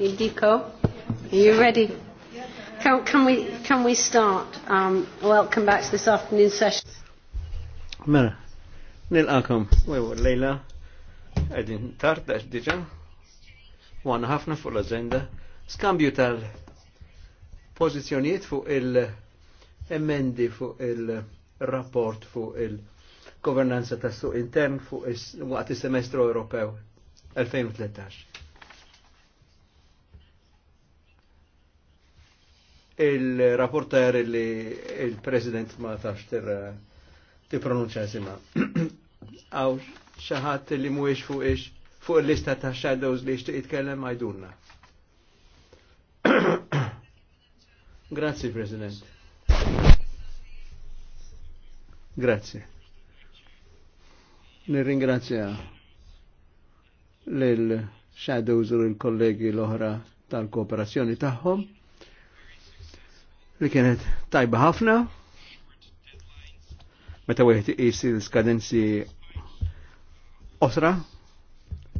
Indiko, are you ready? Can, can, we, can we start? Um, welcome back to this afternoon session. Mela, nil-għakom, wejwur lejla, għedin tard, għax diġa, għanna ħafna fuq l-agenda, skambju tal-pozizjoniet fuq il-emendi fuq il-rapport fuq il-governanza tas suq intern fuq il-waqt il-semestru Ewropew 2013. il-rapporter li il-president ma tafx tipronunċa sima. Għaw xaħat li muħiex fuq ix fuq il-lista ta' shadows li xtiq jitkellem għajdurna. Grazzi, President. Grazzi. Nirringrazzja l shadows u l-kollegi l ohra tal-kooperazzjoni tagħhom li kienet tajba ħafna meta wieħed iqis l skadenzi osra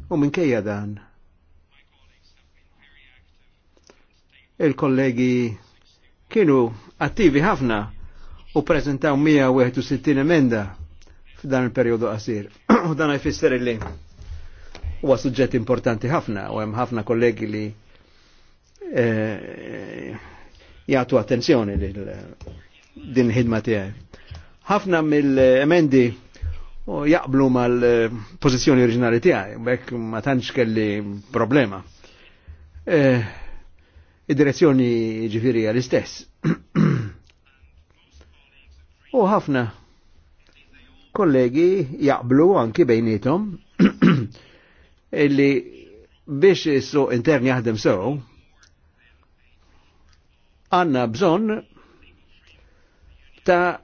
u minkejja dan il-kollegi kienu attivi ħafna u prezentaw 161 emenda f'dan il-periodu qasir. U dan jfisser li huwa suġġett importanti ħafna u hemm ħafna kollegi li eh, jgħatu attenzjoni lil din ħidma tiegħi. Ħafna mill-emendi jaqblu mal-pożizzjoni oriġinali tiegħi, bekk ma tantx kelli problema. E, id-direzzjoni ġifiri għal-istess. U ħafna kollegi jaqblu anki bejnietom illi biex is-suq intern jaħdem sew, għanna bżon ta'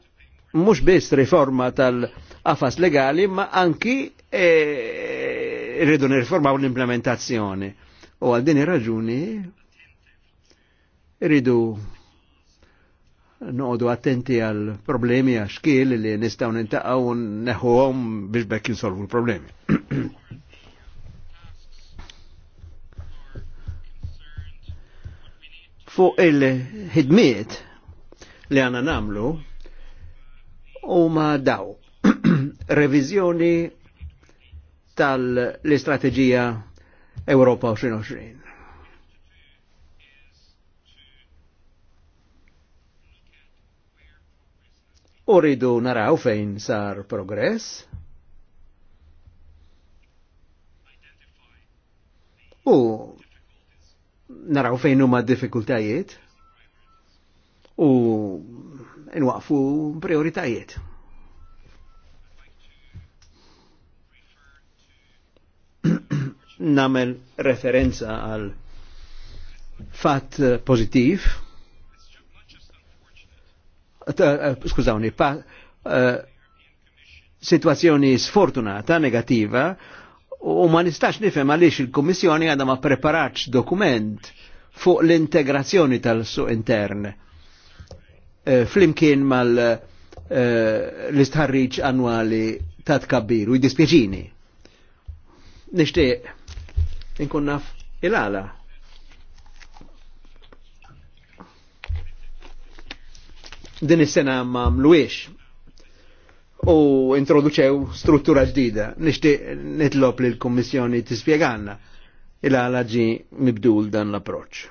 mux biss riforma tal-qafas legali, ma anki e, rridu e, u l-implementazzjoni. U għal din ir-raġuni rridu noqdu attenti għal problemi għax kiel li nistaw nintaqaw neħuhom biex bekk insolvu l-problemi. fuq il-ħidmiet li għana namlu u ma daw revizjoni tal istrategija Europa 2020. Uridu naraw fejn sar progress. U naraw fejn huma diffikultajiet u nwaqfu prioritajiet. Namel referenza għal fat pozitiv eh, skużawni, pa, uh, situazzjoni sfortunata, negativa, U ma nistax nifhem għaliex il-Kummissjoni għadha ma preparax dokument fuq l-integrazzjoni tal-suq intern eh, flimkien mal eh, l-istħarriġ annwali ta' tkabbir u jdispieċini. Nishtiq inkun naf il-għala. Din is-sena ma mluwiex u introduċew struttura ġdida. Nishtiq nitlob li l-Kommissjoni t-spieganna il għalagġi mibdul dan l-approċ.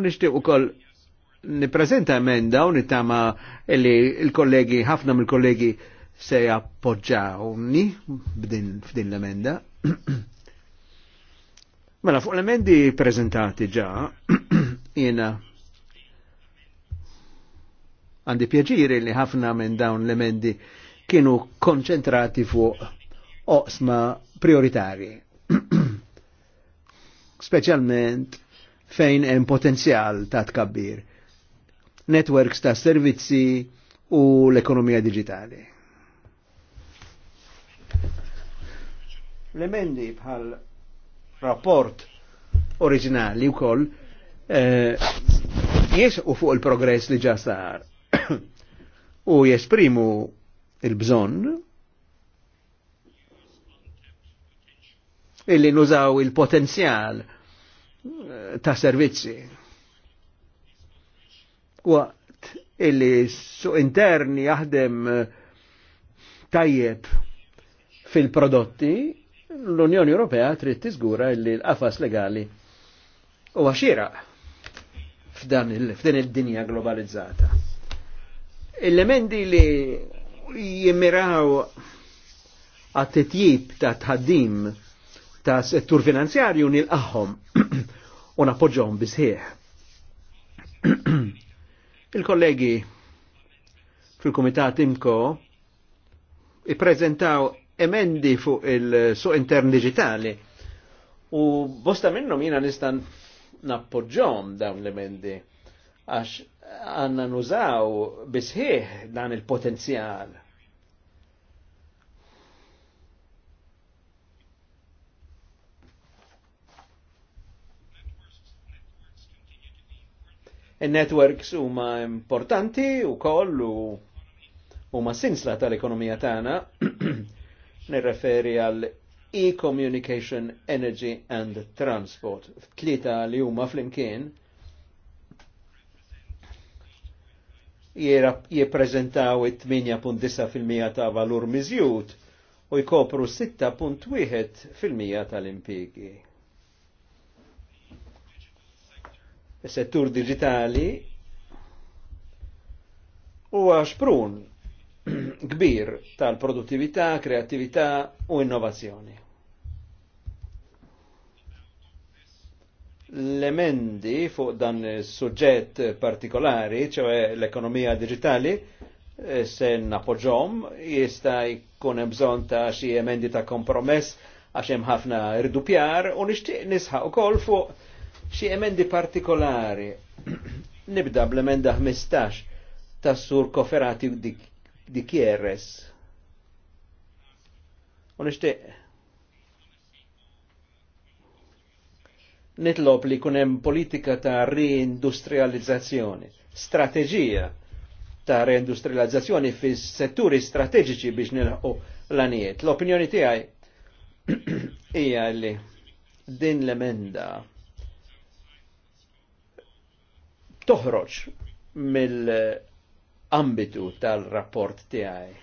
U u koll niprezenta emenda u nittama li il-kollegi, ħafna mill-kollegi se jappoġġawni f'din l-emenda. mela fuq l-emendi prezentati ġa, Jena għandi pjaġiri li ħafna minn dawn l-emendi kienu konċentrati fuq oqsma prioritari. Speċjalment fejn hemm potenzjal ta' tkabbir, networks ta' servizzi u l-ekonomija digitali. L-emendi bħal rapport oriġinali u koll jes eh, u fuq il-progress li ġa sar u jesprimu il bżon illi nużaw il-potenzjal eh, ta' servizzi. Waqt illi su interni jaħdem eh, tajjeb fil-prodotti, l-Unjoni Ewropea trid tiżgura illi l-qafas legali u għaxira f'dan il-dinja globalizzata. Elementi li jimmiraw għat-titjib ta' tħaddim ta' settur finanzjarju nil qahom u napoġom bisħieħ. Il-kollegi fil-Komitat Imko i-prezentaw emendi fuq il-suq intern digitali u bosta minnom jina nistan nappoġġom dawn l-emendi għax għanna nużaw bisħieħ dan il-potenzjal. Il-networks huma importanti u kollu u huma sinsla tal-ekonomija tagħna nirreferi għal e-communication, energy and transport. Tlita li huma flimkien jiprezentaw it-8.9% ta' valur miżjud u jkopru 6.1% tal-impjegi. Is-settur digitali huwa xprun kbir tal-produttività, kreattività u innovazzjoni. L-emendi fuq dan suġġett partikolari, ċoħe l-ekonomija digitali, eh, se napoġom, jista jkun bżon ta' xie emendi ta' kompromess għax hemm ħafna irdupjar u nixtieq nisħaq ukoll fuq xi emendi partikolari. Nibda bl-emenda 15 tas sur koferati dik di kieres. U nishtiq nitlob li kunem politika ta' reindustrializzazzjoni, strategija ta' reindustrializzazzjoni fi setturi strategiċi biex nilħu l-anijiet. L-opinjoni tiegħi ija li din l-emenda toħroġ mill ambitu tal-rapport tiegħi.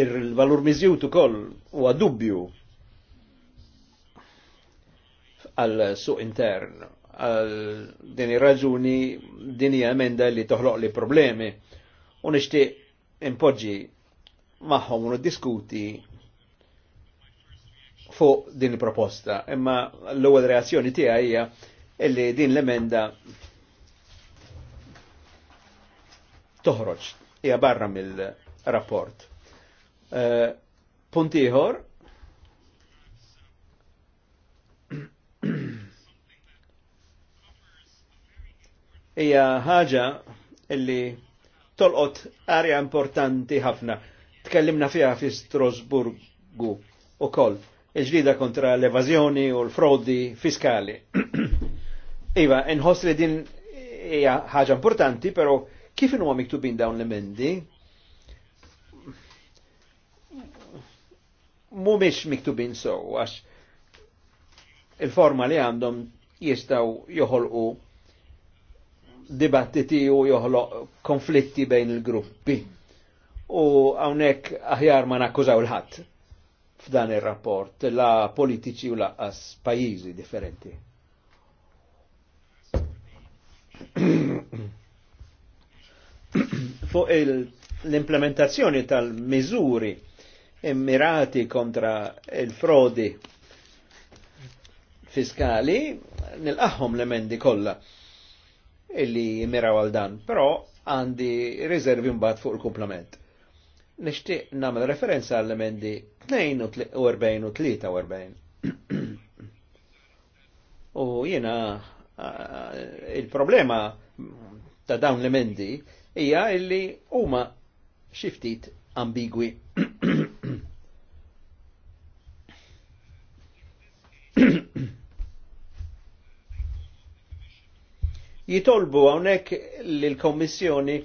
Il-valur miżjut ukoll huwa dubju għal suq intern għal din ir-raġuni din hija emenda li toħloq li problemi u nixtieq impoġġi magħhom u diskuti fuq din il-proposta. Imma l-ewwel reazzjoni tiegħi hija illi din l-emenda toħroġ, hija barra mill-rapport. Uh, Punt ieħor hija ħaġa illi tolqot arja importanti ħafna. Tkellimna fiha fi Strasburgu ukoll il-ġlida kontra l-evazjoni u l-frodi fiskali. iva, nħoss li din hija ħaġa importanti, pero Kif inhu miktubin dawn l-emendi? Mhumiex miktubin so għax il-forma li għandhom jistgħu joħolqu dibattiti u joħloq konflitti bejn il-gruppi. U hawnhekk aħjar ma nakkużaw il ħat f'dan ir-rapport la politiċi u laqqas pajjiżi differenti. fuq l-implementazzjoni tal-miżuri immirati kontra il-frodi fiskali nil-qaħħom l-emendi kollha illi jimiraw għal dan, però għandi riservi mbagħad fuq il-kumplament. Nixtieq nagħmel referenza għall emendi 42 u 43. U jiena eh, il-problema ta' dawn l-emendi hija illi huma xi ftit ambigwi. Jitolbu hawnhekk l-Kommissjoni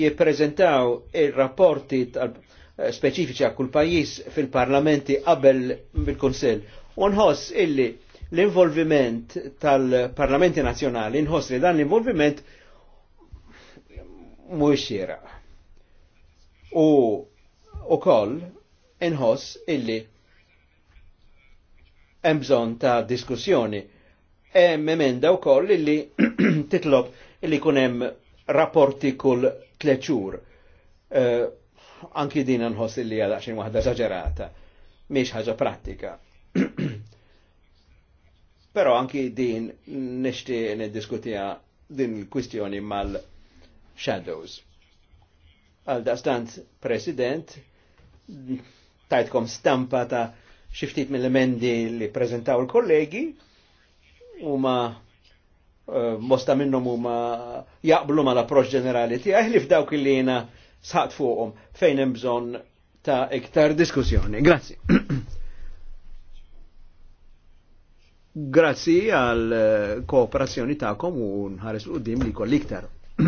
jippreżentaw ir-rapporti speċifiċi għal kull pajjiż fil-parlamenti qabel bil-Kunsell. nħoss illi l-involviment tal-parlamenti nazzjonali, nħoss li dan l-involviment mhuwiex xieraq. U koll inħoss illi hemm bżonn ta' diskussjoni. Hemm emenda wkoll illi titlob illi jkun hemm rapporti kull tleċur. Uh, eh, anki din nħoss illi għal xejn waħda miex ħaġa pratika. Però anki din nixti diskutija din il-kwistjoni mal- shadows. Għal daqstant, President, tajtkom stampa ta' xiftit mill-emendi li prezentaw il-kollegi, u ma mosta eh, minnom u ma jaqblu ma l-approċ ġenerali tiegħi li f'dawk li jena sħat fuqhom fejn hemm bżonn ta' iktar diskussjoni. Grazzi. Grazzi għal eh, kooperazzjoni ta'kom u nħares l dim li kolliktar.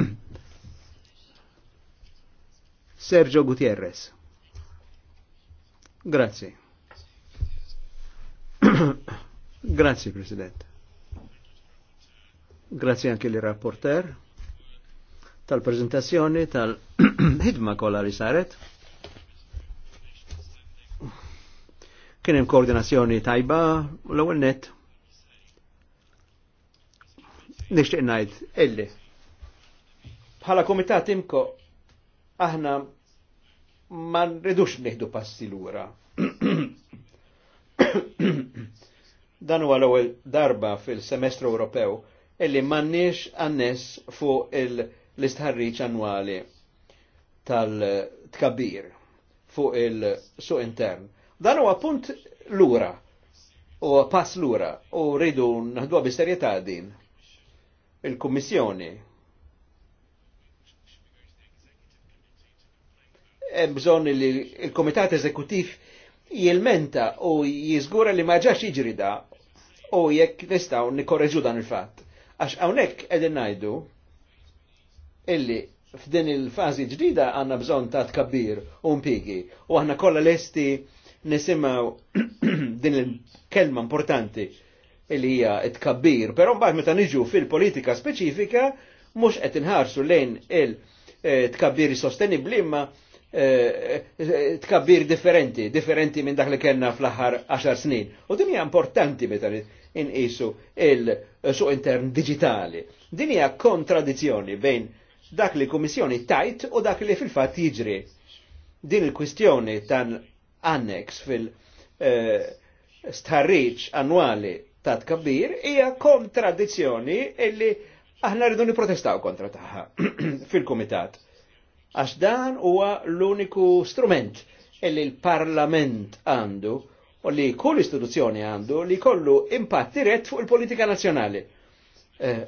Sergio Gutierrez. Grazie. Grazie Presidente. Grazie anche il rapporter tal-prezentazzjoni tal-ħidma kollha li saret. Kien hemm koordinazzjoni tajba l-ewwel net. Nixtieq ngħid illi bħala komitat imko aħna ma nridux neħdu passi lura. Dan huwa l-ewwel darba fil-semestru Ewropew illi m'għandniex għannes fuq l-istħarriġ annwali tal-tkabbir fuq il-suq intern. Dan huwa punt lura u pass lura u rridu naħduha bi serjetà din. Il-Kummissjoni bżon li il-Komitat Eżekutif jilmenta u jizgura li maġax jiġri da u jekk nistaw nikorreġu dan il-fatt. Għax hawnhekk qegħdin ngħidu illi f'din il-fażi ġdida għandna bżonn ta' tkabbir u mpigi u aħna kollha lesti nisimgħu din il-kelma importanti illi hija tkabbir, però mbagħad meta niġu fil-politika speċifika mhux qed inħarsu lejn il-tkabbiri eh, sostenibli imma Eh, eh, tkabbir differenti, differenti minn dak li kellna fl-aħħar 10 snin. U din hija importanti meta inqisu il-suq intern digitali. Din hija kontradizzjoni bejn dak li kummissjoni tajt u dak li fil-fatt jiġri. Din il-kwistjoni tan annex fil-starriċ eh, annwali ta' tkabbir hija kontradizzjoni illi aħna rridu niprotestaw kontra taħħa fil-komitat. Għax dan huwa l-uniku strument li l-Parlament għandu u li kull istituzzjoni għandu li kollu impatt dirett fuq il-politika nazzjonali. Eh,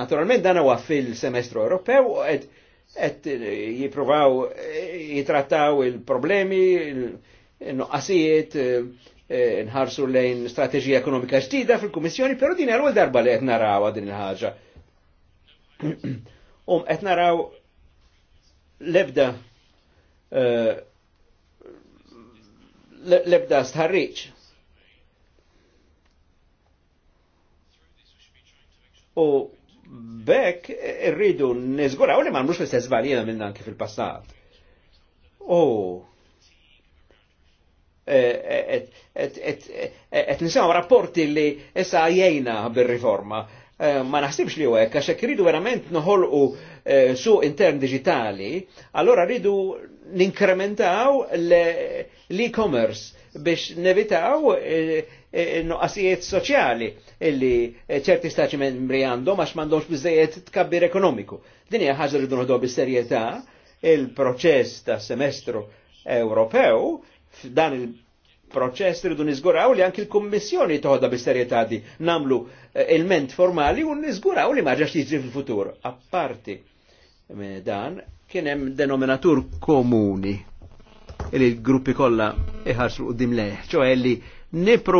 naturalment dan huwa fil-semestru Ewropew qed qed jippruvaw eh, jitrattaw il-problemi, il-noqqasijiet, eh, nħarsu lejn strateġija ekonomika ġdida fil-Kummissjoni, però din għal darba li qed narawha din il-ħaġa. U um, qed naraw lebda uh, lebda stħarriċ. U bekk irridu u li ma nmux l-istess minna anki fil-passat. U et nisaw rapporti li essa jajna bil-riforma Eh, ma naħsibx li huwa hekk għax jekk iridu verament noħolqu eh, su intern digitali, allora ridu ninkrementaw l-e-commerce biex nevitaw eh, noqqasijiet soċjali illi ċerti staċi membri għandhom għax m'għandhomx biżejjed tkabbir ekonomiku. Din hija ħaġa rridu noħdu bis-serjetà il-proċess ta' semestru Ewropew f'dan il proċess rridu nizguraw li anki l kommissjoni toħodha bis-serjetà di namlu eh, ilment formali u nizguraw li ma ġax jiġri fil-futur. Apparti dan kien hemm denominatur komuni li l-gruppi kollha iħarsu qudiem leh, ċoħe li ners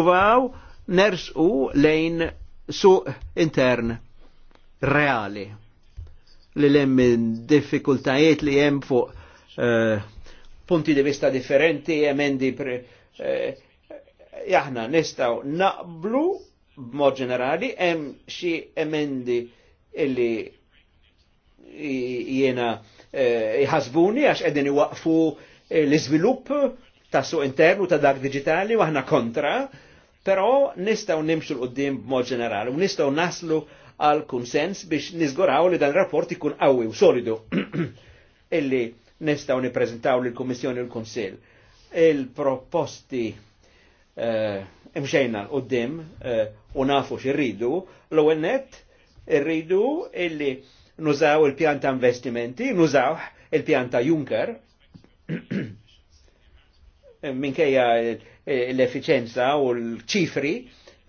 nersqu lejn suq intern reali li l-hemm diffikultajiet li hemm fuq eh, punti di vista differenti, emendi pre, jahna eh, nistaw naqblu b'mod ġenerali hemm xi emendi illi jiena eh, jħasbuni għax qegħdin iwaqfu eh, l-iżvilupp ta' suq internu ta' dak digitali u aħna kontra, però nistgħu nimxu l-qudiem b'mod ġenerali u nistgħu naslu għal kunsens biex nizgoraw li dan rapport ikun qawwi u solidu illi nistaw niprezentaw lill-Kummissjoni u l-Kunsill il-proposti eh, imxejna l-qoddim eh, u nafu xirridu, l-ewwel net irridu illi nużaw il-pjan ta' investimenti, nużaw il-pjan ta' Juncker, minkejja l-efficienza u l-ċifri,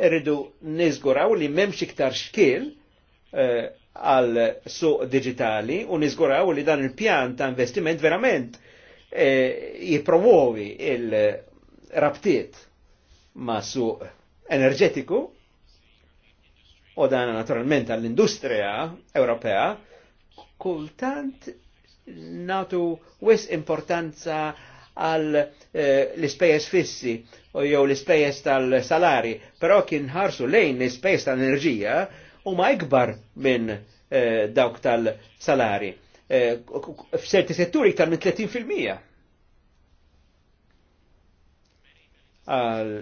irridu nizguraw li memx iktar xkil eh, għal suq digitali u nizguraw li dan il-pjan ta' investiment verament E, jiprovovi il-rabtiet ma' su enerġetiku u dan naturalment għall-industrija Ewropea, kultant natu wis importanza għal e, l-ispejjeż fissi u jew l-ispejjeż tal-salari, però kien ħarsu lejn l-ispejjeż tal-enerġija huma ikbar minn e, dawk tal-salari. Eh, f'serti setturi iktar minn 30%. Għal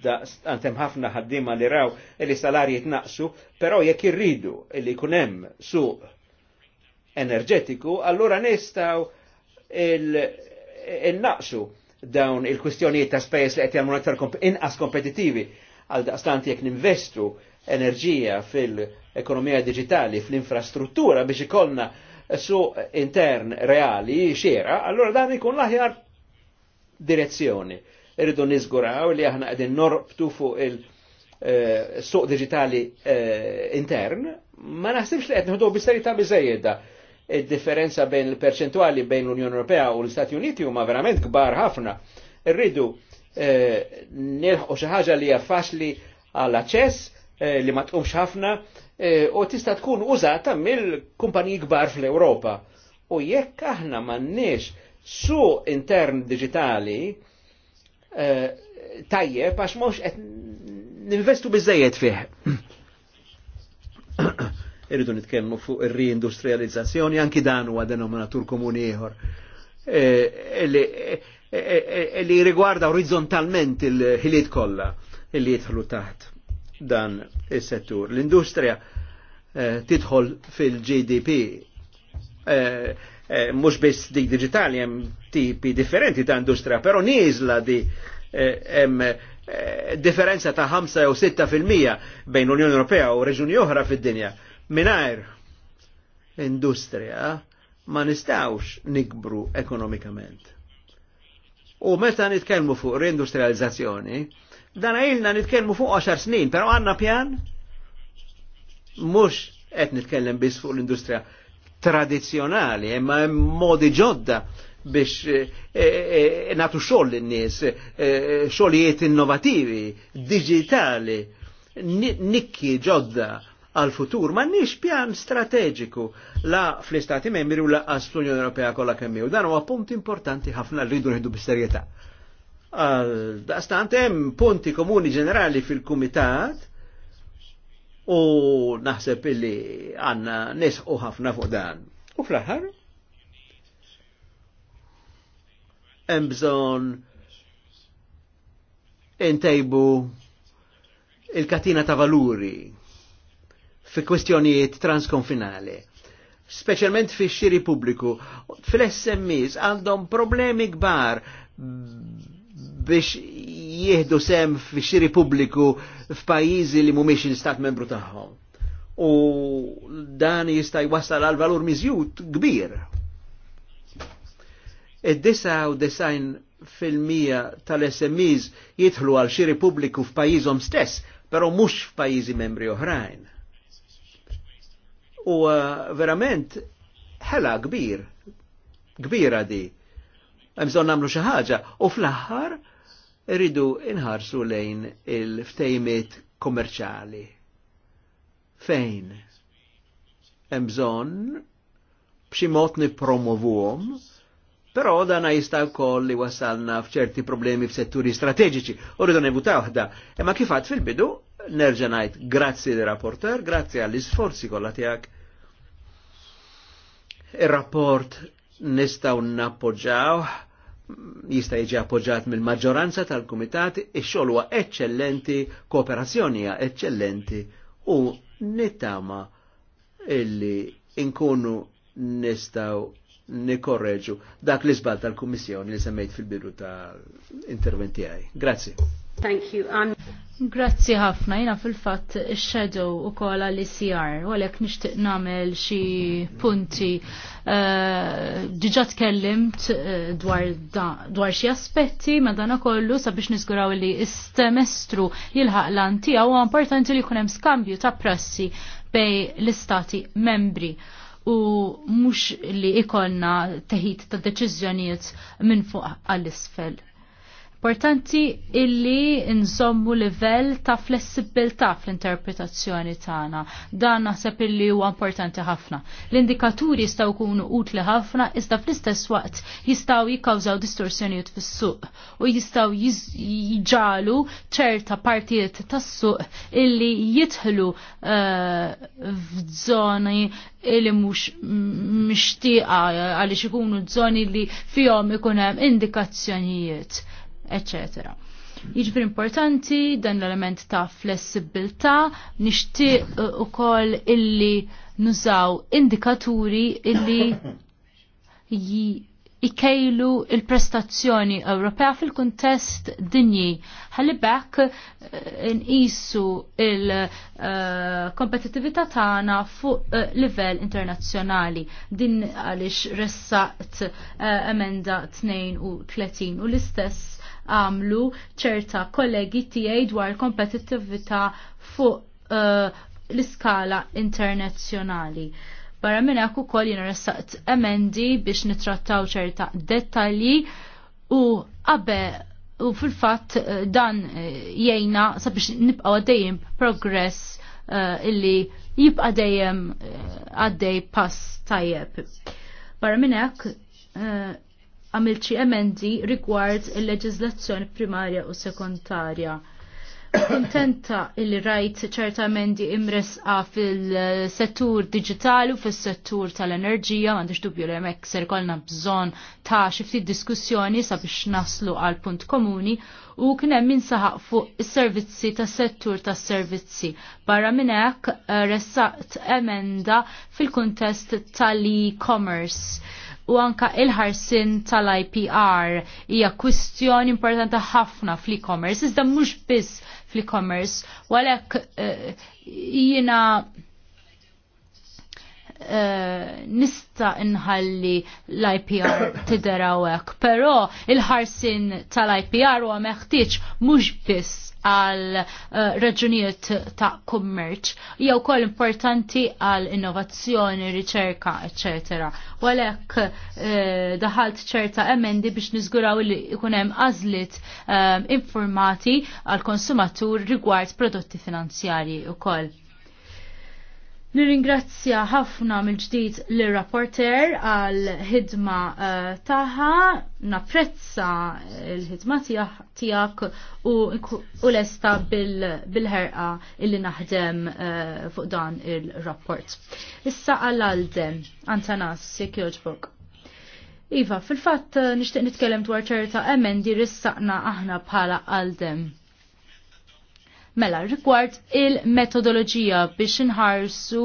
għantem ħafna ħaddima li raw li salari jitnaqsu, pero jekk irridu li kunem su enerġetiku, allura nistaw il-naqsu dawn il-kwistjonijiet ta' spejs li qed jagħmlu aktar inqas kompetittivi għal daqstant jekk ninvestu enerġija fil-ekonomija digitali, fl-infrastruttura biex ikollna su intern reali xiera, allora dan ikun laħjar aħjar direzzjoni. Irridu nizguraw li aħna għedin norbtu fuq il-suq eh, digitali eh, intern, ma naħsibx li għedin bisserita bizzejjeda. il differenza bejn il-perċentuali bejn l-Unjoni Ewropea u l-Stati Uniti huma verament kbar ħafna. Irridu eh, nilħu xi ħaġa li hija faċli għall-aċċess eh, li ma tqumx ħafna E, u tista' tkun użata mill-kumpaniji kbar fl-Ewropa. U jekk aħna m'għandniex su intern digitali e, tajjeb għax mhux qed ninvestu biżejjed fih. Irridu nitkellmu fuq ir-reindustrializzazzjoni anki dan huwa denominatur komuni ieħor e, li rigwarda orizzontalment il-ħiliet kollha li jidħlu taħt dan is-settur. L-industrija eh, tidħol fil-GDP eh, eh, mhux biss dik digitali hemm tipi differenti ta' industrija, però niżla di eh, hemm eh, differenza ta' 5 jew 6 fil-mija bejn Unjoni Ewropea u reġuni oħra fid-dinja. Minajr industrija ma nistawx nikbru ekonomikament. U meta nitkellmu fuq reindustrializzazzjoni, Dan għajilna nitkellmu fuq 10 snin, però għandna pjan mhux qed nitkellem biss fuq l-industrija tradizjonali, imma modi ġodda biex e, e, natu xoll l-nies, e, xollijiet innovativi, digitali, nikki ġodda għal-futur, ma nix pjan strategiku la fl-Istati membri u la għas l-Unjoni Ewropea kolla kemmi. dan huwa punt importanti ħafna rridu nħidu bis-serjetà għal daqstant hemm punti komuni ġenerali fil-kumitat u naħseb illi għanna nesqu ħafna fuq dan. U fl-aħħar hemm bżonn intejbu il-katina ta' valuri fi kwestjonijiet transkonfinali specialment fi xiri pubbliku. Fl-SMEs għandhom problemi kbar biex jihdu sem fi xiri publiku f'pajjiżi li mumiex il-stat membru taħħom. U dan jista' jwassal għal valur miżjud kbir. Id-99 fil-mija tal-SMEs jitħlu għal xiri publiku f'pajjiżhom stess, pero mhux f'pajjiżi membri oħrajn. U uh, verament ħela kbir, kbira di bżon namlu xi ħaġa u fl-aħħar rridu inħarsu lejn il-ftejmiet kommerċali. Fejn? Hemm bximot b'xi mod nippromovuhom, però dana jista' wkoll li wasalna f'ċerti problemi f'setturi strateġiċi. U rridu nevuta waħda. Imma kif għad fil-bidu, nerġa' ngħid grazzi li rapporter, grazzi għall-isforzi kollha tiegħek. Ir-rapport nistaw nappoġġaw jista' jiġi appoġġjat mill-maġġoranza tal-kumitat, ix-xogħol huwa eċċellenti, kooperazzjoni hija eċċellenti u nittama illi inkunu nistaw nikorreġu dak li sbal tal-Kummissjoni li semmejt fil-bidu tal-interventi Grazzi. Thank you. I'm... Grazzi ħafna, jina fil-fat shadow u kol għal-ICR, u għalek nishtiq namel xie punti. Eh, diġa tkellimt eh, dwar, xie aspetti, ma dana kollu sabiex nizguraw li istemestru jilħaq l-antija u importanti li kunem skambju ta' prassi bej l-istati membri u mux li ikonna teħid ta' deċizjoniet minn fuq għall-isfel. Importanti illi nżommu livell ta' flessibilta fl-interpretazzjoni tagħna. Dan naħseb illi huwa importanti ħafna. L-indikaturi jistgħu jkunu utli ħafna iżda fl-istess waqt jistgħu jikkawżaw distorsjonijiet fis-suq u jistgħu jiġalu ċerta partijiet tas-suq illi jidħlu eh, f'żoni illi mux mixtieqa għaliex ikunu żoni li fihom ikun hemm indikazzjonijiet eccetera. Jiġifieri importanti dan l-element ta' flessibilità, nixtieq uh, ukoll illi nużaw indikaturi illi ikejlu il-prestazzjoni Ewropea fil-kuntest dinji. Ħalli bekk uh, nqisu il-kompetitività uh, tagħna fuq livell internazzjonali. Din għaliex ressaqt emenda 32 u l-istess għamlu ċerta kollegi tiegħi dwar kompetittività fuq uh, l-iskala internazzjonali. Barra minn hekk ukoll jiena ressaqt emendi biex nitrattaw ċerta dettalji u qabe u fil-fatt eh, dan eh, jgħina sabiex nibqgħu għaddejjem progress uh, illi jibqa' dejjem għaddej pass tajjeb. Barra minn hekk għamilċi emendi rigward il leġizlazzjoni primarja u sekundarja. Kontenta il rajt ċerta emendi imresqa fil-settur digitali u fil-settur tal-enerġija, għandix dubju li hemmhekk ser kolna bżonn ta' xi ftit diskussjoni sabiex naslu għal punt komuni u kien hemm saħaq fuq is-servizzi tas-settur tas-servizzi. Barra minn hekk eh, ressaqt emenda fil-kuntest tal-e-commerce u anka il-ħarsin tal-IPR hija kwistjoni importanti ħafna fl-e-commerce, iżda mhux biss fl-e-commerce, u għalhekk eh, jiena uh, Eh, nista inħalli l-IPR tiderawek, pero il-ħarsin tal-IPR u meħtieġ mhux biss għal eh, raġunijiet ta' kummerċ, jew kol importanti għal innovazzjoni, riċerka, ecc. Walek eh, daħalt ċerta emendi biex nizguraw li ikunem għazlit informati għal konsumatur rigward prodotti finanzjari u kol Nirringrazzja ħafna mill-ġdid l-rapporter għal ħidma uh, eh, taħħa, napprezza eh, l-ħidma tijak u, u lesta bil-ħerqa bil illi naħdem uh, fuq dan il-rapport. Issa għall-alden, Antanas, jek joġbok. Iva, fil-fat nishtiq nitkellem dwar ċerta emendi rissaqna aħna bħala għal-dem. Mela, rigward il-metodoloġija biex inħarsu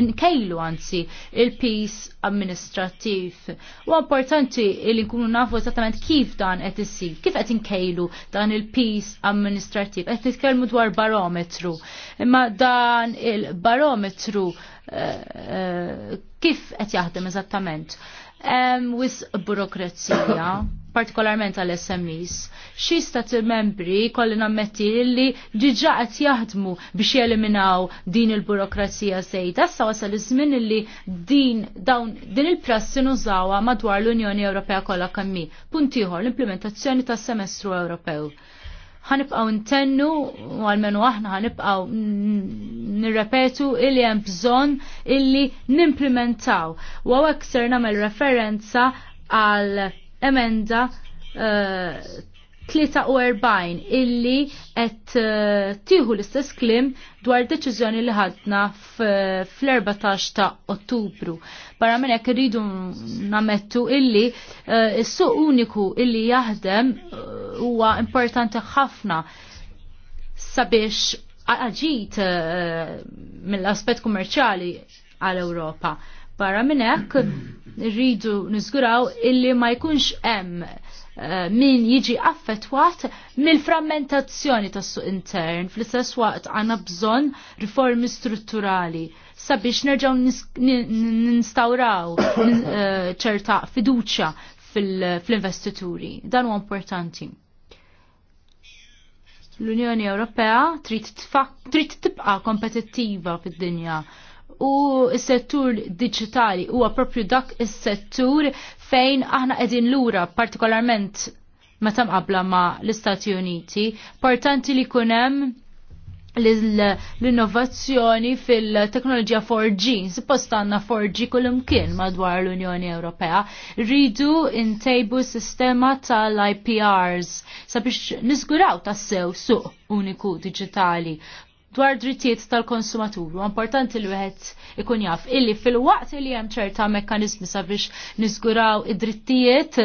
nkejlu anzi il-peace amministrativ. U importanti li nkunu nafu esattament kif dan qed isir, kif qed inkejlu dan il-peace amministrativ. Qed nitkellmu dwar barometru. Imma dan il-barometru eh, eh, kif qed jaħdem eżattament? Wis burokrazija partikolarment għal SMEs. Xi stati membri kolli nammetti li diġa qed jaħdmu biex jeliminaw din il-burokrazija sejta. Issa wasal iż-żmien din dawn din il-prassi nużawha madwar l-Unjoni Ewropea kollha kammi. Punt ieħor l-implementazzjoni tas-semestru Ewropew ħanibqaw intennu, u għalmenu aħna ħanibqaw nirrepetu illi hemm bżonn illi nimplementaw. U għawek ser namel referenza għal emenda uh, eh, 43 illi qed eh, tieħu l-istess klim dwar deċiżjoni li ħadna fl-14 ta' Ottubru. Barra minn hekk irridu namettu illi s eh, is-suq uniku illi jaħdem huwa importanti ħafna sabiex aġit mill-aspett kummerċjali għal-Ewropa. Barra minn hekk rridu niżguraw illi ma jkunx hemm eh, min jiġi affettwat mill-frammentazzjoni tas-suq intern. Fl-istess waqt għandna bżonn riformi strutturali sabiex nerġgħu ninstawraw eh, ċerta fiduċja fl investituri Dan huwa importanti. L-Unjoni Ewropea trid tibqa' kompetittiva fid-dinja u s-settur digitali huwa għapropju dak is-settur fejn aħna qegħdin lura partikolarment meta qabla ma' l-Istati Uniti. Portanti li kunem hemm l-innovazzjoni fil teknologija 4G. Suppost għandna 4G kullimkien madwar l-Unjoni Ewropea. Ridu intejbu sistema tal-IPRs sabiex nisguraw tassew suq uniku digitali dwar drittijiet tal-konsumatur. U importanti li wieħed ikun jaf illi fil-waqt li hemm ċerta mekkaniżmi sabiex niżguraw id-drittijiet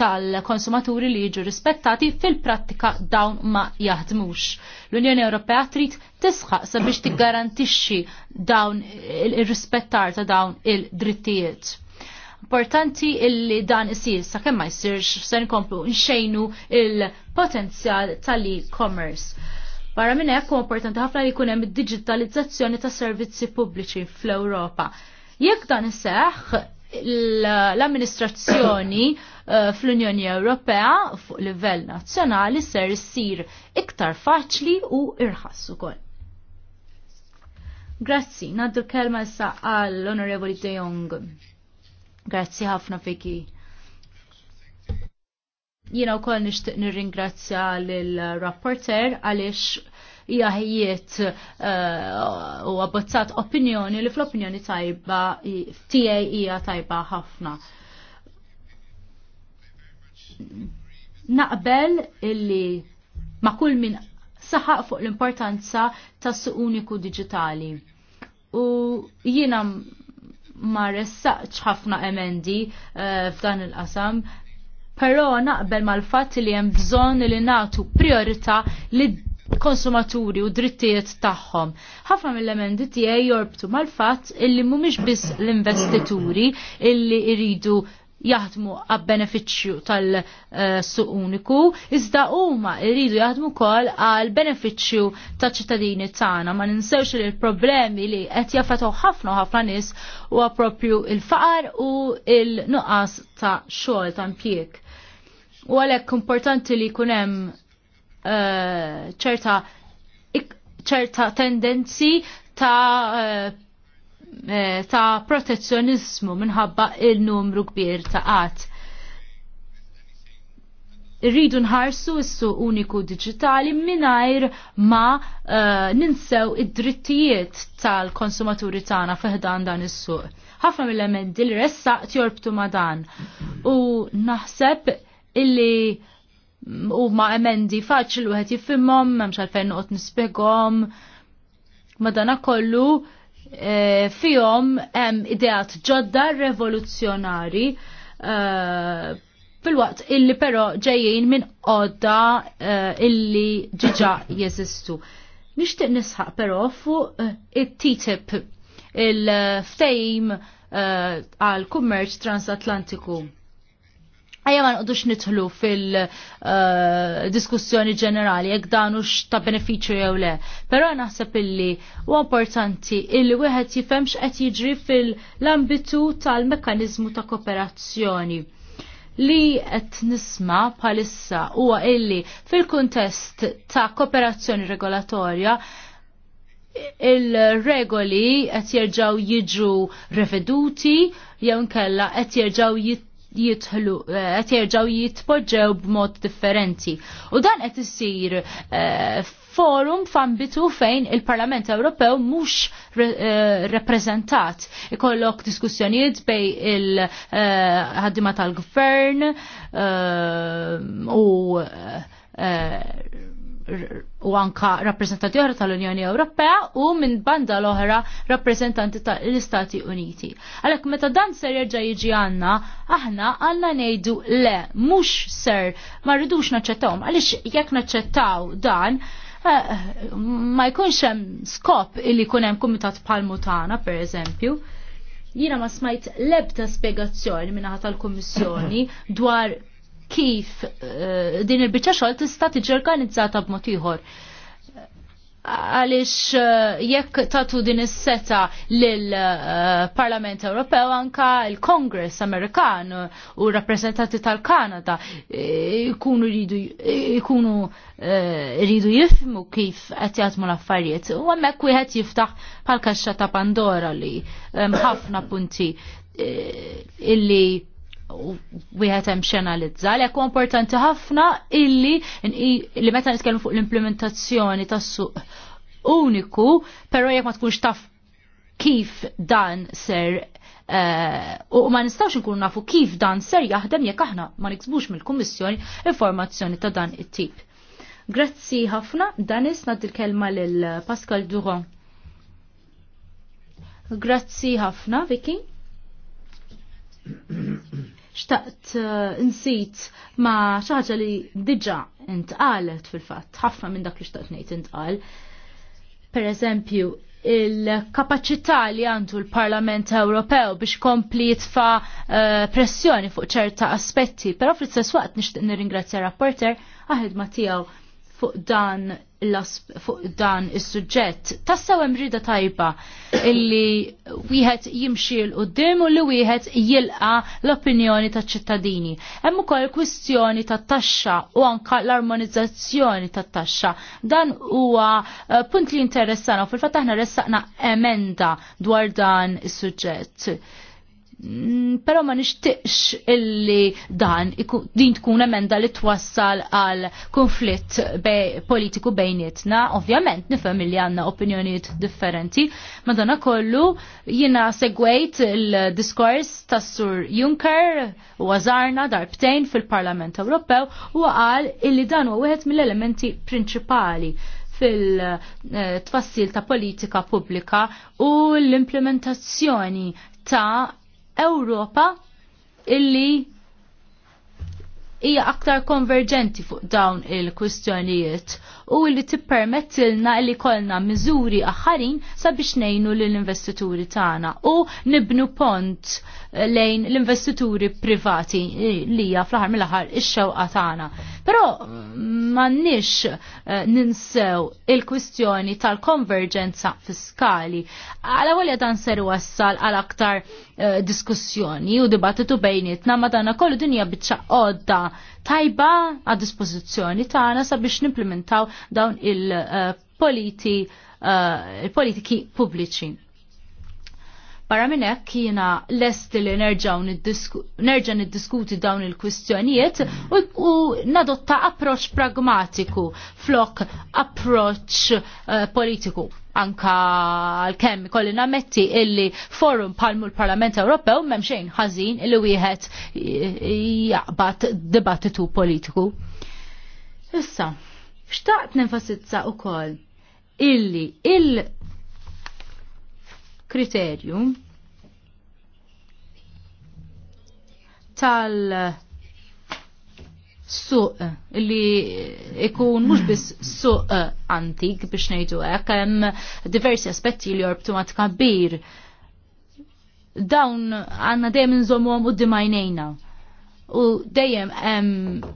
tal-konsumaturi li jiġu rispettati fil-prattika dawn ma jaħdmux. L-Unjoni Ewropea trid tisħaq sabiex tiggarantixxi dawn ir rispettar ta' dawn il-drittijiet. Importanti illi dan isir sa kemm ma jsirx se nkomplu nxejnu il-potenzjal tal-e-commerce Barra minn hekk importanti ħafna li jkun hemm id-diġitalizzazzjoni ta' servizzi pubbliċi fl-Ewropa. Jekk dan iseħħ l-amministrazzjoni eh, fl-Unjoni Ewropea fuq livell nazzjonali ser issir iktar faċli u irħas ukoll. Grazzi, naddu kelma issa għall-Onorevoli De Jong. Grazzi ħafna fiki. Jina u koll nishtiq nirringrazzja l-rapporter għalix jahijiet uh, u abbozzat opinjoni li fl-opinjoni tajba tijaj hija tajba ħafna. Naqbel illi ma' kull min saħaq fuq l-importanza tas s uniku digitali. U jiena ma ressaqx ħafna emendi uh, f'dan il-qasam Però naqbel mal-fatt li hemm bżonn li nagħtu priorità li konsumaturi u drittijiet tagħhom. Ħafna mill-emendi tiegħi jorbtu mal-fatt illi mhumiex biss l-investituri illi jridu jaħdmu għab beneficju tal-suq uniku, iżda huma jridu jaħdmu kol għal beneficju ta' ċittadini tagħna. Ma ninsewx li l-problemi li qed jafetgħu ħafna ħafna nies huwa propju il-faqar u il-nuqqas ta' xogħol ta' impjieg. U għalhekk importanti li jkun hemm eh, ċerta ċerta tendenzi ta' eh, eh, ta' protezzjonizmu minħabba il-numru kbir ta' qatt. Irridu nħarsu issu uniku digitali minajr ma uh, ninsew id-drittijiet tal-konsumaturi tagħna fiħdan dan is-suq. Ħafna mill-emendi li ressaq tjorbtu ma' dan. U naħseb illi u ma emendi faċli wieħed jifhimhom, m'hemmx għalfejn noqgħod nispjegahom. Madana kollu e, eh, fihom hemm ideat ġodda revoluzzjonari e, fil-waqt illi però ġejjin minn qodda e, eh, illi ġiġa jeżistu. Nixtieq nisħaq però fuq it-TTIP il-ftejm għal kummerċ transatlantiku ħajja ma nqdux nidħlu fil-diskussjoni eh, ġenerali jekk dan hux ta' benefiċċju jew le. Però naħseb illi huwa importanti illi wieħed jifhem x'qed jiġri fil-ambitu tal-mekkaniżmu ta' kooperazzjoni li qed nisma bħalissa huwa illi fil-kuntest ta' kooperazzjoni regolatorja il-regoli qed jerġgħu jiġu reveduti jew nkella qed jerġgħu jitħlu, eh, qed jerġgħu jitpoġġew b'mod differenti. U dan qed jisir eh, forum f'ambitu fejn il-Parlament Ewropew mhux reprezentat. Eh, Ikollok diskussjonijiet bej il-ħaddima tal-gvern u u anka rappresentanti oħra tal-Unjoni Ewropea u minn banda l-oħra rappresentanti tal-Istati Uniti. Għalek meta dan ser jerġa' jiġi għanna, aħna għanna nejdu le, mux ser, ma rridux naċċettawm, għaliex jekk naċċettaw dan, eh, ma jkunx hemm skop illi jkun hemm kumitat palmutana, per eżempju jina ma smajt lebda spiegazzjoni minna tal-Kommissjoni dwar kif uh, din il-biċċa xogħol tista' tiġi organizzata b'mod ieħor. Għaliex uh, jekk tatu din is-seta lill-Parlament eh, uh, Ewropew anka l-Kongress Amerikan u rappreżentanti tal-Kanada jkunu ridu jkunu ridu jifmu kif qed jaħdmu l-affarijiet. U hemmhekk wieħed jiftaħ bħal kaxxa ta' Pandora li ħafna punti illi wieħed hemm x'analizza għalhekk huwa importanti ħafna illi li meta nitkellmu fuq l-implementazzjoni tas-suq uniku, però jekk ma tkunx taf kif dan ser u ma nistawx nkunu nafu kif dan ser jaħdem jekk aħna ma niksbux mill-Kummissjoni informazzjoni ta' dan it-tip. Grazzi ħafna, Danis nad il-kelma lil Pascal Duron. Grazzi ħafna, Vicky xtaqt eh, nsit ma xaħġa li diġa intqalet fil-fatt, ħafna minn dak li xtaqt nejt intqal. Per eżempju, il-kapacità li għandu l-Parlament Ewropew biex kompli jitfa eh, pressjoni fuq ċerta aspetti, pero fl-istess waqt nixtieq nirringrazzja rapporter għahed ma tiegħu fuq dan fuq dan is-suġġett. Tassew hemm rida tajba illi wieħed jimxi l qudiem u li wieħed jilqa l-opinjoni taċ-ċittadini. Hemm ukoll kwistjoni tat-taxxa u anka l-armonizzazzjoni tat-taxxa. Dan huwa eh, punt li interessana u fil-fatt aħna ressaqna emenda dwar dan is-suġġett Mm, Pero ma nixtiqx illi dan din tkun emenda li twassal għal konflitt be, politiku bejnietna. Ovvjament nifhem li għandna opinjonijiet differenti. Madonna kollu jiena segwejt il-diskors tas Sur Juncker u għazarna darbtejn fil-Parlament Ewropew u għal illi dan huwa wieħed mill-elementi prinċipali fil-tfassil eh, ta' politika pubblika u l-implementazzjoni ta' Ewropa illi hija aktar konverġenti fuq dawn il-kwistjonijiet u li tippermettilna li kolna miżuri aħħarin sabiex nejnu l-investituri tagħna u nibnu pont lejn l-investituri privati li hija fl-aħħar mill-aħħar ix-xewqa tagħna. Però m'għandniex eh, ninsew il-kwistjoni tal-konverġenza fiskali. Għala għolja dan ser wassal għal aktar eh, diskussjoni u dibattitu bejnietna ma dana kollu dinja bitċa għodda tajba għad dispożizzjoni tagħna sabiex nimplementaw dawn il-politi eh, uh, eh, politiki pubbliċi. Barra minn hekk jiena lest li nerġa' niddiskuti dawn il-kwistjonijiet u, u nadotta approċċ pragmatiku flok approċċ uh, politiku anka għal-kem kolli nametti illi forum palmu l-Parlament Ewropew memxejn ħażin illi wieħed jaqbad dibattitu politiku. Issa, xtaqt nenfasizza u koll illi il-kriterium tal- suq li ikun mhux biss suq antik biex ngħidu hekk hemm diversi aspetti li jorbtu ma tkabbir. Dawn għandna dejjem nżommuhom u dimajnejna. U dejjem hemm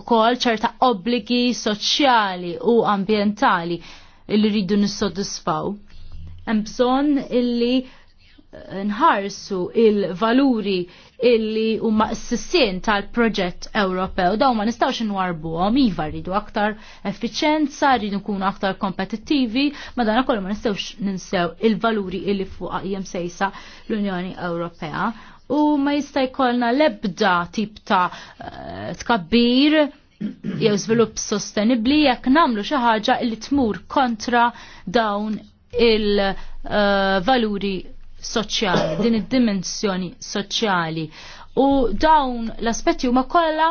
ukoll ċerta obbligi soċjali u ambjentali li rridu nissodisfaw. Hemm bżonn illi nħarsu il-valuri illi huma s tal-proġett Ewropew. Daw ma nistawx nwarbu għom, iva rridu aktar effiċenza, rridu nkunu aktar kompetittivi, ma dana kollu ma nistawx ninsew il-valuri illi fuq jem sejsa l-Unjoni Ewropea. U ma jista' jkollna lebda tip ta' eh, tkabbir jew żvilupp sostenibbli jekk nagħmlu xi ħaġa li tmur kontra dawn il-valuri eh, soċjali, din id-dimensjoni soċjali. U dawn l-aspetti huma kollha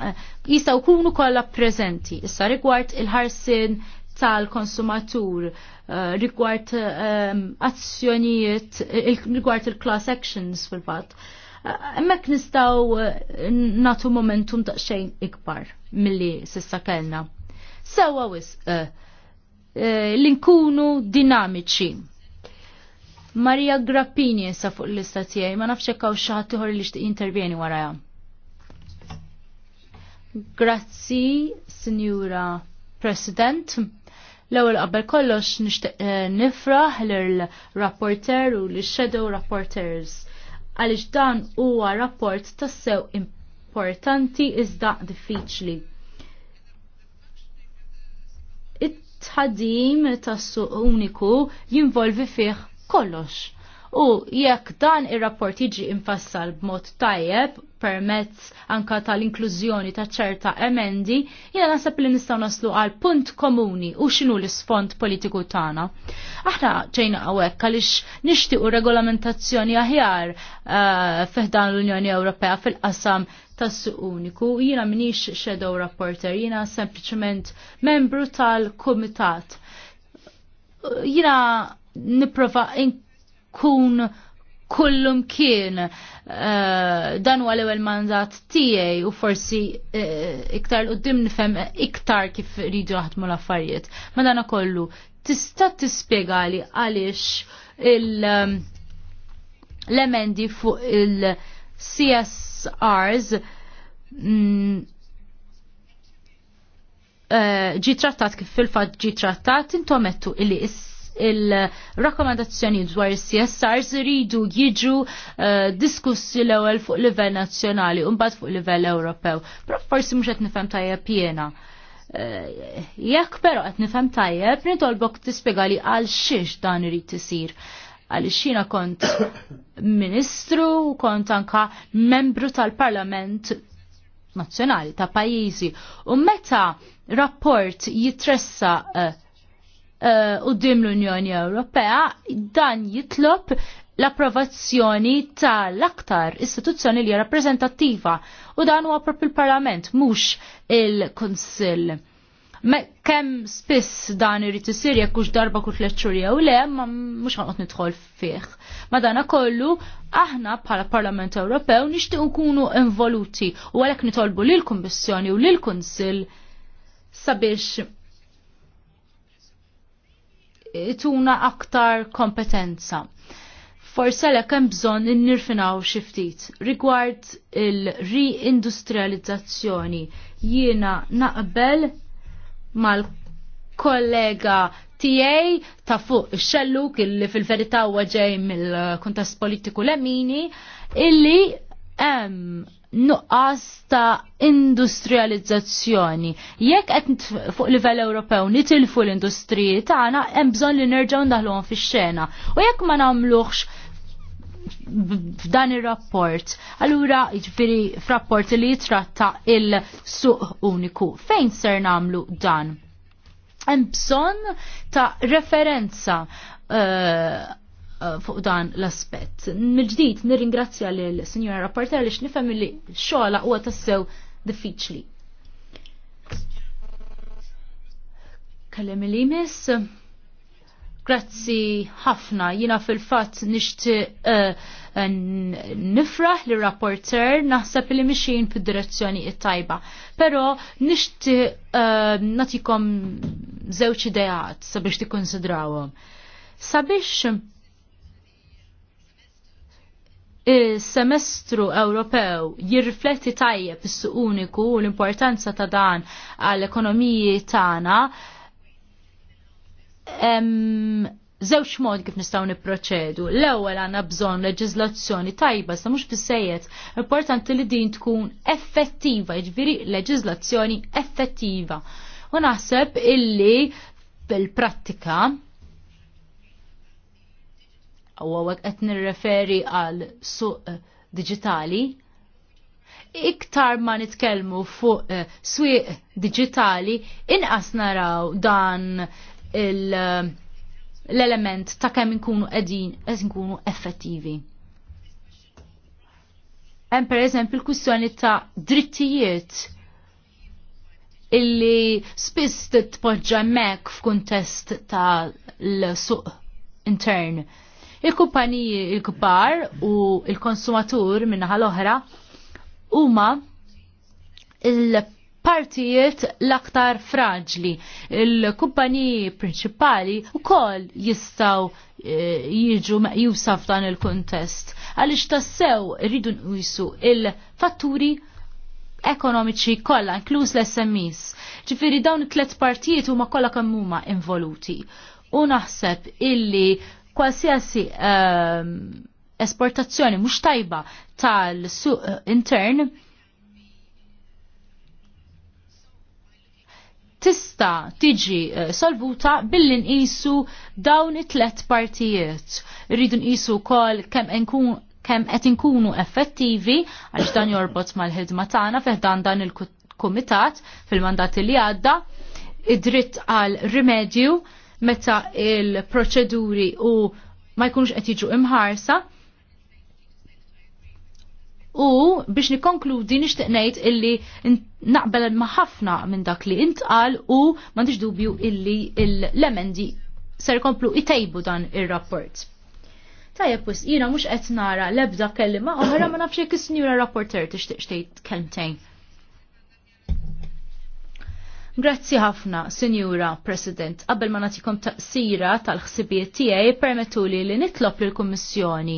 eh, jistaw kunu kollha preżenti issa rigward il-ħarsin tal-konsumatur, eh, rigward ehm, azzjonijiet, eh, rigward il-class actions fil-fatt. Emmek nistaw natu momentum daqsxejn ikbar mill-li sissa kellna. Sewa wis, l-inkunu dinamiċi Maria Grappini issa fuq l-lista tiegħi, ma nafx hekk hawn xi ħadd li xtieq jintervjeni waraja. Grazzi, Sinjura President. L-ewwel qabel kollox nixtieq eh, nifraħ lill-rapporter u l-shadow rapporters għaliex dan huwa rapport tassew importanti iżda diffiċli. it tħadim tas-suq uniku jinvolvi fih kollox. U jekk dan ir-rapport jiġi infassal b'mod tajjeb permezz anka tal-inklużjoni ta' ċerta emendi, jiena naħseb li nistgħu naslu għal punt komuni u x'inhu l-isfond politiku tagħna. Aħna ġejna hawnhekk għaliex nixtiequ regolamentazzjoni aħjar uh, eh, fiħdan l-Unjoni Ewropea fil-qasam tas-suq uniku. Jiena minix shadow rapporter, jiena sempliċement membru tal-kumitat. Jiena niprofa inkun kullum kien uh, dan huwa l-ewwel mandat tiegħi u forsi uh, iktar dim nifhem iktar kif rridu jaħdmu l-affarijiet. Ma dana kollu tista' tispjegali għaliex eh, l-emendi fuq il-CSRs mm, ġi trattat kif fil-fatt ġi trattat intom għettu illi is il-rakkomandazzjoni dwar CSR iridu jiġu uh, diskussi l-ewwel fuq livell nazzjonali u mbagħad fuq livell Ewropew. Pro forsi mhux qed nifhem tajjeb pjena. Uh, eh, Jekk però qed nifhem tajjeb, nitolbok tispjegali għal xiex dan irid isir Għal xina kont ministru, kont anka membru tal-parlament nazzjonali ta' pajizi. U meta rapport jitressa uh, Eh, u dim l-Unjoni Ewropea dan jitlob l-approvazzjoni tal-aktar istituzzjoni li rappreżentattiva u dan huwa propri il-Parlament mhux il-Kunsill. Kemm spiss dan irid isir jekk hux darba kull tliet xhur jew le, ma mhux ħanqod nidħol fih. Madana kollu aħna bħala Parlament Ewropew nixtieq nkunu involuti u għalhekk nitolbu lill-Kummissjoni u lill-Kunsill sabiex ituna aktar kompetenza. Forse l hemm bżonn innirfinaw xi ftit. Rigward il-reindustrializzazzjoni jiena naqbel mal-kollega tiegħi ta' fuq ix-xelluk illi fil-verità huwa ġej mill-kuntest politiku lemini illi hemm nuqqas ta' industrializzazzjoni. Jekk qed fuq livell Ewropew nitilfu l-industriji tagħna hemm bżonn li nerġgħu ndaħluhom fix-xena. U jekk ma nagħmluhx f'dan ir-rapport, allura jiġifieri f'rapport li jitratta il-suq uniku. Fejn ser nagħmlu dan? Hemm bżonn ta' referenza uh, Eh, fuq dan l-aspett. Mil-ġdid nirringrazzja l-Sinjora Rapporter li x'nifhem li xogħla huwa tassew diffiċli. Kellem il mis, Grazzi ħafna, jina fil-fat nishti eh, nifraħ li rapporter naħseb li mixin fil-direzzjoni it-tajba. Pero nishti eh, natikom zewċ idejat sabiex ti konsidrawom. Sabiex Il-semestru Ewropew jirrifletti tajjeb is-suq uniku u l-importanza ta' dan għall-ekonomiji tagħna Zewċ mod kif nistaw niproċedu. L-ewwel għandna bżonn leġiżlazzjoni tajba sa mhux bissejjed importanti li din tkun effettiva, jiġifieri leġiżlazzjoni effettiva. U naħseb illi bil-prattika u għawek qed nirreferi għal suq eh, digitali, iktar ma nitkellmu fuq suq eh, swieq digitali, inqas naraw dan eh, l-element ta' kemm inkunu qegħdin qed nkunu effettivi. Hemm pereżempju l-kwistjoni ta' drittijiet illi spiss titpoġġa mek f'kuntest ta' l-suq intern Il-kumpaniji il-kbar u il-konsumatur minna l-oħra huma il-partijiet l-aktar fraġli. Il-kumpaniji prinċipali u koll jistaw eh, jiġu meqjusa f'dan il-kontest. Għalix tassew rridu nqisu il-fatturi ekonomiċi kollha inkluż l-SMEs. Ġifieri dawn it-tlet partijiet huma kollha kemm huma involuti. U naħseb illi Kwalsiasi um, esportazzjoni mhux tajba tal-suq eh, intern tista tiġi eh, solvuta billi nqisu dawn it-tlet partijiet. Rridu nqisu wkoll kemm nkun kemm qed inkunu effettivi għax dan jorbot mal-ħidma tagħna fiħdan dan il-kumitat fil-mandat li għadda id-dritt għal rimedju meta il-proċeduri u ma jkunux qed jiġu imħarsa. U biex nikonkludi nixtieq ngħid illi naqbel ma' ħafna minn dak li intqal u m'għandix dubju illi l-emendi ser komplu itejbu dan ir-rapport. Tajjeb wis jiena mhux qed nara l-ebda kelliema oħra ma nafx jekk is-sinjura rapporter tixtieq xtejt kelmtejn. Grazzi ħafna, Sinjura President. Qabel ma nagħtikom taqsira tal-ħsibiet tiegħi permettuli li nitlob lill kummissjoni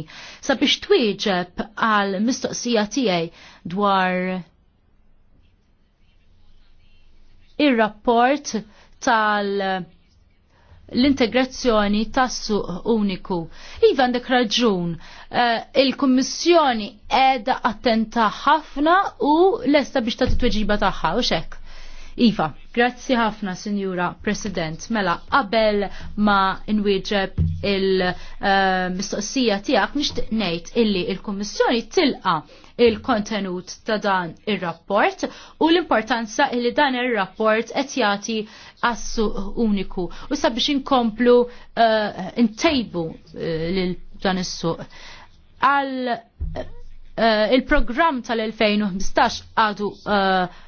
sabiex twieġeb għal mistoqsija tiegħi dwar ir-rapport tal- l-integrazzjoni tas-suq uniku. Iva għandek raġun, eh, il-Kummissjoni qiegħda attenta ħafna u lesta biex tagħti tweġiba tagħha u xek. Iva, grazzi ħafna, Sinjura President. Mela, qabel ma inwieġeb il-mistoqsija uh, tiegħek nixtieq ngħid illi il-Kummissjoni tilqa il-kontenut ta' dan ir-rapport u l-importanza li dan ir-rapport qed jagħti assu uniku. U sabiex inkomplu uh, intejbu uh, lil dan is-suq. Għal uh, il-programm tal-2015 għadu uh,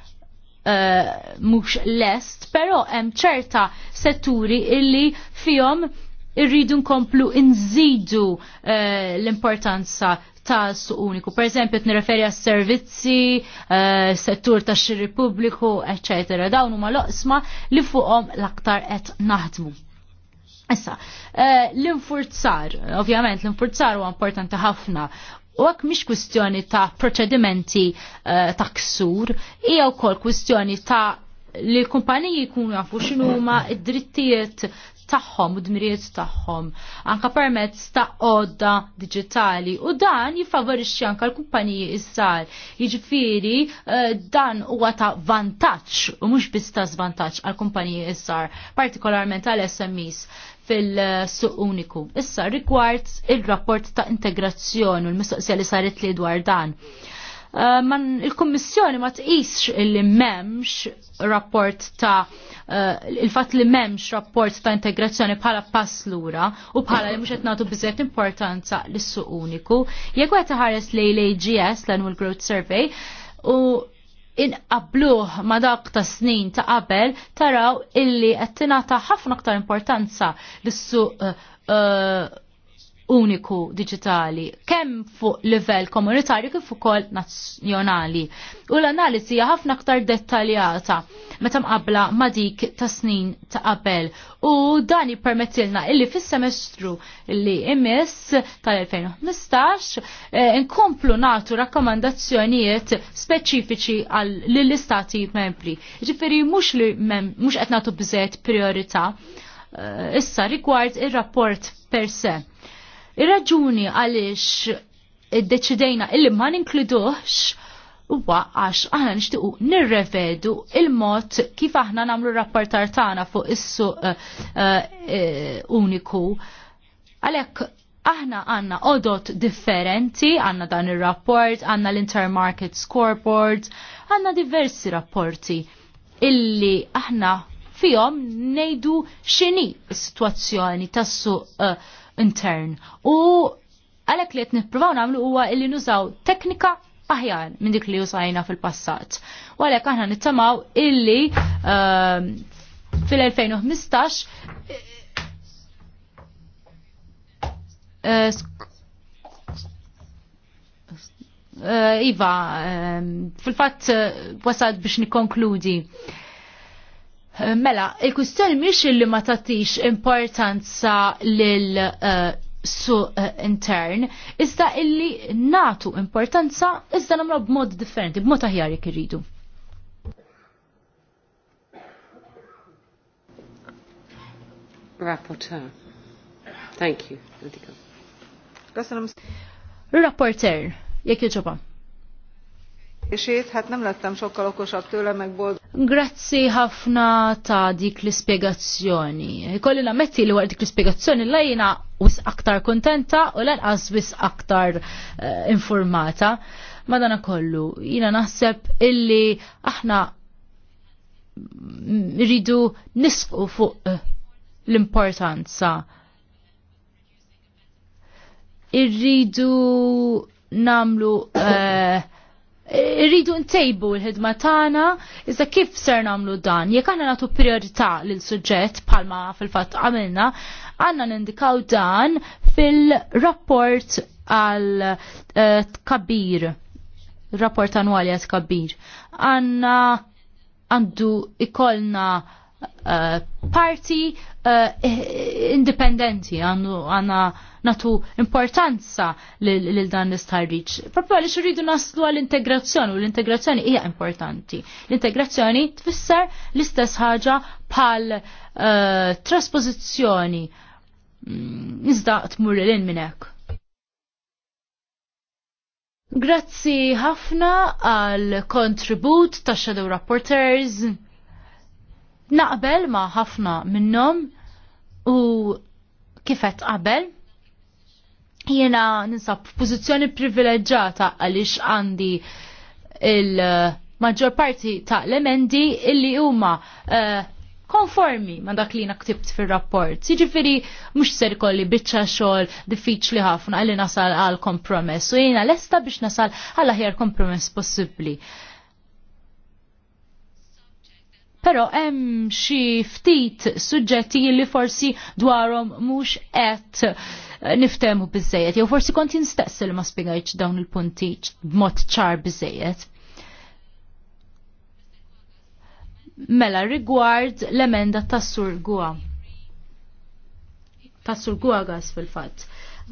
uh, eh, mux lest, pero hemm ċerta setturi illi fihom irridu nkomplu nżidu uh, l-importanza ta' suq uniku. Per esempio, t-nireferi għas servizzi, uh, settur ta' xirri pubbliku, ecc. Dawn huma loqsma li fuqhom l-aktar qed naħdmu. Issa, uh, l-infurzar, ovvjament l-infurzar huwa importanti ħafna U għak mish kustjoni ta' proċedimenti uh, ta' ksur, għaw wkoll kustjoni ta' li l-kumpaniji jkunu jafu x'inhuma id-drittijiet tagħhom u dmirijiet tagħhom anka permezz ta' odda digitali u dan jifavorixxi anka l-kumpaniji iż-żgħar. Jiġifieri uh, dan huwa ta' vantaġġ u mhux biss ta' zvantaġġ għall kumpaniji iż-żgħar, partikolarment għal SMEs fil-suq uniku. Issa rigward il-rapport ta' integrazzjoni u l-mistoqsija li saret li dwar dan. Uh, man il-Kommissjoni ma tqisx li memx rapport ta' uh, il-fatt li memx rapport ta' integrazzjoni bħala pass lura u bħala li muxet qed nagħtu importanza lis-suq uniku. Jekk qed ħares lej l-AGS l-Annual Growth Survey u inqabluh ma dak ta' snin ta' qabel taraw illi qed tingħata ħafna aktar importanza lis-suq uh, uh, uniku digitali, kemm fuq livell komunitarju kif ukoll nazzjonali. U l-analiżi hija ħafna aktar dettaljata meta mqabbla ma' dik ta' snin ta' qabel. U dan jippermettilna illi fis-semestru li imiss tal-2015 eh, nkomplu nagħtu rakkomandazzjonijiet speċifiċi għal lill-istati membri. Ġifieri mhux li mhux qed nagħtu bżejt priorità eh, issa rigward ir-rapport per se Ir-raġuni għaliex id-deċidejna illi ma ninkluduħx huwa għax aħna nixtiequ nirrevedu il-mod kif aħna nagħmlu rapportar tagħna fuq is-suq eh, eh, eh, uniku. Għalhekk aħna għanna odot differenti, għanna dan il-rapport, għanna l-Intermarket Scoreboard, għanna diversi rapporti illi aħna fihom nejdu xini situazzjoni tassu uh, intern. U għalek li nipprovaw namlu huwa illi nużaw teknika aħjar minn dik li użajna fil-passat. U għalek aħna nittamaw illi uh, fil-2015 eh, eh, Iva, ehm, fil-fat eh, wasad biex nikonkludi. Mela, il-kustel miex li ma tatix importanza lil suq eh, su eh, intern, iżda illi natu importanza iżda namlu b'mod differenti, b'mod aħjar jek irridu. Rapporteur. Thank you. Rapporteur, jek jġoba. És hát nem lettem sokkal okosabb tőle, meg boldog. Grazzi ħafna ta' dik l-ispiegazzjoni. Kolli nammetti li wara dik l-ispiegazzjoni lajna wis aktar kontenta u lanqas wis aktar uh, informata. Madana kollu, jina naħseb illi aħna rridu nisqu fuq uh, l-importanza. Irridu namlu uh, irridu ntejbu l-ħidma tagħna, iżda kif ser nagħmlu dan? Jekk aħna nagħtu priorità lil suġġett bħalma fil-fatt għamilna, għandna nindikaw dan fil-rapport għal eh, kabir rapport annwali għal kabir. Għanna għandu ikolna Uh, parti uh, indipendenti għandu għana natu importanza lil dan l-istarriċ. Proprio għalix rridu naslu għall-integrazzjoni u l-integrazzjoni hija importanti. L-integrazzjoni tfisser l-istess ħaġa pal uh, trasposizzjoni. Mm, iżda tmur l-in minnek. Grazzi ħafna għal kontribut ta' Shadow Rapporters, Naqbel ma' ħafna minnhom u kifet qabel jiena ninsab f'pożizzjoni privileġġata għaliex għandi il-maġġor parti ta' l-emendi illi huma uh, konformi ma dak li naktibt fir rapport Jiġifieri mhux ser kolli biċċa xogħol diffiċli ħafna għalli nasal għal kompromess. U jiena lesta biex nasal għal aħjar kompromess possibbli. Pero hemm xi ftit suġġetti li forsi dwarhom mhux qed eh, niftehmu biżejjed, jew forsi kont li ma spjegajtx dawn il-punti b'mod ċar biżejjed. Mela rigward l-emenda tas-sur Gua. Tas-sur Gua gas fil-fatt.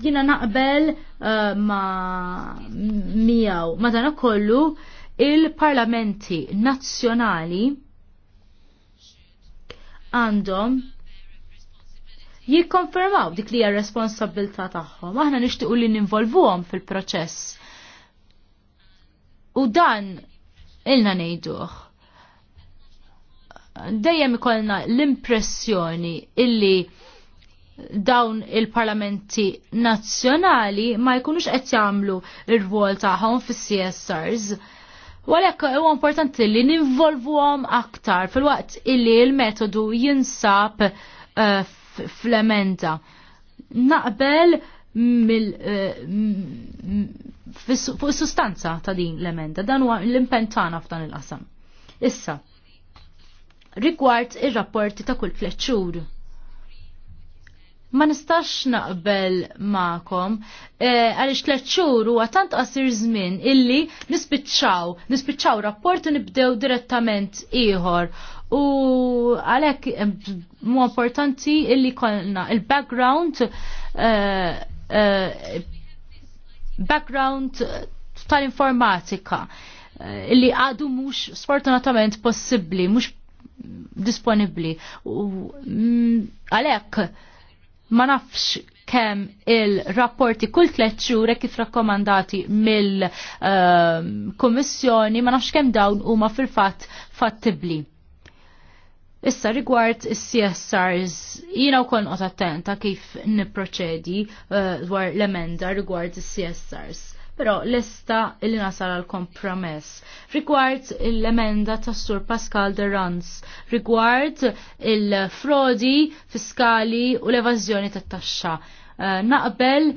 Jina naqbel uh, ma miegħu madanakollu kollu il-parlamenti nazzjonali għandhom jikkonfermaw dik li hija responsabilità tagħhom. Aħna nixtiequ li ninvolvuhom fil-proċess. U dan ilna ngħiduh. Dejjem ikollna l-impressjoni illi dawn il-parlamenti nazzjonali ma jkunux qed jagħmlu r-rwol tagħhom fis-CSRs U huwa importanti li ninvolvuhom aktar fil-waqt illi l-metodu jinsab uh, fl-emenda. Naqbel mill uh, fuq sustanza ta' din l-emenda, dan huwa l-impentana f'dan il-qasam. Issa, rigward ir-rapporti ta' kull fleċċur ma nistax naqbel ma'kom eh, għaliex tlet xhur huwa tant qasir żmien illi nispiċċaw, nispiċċaw rapport nibdew direttament ieħor. U għalhekk eh, mu importanti illi konna il-background eh, background tal-informatika illi għadu mhux sfortunatament possibbli, mhux disponibbli. Mm, għalhekk ma nafx kemm il-rapporti kull tliet xure kif rakkomandati mill-Kummissjoni ma nafx kemm dawn huma fil-fatt fattibli. Issa rigward is-CSRs, jina u kon attenta kif niproċedi eh, dwar l-emenda rigward is-CSRs pero l-esta il nasal għal kompromess. Rigward l-emenda ta' Sur Pascal de Rans, rigward il-frodi fiskali u l-evazjoni ta' taxxa. Eh, naqbel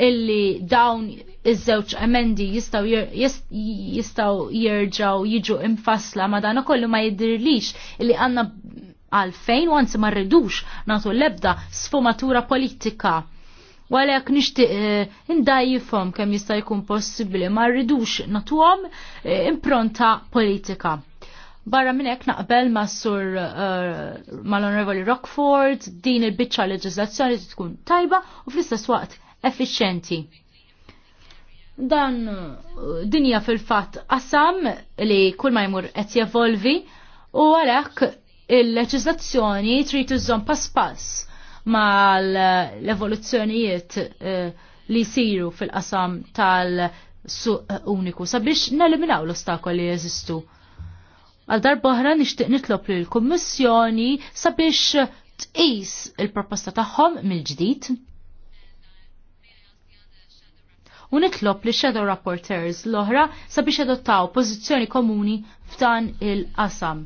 illi dawn iż-żewġ emendi jistaw, jist, jistaw jirġaw jiġu imfasla ma dan kollu ma jidirlix illi għanna għalfejn u għanzi ma rridux natu ebda sfumatura politika Walek nishtiq eh, indajifom kemm jista' jkun possibbli ma rridux natuhom eh, impronta politika. Barra minn hekk naqbel ma' sur eh, mal-Onorevoli Rockford din il-biċċa leġiżlazzjoni tkun tajba u fl-istess waqt effiċjenti. Dan dinja fil-fatt qasam li kull ma jmur qed jevolvi u għalhekk il-leġiżlazzjoni trid iżżomm pass pass mal-evoluzzjonijiet eh, li siru fil-qasam tal-suq uniku sabiex neliminaw l-ostakoli li jeżistu. Għal darbohra nixtieq nitlob li l-Kummissjoni sabiex tqis il-proposta tagħhom mill-ġdid. U nitlob li shadow rapporteurs l-oħra sabiex adottaw pożizzjoni komuni f'dan il-qasam.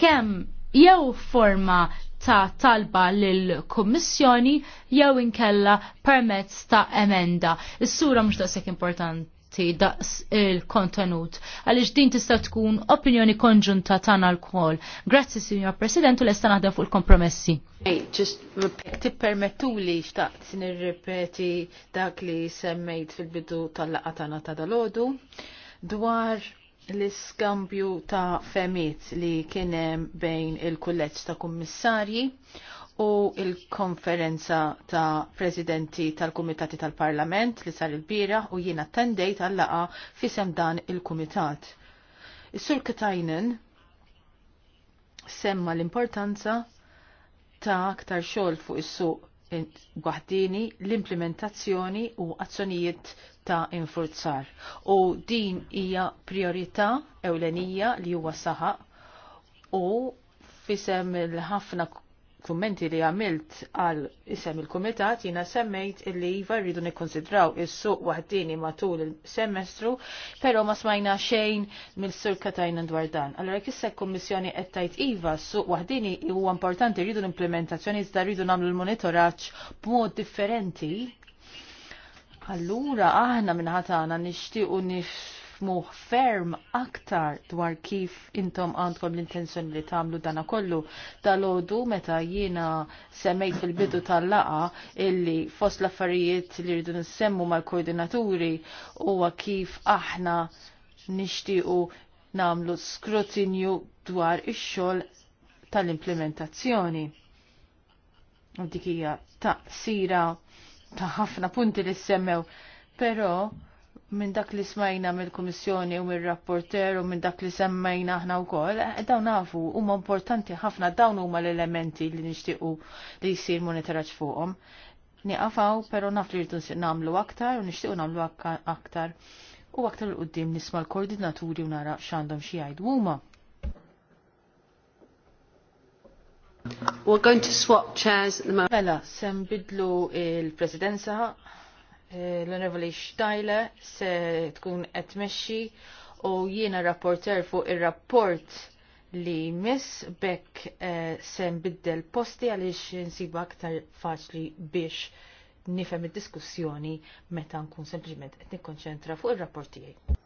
Kemm jew forma ta' talba l-Kommissjoni jew inkella permezz ta' emenda. Is-sura mhux daqshekk importanti daqs il-kontenut għaliex din tista' tkun opinjoni konġunta tagħna l-kol. Grazzi Signor President u lesta naħdem fuq il-kompromessi. Tippermettu li xtaqt nirripeti dak li semmejt fil-bidu tal-laqatana ta' dalodu dwar l-iskambju ta' femiet li kienem bejn il-kulleġġ ta' kummissarji u il-konferenza ta' presidenti tal-Kumitati tal-Parlament li sar il-bira u jien attendejt għallaqa fisem dan il-Kumitat. Is-Sur Katajnen semma l-importanza ta' aktar xogħol fuq is-suq għahdini l-implementazzjoni u azzjonijiet ta' infurzar. U din hija priorità ewlenija li huwa saħaq u fisem il-ħafna kummenti li għamilt għal isem il-komitat jina semmejt illi jiva rridu nikkonsidraw il-suq wahdini matul il-semestru, pero ma smajna xejn mill-sur katajna dwar dan. Allora kissa kommissjoni għettajt iva suq wahdini huwa importanti rridu l-implementazzjoni iżda rridu namlu l-monitoraċ b'mod differenti. Allura aħna minnħatana nishtiqu nif nifmuh ferm aktar dwar kif intom għandkom l-intenzjoni li tagħmlu dana kollu. Dalodu meta jiena semmejt fil-bidu tal-laqa illi fost l-affarijiet li rridu nsemmu mal-koordinaturi huwa kif aħna nixtiequ namlu skrutinju dwar ix-xogħol tal-implementazzjoni. U dik hija taqsira ta' ħafna punti li semmew, però minn dak li smajna mill-Kummissjoni u mill-rapporter u minn dak li semmejna aħna wkoll, eh, dawn nafu huma importanti ħafna dawn huma l-elementi li nixtiequ li jsir monitoraġġ fuqhom. Niqafaw, pero naf li rridu nagħmlu aktar u nixtiequ nagħmlu aktar. U aktar l-qoddim nisma l-koordinaturi u nara x'għandhom xi jgħidu huma. We're going to swap chairs at the moment. Mela, sembidlu il-presidenza Eh, l-Onorevoli Stajla se tkun qed tmexxi u jiena rapporter fuq ir-rapport li miss bekk eh, se nbiddel posti għaliex nsibu aktar faċli biex nifhem id-diskussjoni meta nkun sempliċement qed nikkonċentra fuq ir-rapport tiegħi.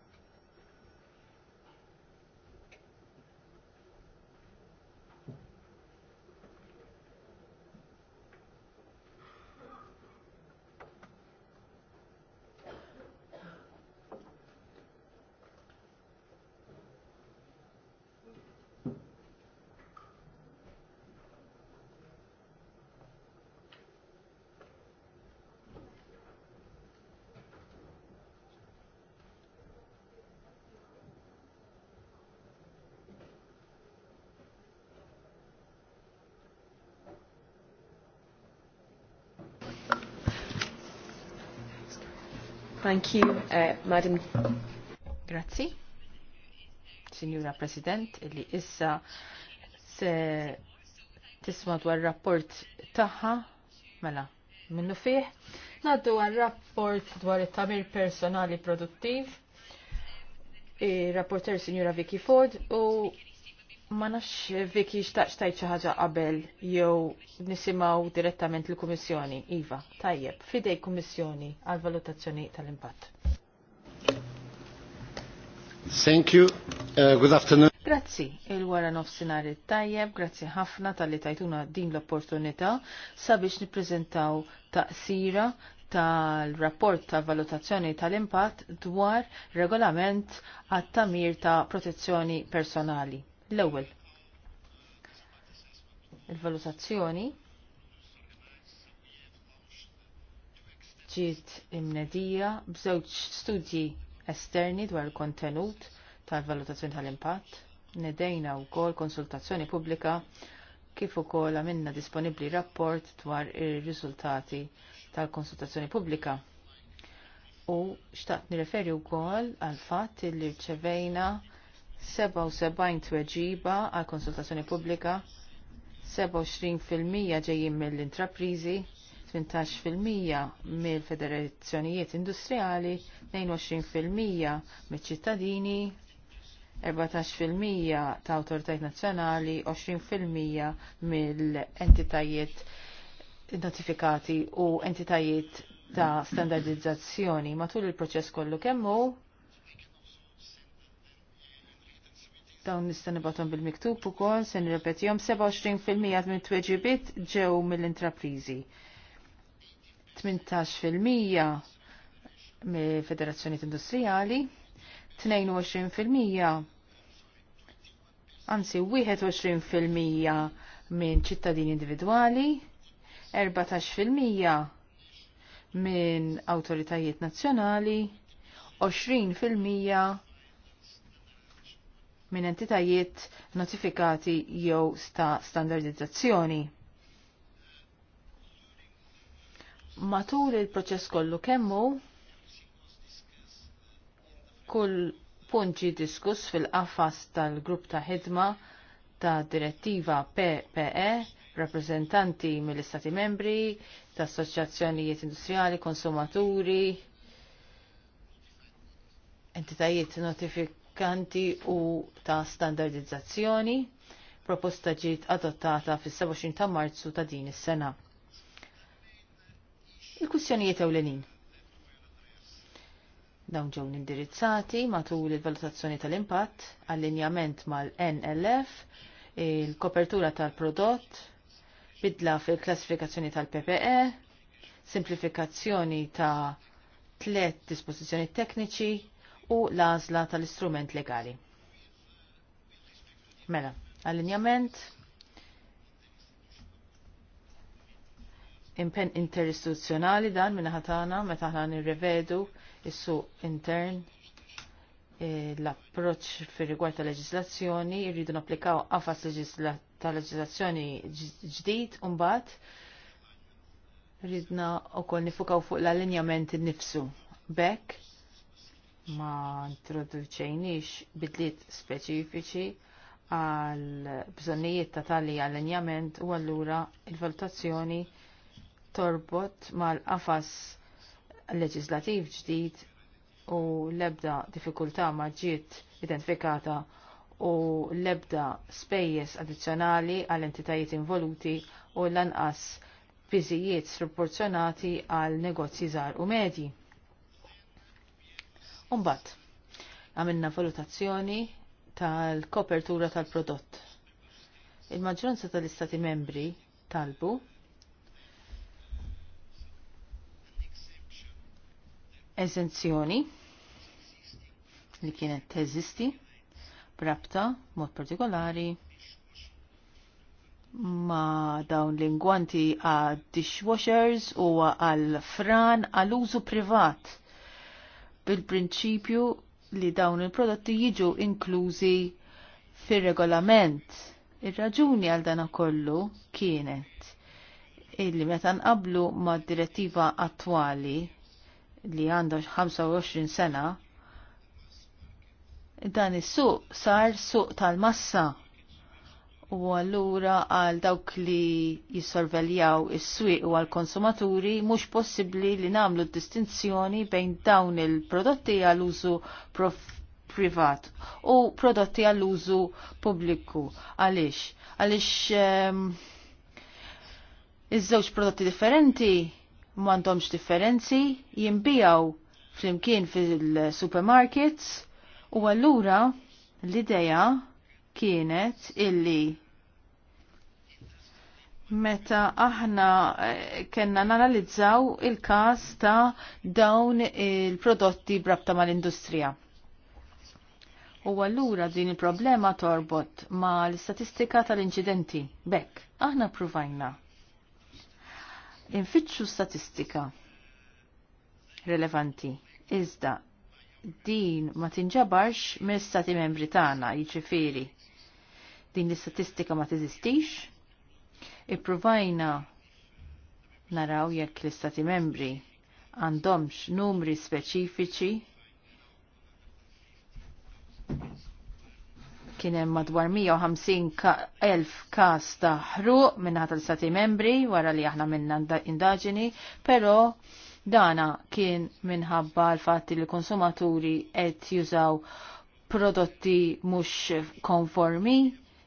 Thank you, uh, Madam. Grazzi, Signora President, illi issa se tisma dwar rapport taħħa, mela, minnu fih, naddu għal rapport dwar it-tamir personali produttiv, il-rapporter Signora Vicky Ford u Ma nafx Viki xtaqx tajt xi ħaġa qabel jew nisimgħu direttament l-Kummissjoni. Iva, tajjeb, fidej Kummissjoni għal valutazzjoni tal-impatt. Thank you. Uh, good afternoon. Grazzi il-wara sinari tajjeb, grazzi ħafna tal-li tajtuna din l-opportunità sabiex niprezentaw taqsira tal-rapport ta' valutazzjoni tal-impatt dwar regolament għat-tamir ta' protezzjoni personali. L-ewwel. Il-valutazzjoni ġiet imnedija b'żewġ studji esterni dwar il-kontenut tal-valutazzjoni tal-impatt, nedejna wkoll konsultazzjoni pubblika kif ukoll għamilna disponibbli rapport dwar ir-riżultati tal-konsultazzjoni pubblika. U xtaqt nirreferi wkoll għal fatt li rċevejna 77 tweġiba għal konsultazzjoni pubblika, 27% ġejjin mill-intraprizi, 18% mill-federazzjonijiet industrijali, 22% mill-ċittadini, 14% ta' autoritajt nazzjonali, 20% mill-entitajiet notifikati u entitajiet ta' standardizzazzjoni matul il-proċess kollu kemmu dawn nista' nibatom bil-miktub ukoll se nirrepetihom 27% minn tweġibiet ġew mill fil 18% mill-federazzjonijiet industrijali, 22% anzi 21% minn ċittadini individwali, 14% minn awtoritajiet nazzjonali, 20% minn entitajiet notifikati jew sta standardizzazzjoni. Matul il-proċess kollu kemmu, kull punġi diskuss fil-qafas tal-grupp ta' ħidma ta' direttiva PPE, rappresentanti mill-Istati membri, ta' assoċjazzjonijiet industrijali, konsumaturi, entitajiet notifikati unifikanti u ta' standardizzazzjoni proposta ġiet adottata fis-27 ta' Marzu ta' din is-sena. Il-kwistjonijiet ewlenin. Dawn ġew indirizzati matul il-valutazzjoni tal-impatt, allinjament mal-NLF, il-kopertura tal-prodott, bidla fil-klassifikazzjoni tal-PPE, simplifikazzjoni ta' tliet dispożizzjoni tekniċi, u l-għażla tal-istrument legali. Mela, allinjament impen interistituzzjonali dan minna ħatana meta ħna nirrevedu issu intern e, l-approċ fir rigward tal-leġislazzjoni irridu napplikaw qafas tal-leġislazzjoni ġdid umbat rridna u nifukaw fuq l-allinjament nifsu. Bekk ma introduċejniex bidliet speċifiċi għal bżonnijiet ta' tali għal injament u allura il-valutazzjoni torbot mal-qafas leġislativ ġdid u l-ebda diffikultà ma ġiet identifikata u l-ebda spejjeż addizzjonali għal entitajiet involuti u lanqas biżijiet sproporzjonati għal negozji żgħar u medji. Umbat, għamilna valutazzjoni tal-kopertura tal-prodott. Il-maġġoranza tal-istati membri talbu eżenzjoni li kienet teżisti brabta mod partikolari ma dawn l-ingwanti għad dishwashers u għal fran għal użu privat bil-prinċipju li dawn il-prodotti jiġu inklużi fir-regolament. Ir-raġuni għal dan kollu kienet illi meta nqablu mad direttiva attwali li għandha 25 sena dan is-suq sar suq tal-massa u allura għal dawk li jissorveljaw is-swieq u għal konsumaturi mhux possibbli li nagħmlu distinzjoni bejn dawn il-prodotti għal użu privat u prodotti għal użu pubbliku. Għaliex? Għaliex um, iż-żewġ prodotti differenti m'għandhomx differenzi jinbijaw flimkien fil-supermarkets u allura l-idea kienet illi meta aħna eh, kena nanalizzaw il-kas ta' dawn il-prodotti brabta mal-industrija. U għallura din il-problema torbot ma l-istatistika tal-inċidenti. Bekk, aħna provajna. Infittxu statistika relevanti. Iżda, din ma tinġabarx mill-stati membri tagħna, jiġifieri din l-istatistika ma teżistix. Ippruvajna naraw jekk l-istati membri għandhomx numri speċifiċi kien hemm madwar 150,000 elf każ ta' ħruq minnaħat l-istati membri wara li aħna minna indaġini, però dana kien minħabba l fatti li l-konsumaturi qed jużaw prodotti mhux konformi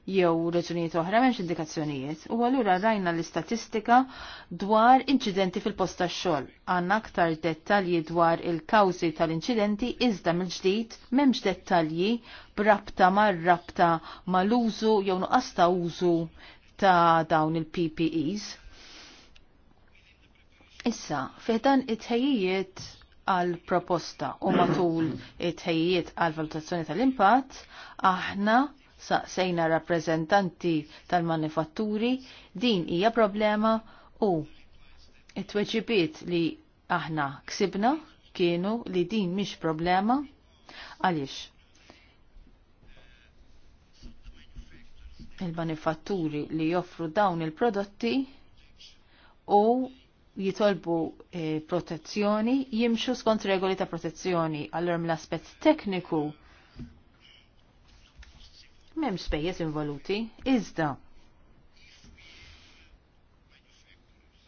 jew reġunijiet oħra m'hemmx indikazzjonijiet. U allura rajna l-istatistika dwar inċidenti fil-post tax-xogħol. Għandna aktar dettalji dwar il-kawżi tal-inċidenti iżda mill-ġdid m'hemmx dettalji b'rabta mar-rabta mal-użu jew nuqqas ta' użu ta' dawn il-PPEs. Issa, fedan it-ħejjiet għal proposta u matul it-ħejjiet għal valutazzjoni tal-impatt, aħna saqsejna rappreżentanti tal-manifatturi din hija problema u it-tweġibiet li aħna ksibna kienu li din mhix problema għaliex il-manifatturi li joffru dawn il-prodotti u jitolbu eh, protezzjoni, jimxu skont regoli ta' protezzjoni. Allora mill aspet tekniku m'hemm spejjes involuti, iżda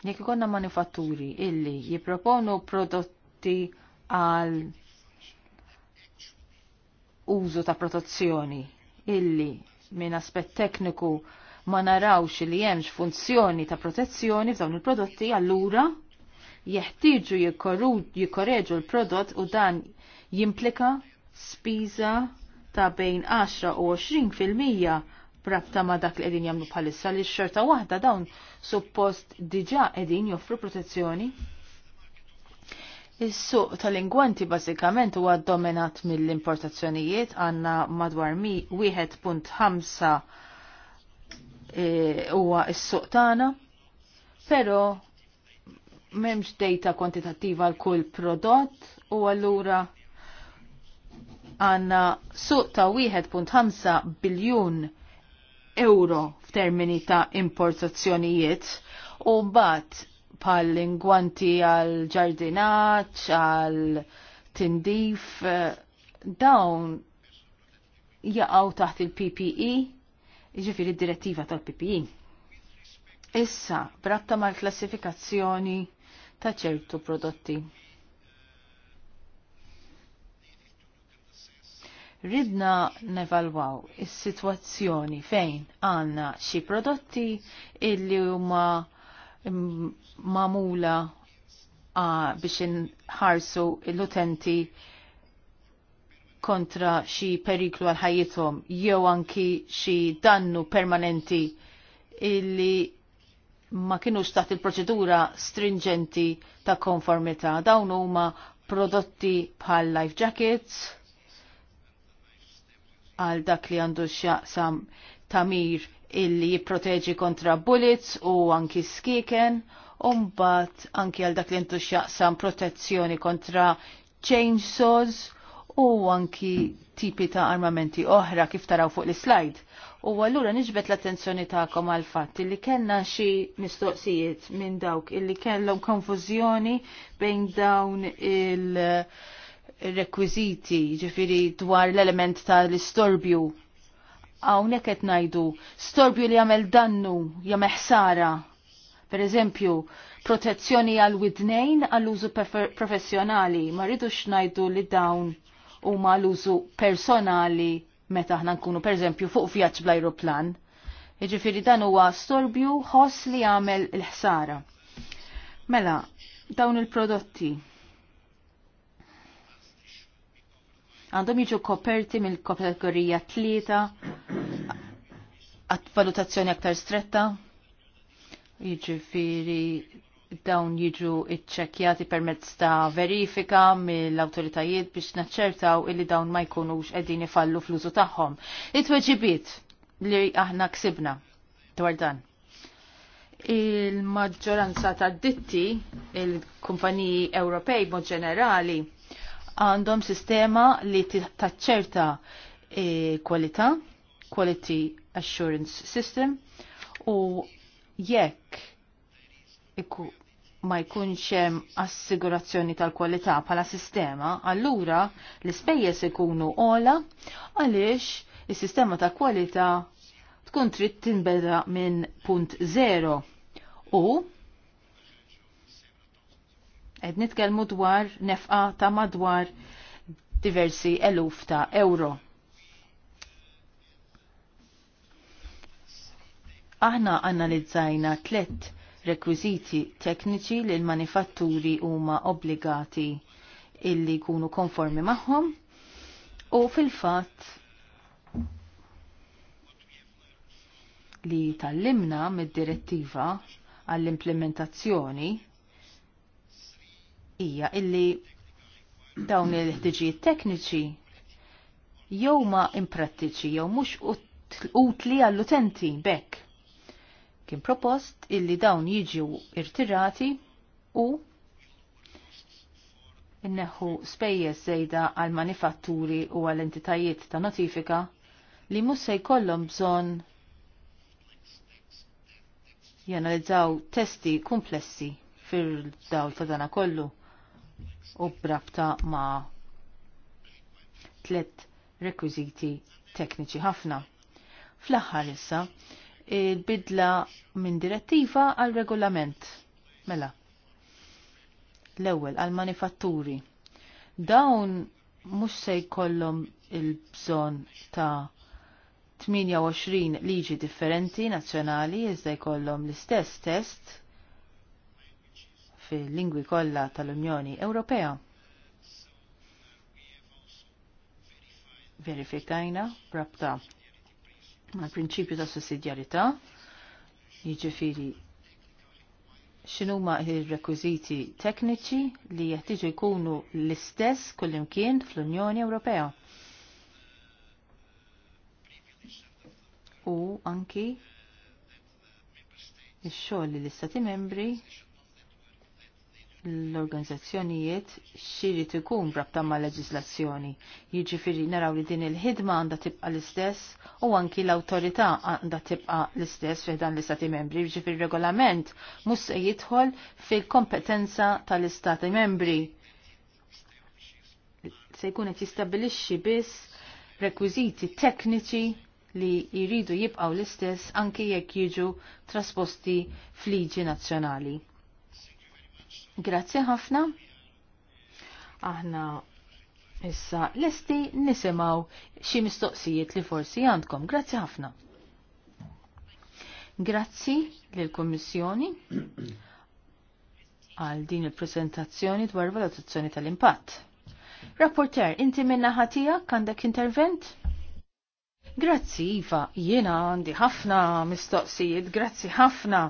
Jek ikonna manifatturi illi jipproponu prodotti għal użu ta' protezzjoni illi minn aspett tekniku ma narawx li hemmx funzjoni ta' protezzjoni f'dawn il-prodotti allura jeħtieġu jikorreġu l-prodott u dan jimplika spiża ta' bejn 10 u 20 fil-mija brabta ma' dak li edin jagħmlu bħalissa li x-xorta waħda dawn suppost diġà edin joffru protezzjoni. Is-suq tal-ingwanti bażikament huwa dominat mill-importazzjonijiet għandna madwar 1.5 e, huwa e, s-suq tagħna, però memx data kwantitattiva għal kull prodott u allura għanna suq ta' 1.5 biljun euro f'termini ta' importazzjonijiet u mbagħad pal lingwanti għal ġardinaċ, għal tindif, eh, dawn jaqaw taħt il-PPE, ġifiri direttiva tal-PPE. Issa, bratta mal klassifikazzjoni ta' ċertu prodotti. ridna nevalwaw is-sitwazzjoni fejn għanna xi prodotti illi huma mamula biex inħarsu l-utenti kontra xi periklu għal ħajjithom jew anki xi dannu permanenti illi ma kienux taħt il-proċedura stringenti ta' konformità. Dawn huma prodotti bħal life jackets, għal dak li għandu xaqsam tamir illi jipproteġi kontra bullets u anki skiken, umbat anki għal dak li għandu xaqsam protezzjoni kontra chainsaws u anki tipi ta' armamenti oħra kif taraw fuq l-slide. U għallura nġbet l-attenzjoni ta'kom għal fatt li kellna xi mistoqsijiet minn dawk illi kellhom konfużjoni bejn dawn il- rekwiziti, ġifiri dwar l-element tal-istorbju. Hawnhekk qed ngħidu storbju li jagħmel dannu, jagħmel ħsara. Per eżempju, protezzjoni għal widnejn għall użu professjonali, ma rridux ngħidu li dawn huma l-użu personali meta aħna nkunu pereżempju fuq vjaġġ bl-ajruplan. Jiġifieri dan huwa storbju ħoss li jagħmel il-ħsara. Mela, dawn il-prodotti għandhom jiġu koperti mill-kategorija tlieta għat valutazzjoni aktar stretta. Jiġifieri dawn jiġu iċċekjati permezz ta' verifika mill-awtoritajiet biex naċċertaw illi dawn ma jkunux qegħdin ifallu fl-użu tagħhom. It-tweġibiet li aħna ksibna dwar dan il-maġġoranza ta' ditti il-kumpaniji Ewropej mod ġenerali għandhom sistema li taċċerta eh, kwalità, quality assurance system, u jekk ma jkunx hemm assigurazzjoni tal-kwalità bħala sistema, allura l-ispejjeż ikunu ola għaliex is-sistema ta' kwalità tkun trid tinbeda minn punt zero u Ed nitkellmu dwar nefqa ta' madwar diversi eluf ta' euro. Aħna analizzajna tlet rekwiziti tekniċi li l-manifatturi huma obbligati illi jkunu konformi magħhom u fil-fatt li tal-limna mid-direttiva għall-implementazzjoni hija illi dawn il-ħtiġijiet tekniċi jew ma imprattiċi jew mhux utli għall-utenti bekk. Kien propost illi dawn jiġu irtirati u inneħu spejjeż żejda għal manifatturi u għal entitajiet ta' notifika li mhux se jkollhom bżonn janalizzaw testi komplessi fil-dawl fadana kollu u brabta ma' tlet rekwiziti tekniċi ħafna. Fl-aħħar issa, il-bidla minn direttiva għal regolament. Mela. L-ewwel għal manifatturi. Dawn mhux se jkollhom il-bżonn ta' 28 liġi differenti nazzjonali iżda jkollhom l-istess test fil-lingwi kollha tal-Unjoni Ewropea. Verifikajna rabta mal-prinċipju ta' sussidjarità, jiġifieri x'inhuma il rekwiżiti tekniċi li jeħtieġu jkunu l-istess kullimkien fl-Unjoni Ewropea. U anki ix-xogħol li l-istati membri l-organizzazzjonijiet xiri ikun brabta ma' leġislazzjoni. Jiġifieri naraw li din il-ħidma għandha tibqa l-istess u anki l-awtorità għandha tibqa l-istess fi dan l-istati membri. Jiġifieri regolament mhux se jidħol fil-kompetenza tal-istati membri. Se jkun qed jistabilixxi biss rekwiżiti tekniċi li jiridu jibqgħu l-istess anki jekk jiġu trasposti fliġi nazzjonali. Grazzi ħafna. Aħna issa lesti nisimaw xi mistoqsijiet li forsi għandkom. Grazzi ħafna. Grazzi lill-Kummissjoni għal din il-presentazzjoni dwar valutazzjoni tal-impatt. Rapporter, inti minna ħatija għandek intervent? Grazzi, Iva, jiena għandi ħafna mistoqsijiet, grazzi ħafna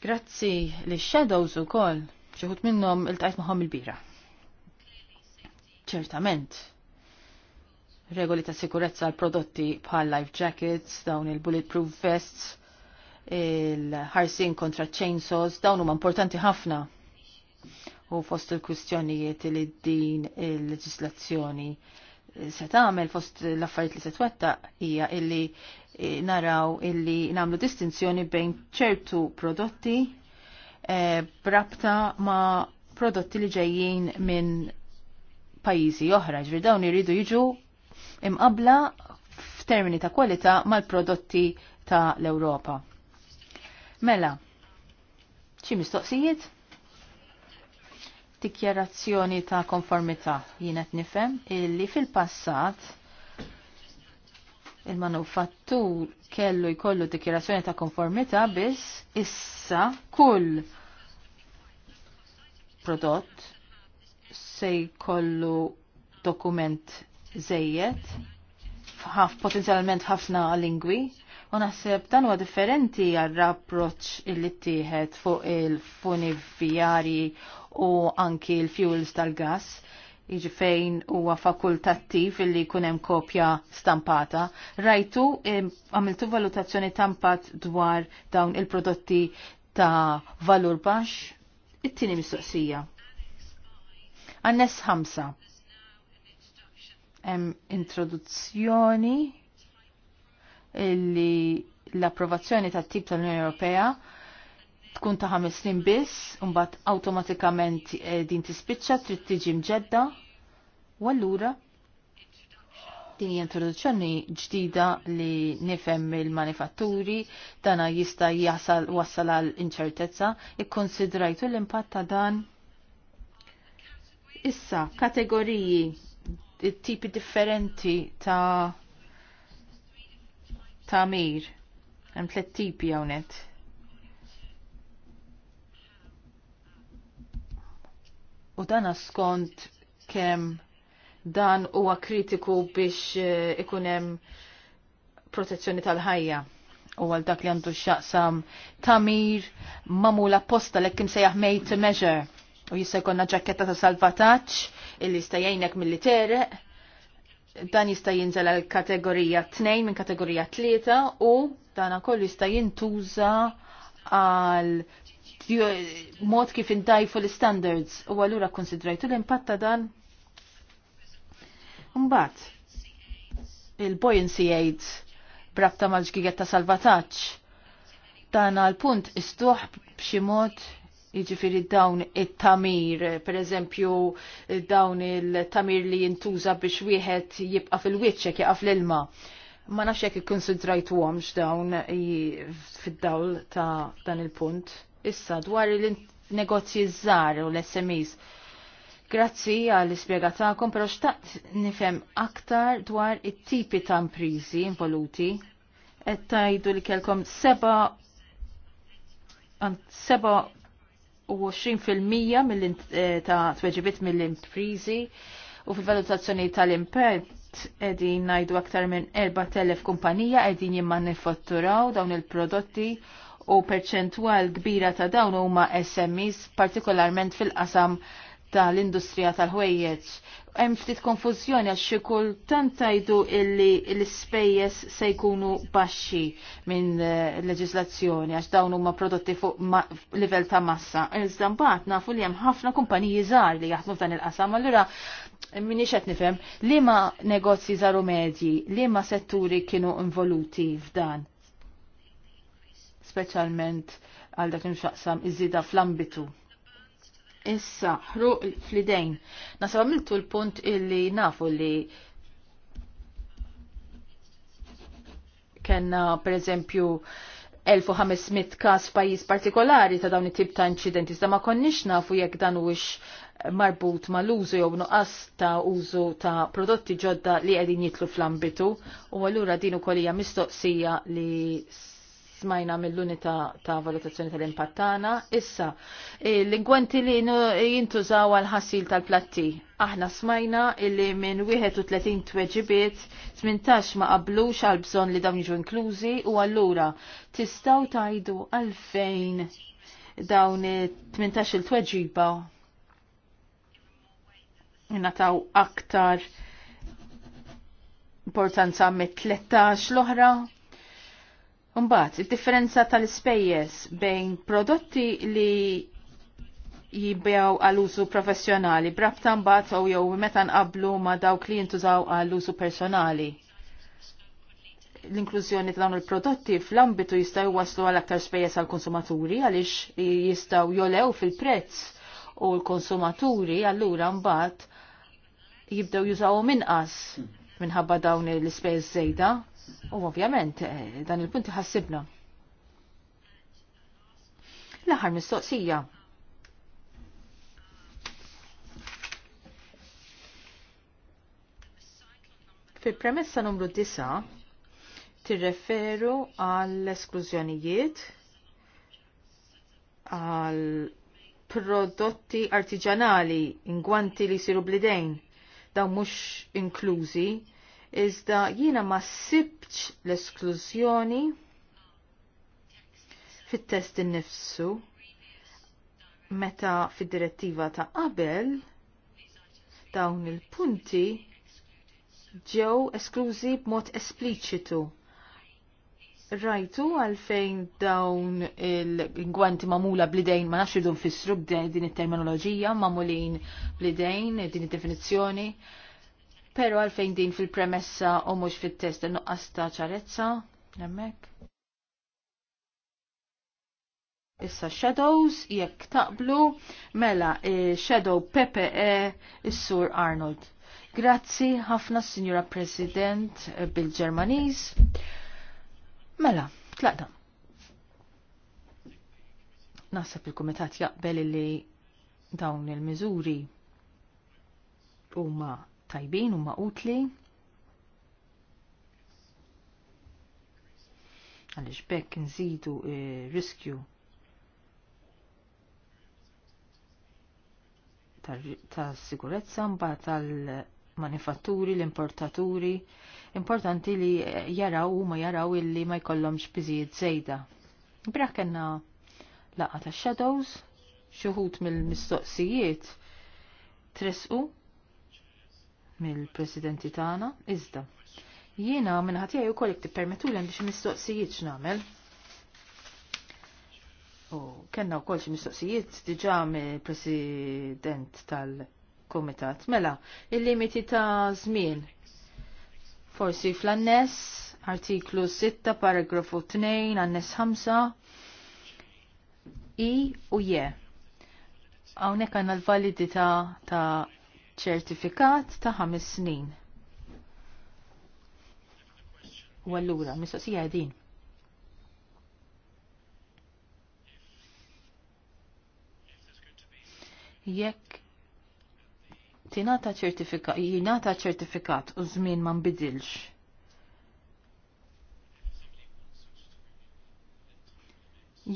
Grazzi li shadows u kol, ċeħut minnom il-tajt maħom il-bira. Ċertament. Regoli ta' sikurezza għal prodotti bħal life jackets, dawn il-bulletproof vests, il-ħarsin kontra chainsaws, dawn huma importanti ħafna. U fost il-kwistjonijiet li din il-leġislazzjoni se tagħmel fost l-affarijiet li se twetta hija illi Eh, naraw illi namlu distinzjoni bejn ċertu prodotti eh, brabta ma prodotti li ġejjin minn pajjiżi oħra, ġri dawn iridu jiġu imqabla f'termini ta' kwalità mal-prodotti ta' l-Ewropa. Mela, xi mistoqsijiet? Dikjarazzjoni ta' konformità jienet nifhem illi fil-passat il-manufattur kellu jkollu dikjerazzjoni ta' konformità biss issa kull prodott se jkollu dokument żejjed ħaf potenzjalment ħafna lingwi u naħseb dan huwa differenti għar-rapproċ illi tieħed fuq il-funivjarji u anki l-fuels tal fuels tal gas iġi fejn huwa fakultattiv illi jkun hemm kopja stampata. Rajtu e, għamiltu valutazzjoni tampat dwar dawn il-prodotti ta' valur baxx. It-tieni mistoqsija. Annes ħamsa. Hemm introduzzjoni illi l-approvazzjoni tat-tip tal-Unjoni Ewropea tkun ta' ħames snin biss, mbagħad awtomatikament eh, din tispiċċa trid tiġi mġedda. U allura din hija introduzzjoni ġdida li nifhem il-manifatturi, dana jista' jasal wassal għal inċertezza, ikkonsidrajtu l-impatt ta' dan. Issa, kategoriji, tipi differenti ta' ta' mir. Hemm tliet tipi hawnhekk. U dan skont kemm dan huwa kritiku biex eh, ikunem protezzjoni tal-ħajja u għal dak li għandu xaqsam tamir mamula posta li sejjaħ made to measure u jista' jkollna ġaketta ta' salvataġġ illi jista' jgħinek milli tereq dan jista' jinżel għal kategorija 2 minn kategorija 3 u dan kollu jista' jintuża għal Eh, mod kif indajfu l-standards u għallura konsidrajtu l-impatt ta' dan. Mbagħad il-buoyancy aid brabta mal ta' salvataċ. Dan għal-punt istuħ mod iġifiri dawn it-tamir, per eżempju dawn il-tamir li jintuża biex wieħed jibqa fil-wiċċek, jibqa fil-ilma. Ma nafx jekk ikkonsidrajtu għomx dawn fid-dawl ta' dan il-punt. Issa dwar il-negozji żgħar u l-SMEs. Grazzi għall ispjegatakom però xtaqt nifhem aktar dwar it-tipi ta' imprizi involuti. Et tajdu li kelkom seba' seba' 20% mill eh, ta' tweġibit mill-imprizi u fil-valutazzjoni tal-impert edin najdu aktar minn 4.000 kumpanija edin jimman nifotturaw dawn il-prodotti u perċentwal kbira ta' dawn huma SMEs, partikolarment fil-qasam tal-industrija tal-ħwejjeġ. Hemm ftit konfużjoni għax xi kultant tajdu illi l-ispejjeż se jkunu baxxi minn eh, leġislazzjoni għax dawn huma prodotti fuq livell ta' massa. Iżda mbagħad nafu li hemm ħafna kumpaniji żgħar li jaħdmu f'dan il-qasam, allura minix qed nifhem liema negozji żaru medji, liema setturi kienu involuti f'dan speċjalment għal dak imxaqsam iż-żida fl-ambitu. Issa, ħruq fl-idejn. Nasab għamiltu l-punt illi nafu li kena per eżempju 1500 kas pajis partikolari ta' dawn it-tip ta' incidenti, zda ma konniex nafu jekk dan wix marbut ma' l-użu jew nuqas ta' użu ta' prodotti ġodda li qegħdin jitlu fl-ambitu u allura din ukoll hija mistoqsija li smajna mill-unità ta' valutazzjoni tal-impattana. Issa, eh, l ingwenti li jintużaw għal-ħassil tal-platti. Aħna smajna illi minn 31 tweġibiet 18 ma qablux għal bżonn li dawn jiġu inklużi u allura tistaw tajdu għalfejn dawn 18 il-tweġiba nataw aktar importanza me 13 l-oħra Mbagħad, id-differenza tal-ispejjeż bejn prodotti li jibbew għal-użu professjonali, brabta mbagħad u jew meta nqablu ma' dawk li jintużaw għal-użu personali. L-inklużjoni ta' dawn il-prodotti fl-ambitu jistgħu waslu għal aktar spejjeż għall-konsumaturi għaliex jistgħu jolew fil-prezz u l-konsumaturi allura mbagħad jibdew jużawhom minqas minħabba dawn l-ispejjeż żejda U ovvjament eh, dan il-punt ħassibna. L-aħħar mistoqsija. Fil-premessa numru 9 tirreferu għall-esklużjonijiet għal prodotti artiġanali ingwanti li siru blidejn daw mhux inklużi iżda jiena ma sibċ l-esklużjoni fit-test innifsu meta fid-direttiva ta' qabel dawn il-punti ġew esklużi b'mod espliċitu. Rajtu għalfejn dawn il-gwanti mamula blidejn ma nafx idhom fissru b'din it-terminoloġija mamulin blidejn din id-definizzjoni pero għalfejn din fil-premessa u mux fil-test nuqqas ta' ċarezza, nemmek. Issa Shadows, jekk taqblu, mela e, Shadow PPE is-Sur Arnold. Grazzi ħafna Signora President bil-Ġermaniż. Mela, tlaqda. Nasab il-Kumitat jaqbel li dawn il-miżuri huma tajbin u maqutli. Għalix bekk nżidu eh, riskju ta' sigurezza mba tal-manifatturi, l-importaturi, importanti li jaraw u ma jaraw illi ma jkollhomx biżijiet żejda. Brak kellna laqa ta' shadows, xuhut mill-mistoqsijiet tresqu mill-presidenti tagħna, iżda. Jiena ħadd jgħu wkoll jekk tippermetulem biex mistoqsijiet x'nagħmel. U kellna wkoll xi mistoqsijiet diġà mill-President tal-Kumitat. Mela, il-limiti ta' żmien. Forsi fl-annes, artiklu 6, paragrafu 2, annes 5, i u je. Hawnhekk għandna l-validità ta' ċertifikat ta' ħames snin. U allura, mistoqsija din. Jekk tinata ċertifikat, jinata ċertifikat u żmien ma nbidilx.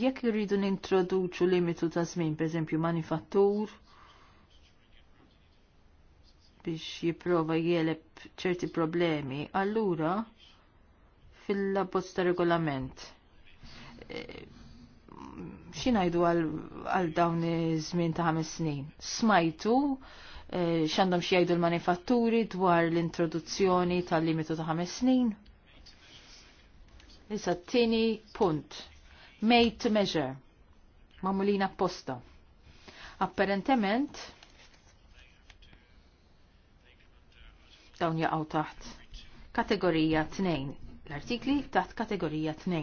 Jekk irridu nintroduċu limitu ta' żmien, pereżempju manifattur, biex jipprova jeleb ċerti problemi, allura fil-labbozz ta' regolament. E, Xinajdu għal dawn iż-żmien ta' ħames snin? Smajtu e, xandom x'għandhom xi jgħidu l-manifatturi dwar l-introduzzjoni tal-limitu ta' ħames snin? Issa t-tieni punt. Made to measure. Mamulina apposta. Apparentement, dawn jaqgħu taħt kategorija 2. L-artikli taħt kategorija 2.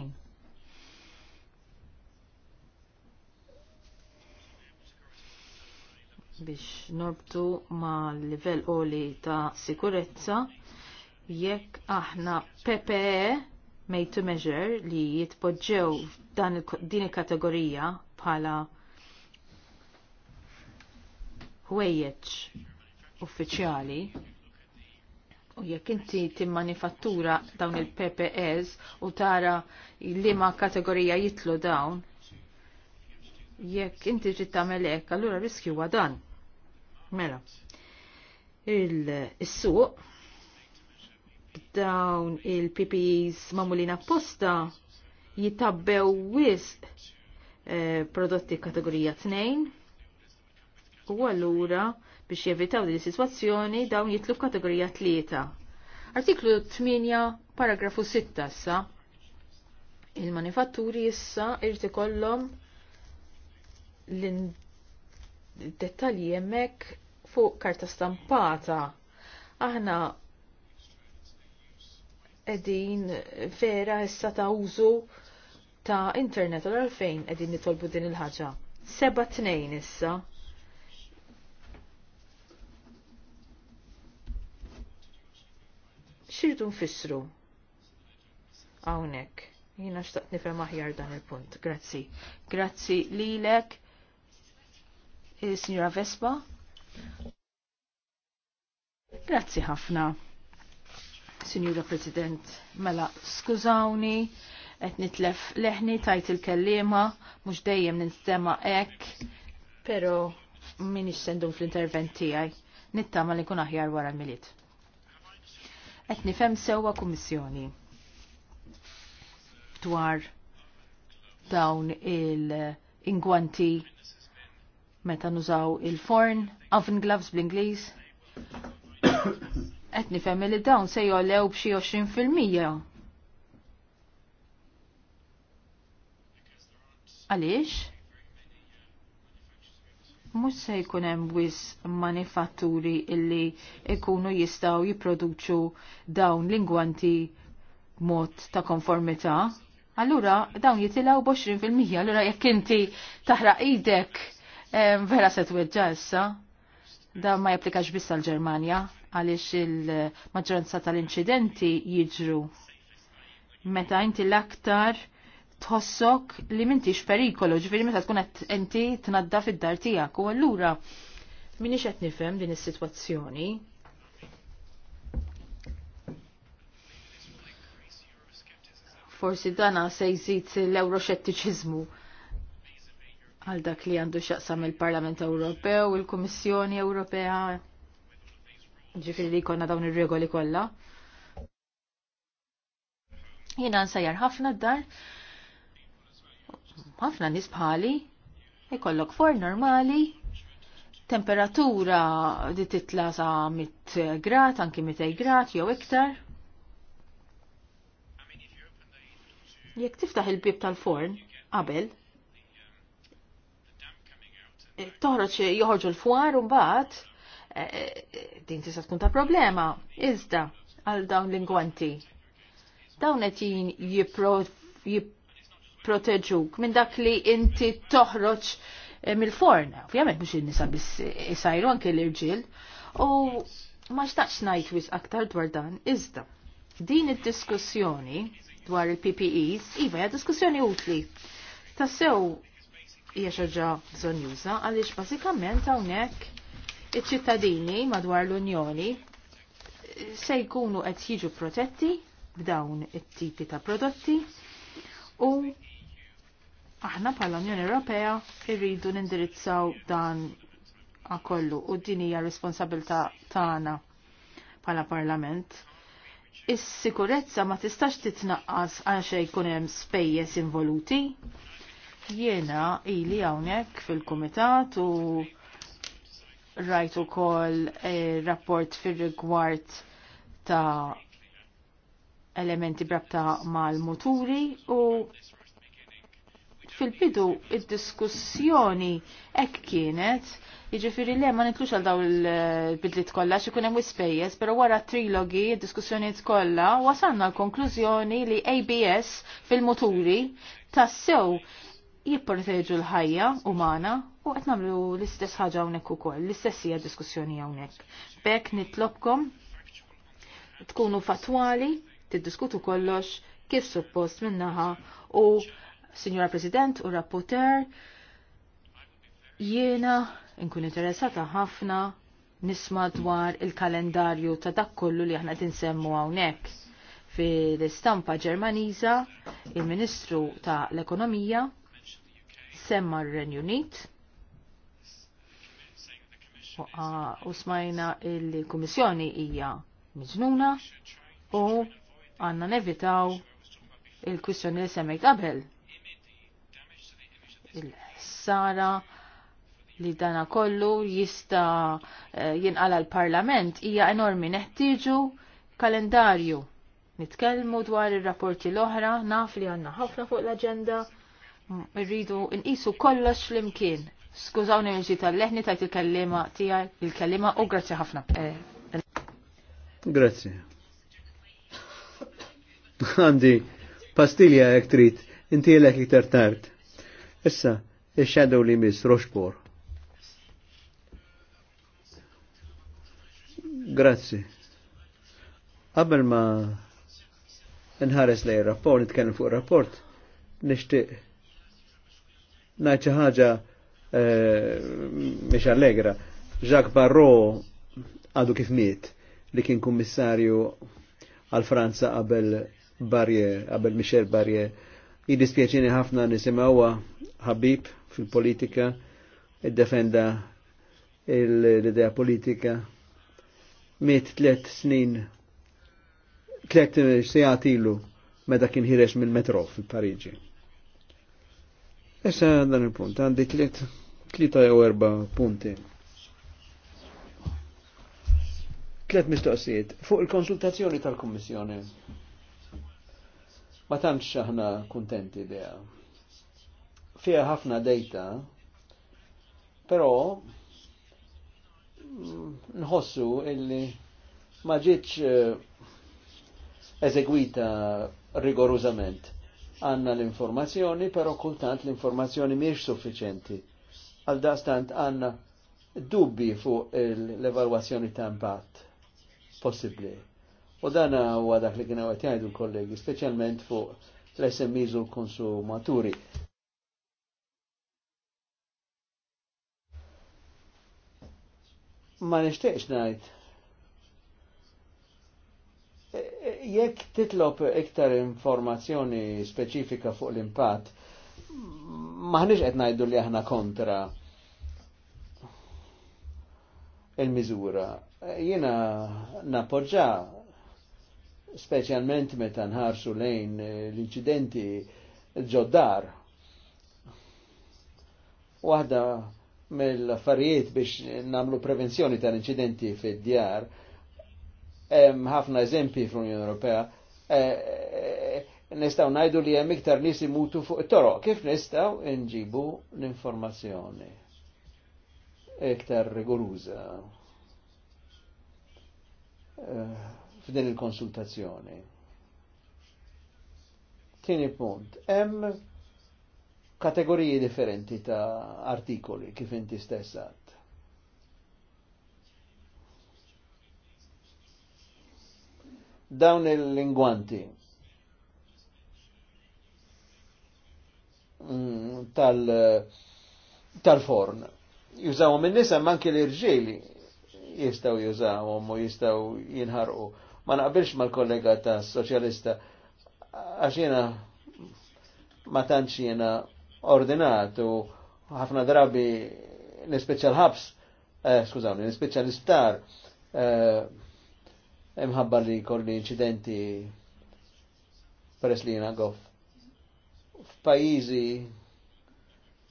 biex norbtu ma' livell oli ta' sikurezza jekk aħna PPE made to measure li jitpoġġew dan din il-kategorija bħala ħwejjeġ uffiċjali U jekk inti timmanifattura dawn il-PPS u tara li ma kategorija jitlu dawn, jekk inti trid tagħmel hekk, allura riskju huwa dan. Mela. Il-suq dawn il-PPEs mamulina apposta jitabbew wisq eh, prodotti kategorija 2 u allura biex jevitaw din is-sitwazzjoni dawn jitlu kategorija tlieta. Artiklu 8 paragrafu 6 issa. Il-manifatturi issa irti kollom l-dettalji jemmek fuq karta stampata. Aħna edin vera issa ta' użu ta' internet għal fejn edin nitolbu din il-ħagġa. Seba tnejn issa xirdu nfissru Awnek, Jina xtaqt nifem aħjar dan il-punt. Grazzi. Grazzi lilek, eh, signora Vespa. Grazzi ħafna, signora President. Mela, skużawni, et nitlef leħni tajt il-kellima, mux dejjem nistema ek, pero minix sendum fl-intervent tijaj. Nittama li kun aħjar wara l-miliet qed nifhem sewwa kummissjoni dwar dawn il-ingwanti meta nużaw il-forn, oven gloves bl-Ingliż. Qed nifhem li dawn se jollew b'xi 20 fil-mija. Għaliex? mux se jkun hemm wis manifatturi illi ikunu jistaw jipproduċu dawn lingwanti mod ta' konformità. Allura dawn jitilaw b-20% allura jekk inti taħraq idek vera se tweġġa issa. Da ma japplikax biss għal Ġermanja għaliex il-maġġoranza tal-inċidenti jiġru meta inti l-aktar tħossok li mintix perikolo, ġifiri meta tkun qed enti tnadda fid-dar tiegħek u allura minix qed nifhem din is-sitwazzjoni. Forsi dana se jżid l-euroxettiċiżmu għal dak li għandu xaqsam il-Parlament Ewropew, il-Kummissjoni Ewropea, ġifiri li konna dawn ir-regoli kollha. Jiena nsajjar ħafna d-dar, ħafna nies bħali ikollok for normali temperatura di titla sa 100 grad, anki 200 grad jew iktar. Jekk tiftaħ il-bib tal-forn qabel, eh, toħroġ joħorġu l-fwar un bat, eh, eh, din tista' tkun ta' problema. Iżda għal dawn l-ingwanti. Dawn qed jipprov jipproteġuk minn dak li inti toħroġ eh, mill-forn. Ovvjament mhux in-nisa biss eh, isajru anke l-irġiel. U ma xtaqx ngħid wis aktar dwar dan iżda. Din id-diskussjoni dwar il-PPEs, iva hija diskussjoni utli. Tassew hija xaġa bżonjuża għaliex bażikament hawnhekk iċ-ċittadini madwar l-Unjoni eh, se jkunu qed jiġu protetti b'dawn it-tipi ta' prodotti u aħna bħala Unjoni Ewropea irridu nindirizzaw dan kollu u din hija responsabilità tagħna bħala Parlament. Is-sikurezza ma tistax titnaqqas għal xejn jkun hemm spejjeż involuti. Jiena ili hawnhekk fil-kumitat u rajt ukoll eh, rapport fir-rigward ta' elementi brabta mal-muturi u fil-bidu id-diskussjoni ek kienet, jiġifieri li ma nitlux għal daw il-bidlit kollha x'ikun ikun hemm wispejjes, pero wara trilogi, diskussjoni diskussjonijiet kollha, wasalna l-konklużjoni li ABS fil-muturi tassew jipporteġu l-ħajja umana u qed nagħmlu l-istess ħaġa hawnhekk ukoll, l-istess hija diskussjoni hawnhekk. Bek nitlobkom tkunu fatwali, tiddiskutu kollox kif suppost minnaħa u Signora President u Rapporter, jiena nkun interessata ħafna nisma dwar il-kalendarju ta' dak kollu li aħna tinsemmu hawnhekk. Fil-istampa Ġermaniża, il-Ministru ta' l-Ekonomija semma r-Renju Unit u smajna il-Kummissjoni hija miġnuna u għanna nevitaw il-kwistjoni li semmejt qabel il-ħsara li dana kollu jista eh, jinqala l-parlament hija enormi neħtieġu kalendarju. Nitkellmu dwar ir-rapporti l-oħra, naf li għandna ħafna fuq l-aġenda, rridu nqisu kollox flimkien. Skużawni minn tal-leħni tajt il-kellima tiegħi, il-kellima u grazzi ħafna. Eh, grazzi. Għandi, pastilja jek trid, inti l iktar tard. Issa, il-shadow li mis Roxpor. Grazzi. Qabel ma nħares lej rapport, nitkellem fuq rapport, nishtiq najċa ħaġa eh, allegra. Jacques Barrot għadu kif miet li kien kummissarju għal Franza qabel Barrier, qabel Michel Barrier Jidispjaċini ħafna nisimawa ħabib fil-politika, id-defenda l-idea politika. Miet tlet snin, tlet sejat ilu, meta kien ħires minn metro fil-Pariġi. Issa dan il-punt, għandi tlet, tlet u erba punti. Tlet mistoqsijiet fuq il-konsultazzjoni tal-Kommissjoni ma tantx aħna kuntenti biha. Fiha ħafna dejta, però mm, nħossu illi ma ġietx eh, eżegwita rigorużament. Għanna l-informazzjoni, però kultant l-informazzjoni miex suffiċenti. Għal dastant għanna dubbi fuq l-evalwazzjoni ta' impatt possibbli U dan huwa dak li kienu qed jgħidu l-kollegi, speċjalment fuq l-SMEs u l-konsumaturi. Ma nixtieqx ngħid. E, e, jekk titlob iktar informazzjoni speċifika fuq l-impatt, maħniex qed ngħidu li aħna kontra il-miżura. Jiena nappoġġa specialment meta nħarsu lejn eh, l inċidenti ġoddar. Waħda mill-affarijiet biex namlu prevenzjoni tal inċidenti fid-djar, hemm ħafna eżempji fl-Unjoni Ewropea, eh, eh, nistaw najdu ngħidu li hemm iktar nies imutu fuq it-toroq. Kif nistaw nġibu l-informazzjoni? Iktar rigoruża f'din il-konsultazzjoni. Tieni punt, hemm kategoriji differenti ta' artikoli kif inti stessat. Dawn il-lingwanti mm, tal-forn. Tal jużawhom in-nisa manki l-irġieli jistaw jużawhom u jistaw jinħarqu ma naqbilx mal-kollega ta' soċjalista għax jena ma tantx jena ordinat u ħafna drabi nispeċal ħabs, eh, skużawni, nispeċjal isptar eh, imħabba li kolli incidenti peress li jena għof. F'pajizi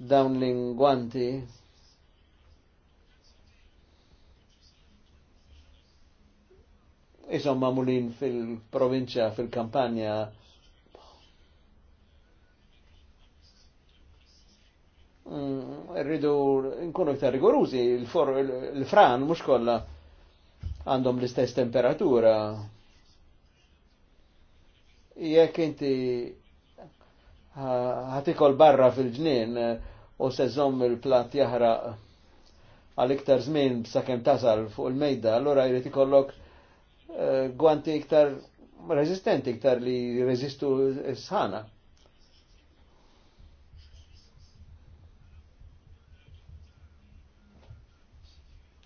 dawn l-ingwanti isom mamulin fil-provinċja, fil-kampanja. Mm, Rridu nkunu iktar rigorużi, il-fran mux kolla għandhom l-istess temperatura. Jekk inti ħatikol barra fil-ġnien eh, u sezzom il-plat jahra għal iktar żmien sakemm tasal fuq il-mejda, allora jrid ikollok gwanti iktar rezistenti, iktar li rezistu sħana.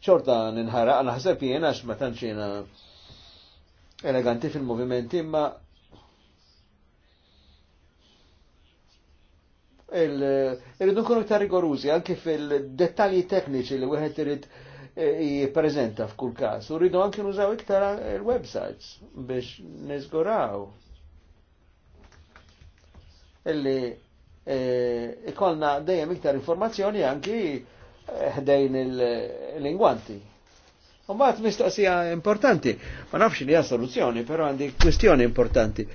ċorta ninħara, naħseb jena għax ma tanċina eleganti fil-movimenti, imma il-ridu irridu nkunu iktar rigorużi, anke fil-dettalji tekniċi li wieħed irid jiprezenta e, f'kull każ. U rridu anki nużaw iktar il-websites biex niżguraw illi e, ikolna dejjem iktar informazzjoni anki e, ħdejn il-lingwanti. U mbagħad mistoqsija importanti, ma nafx li hija soluzzjoni, però għandi kwistjoni importanti.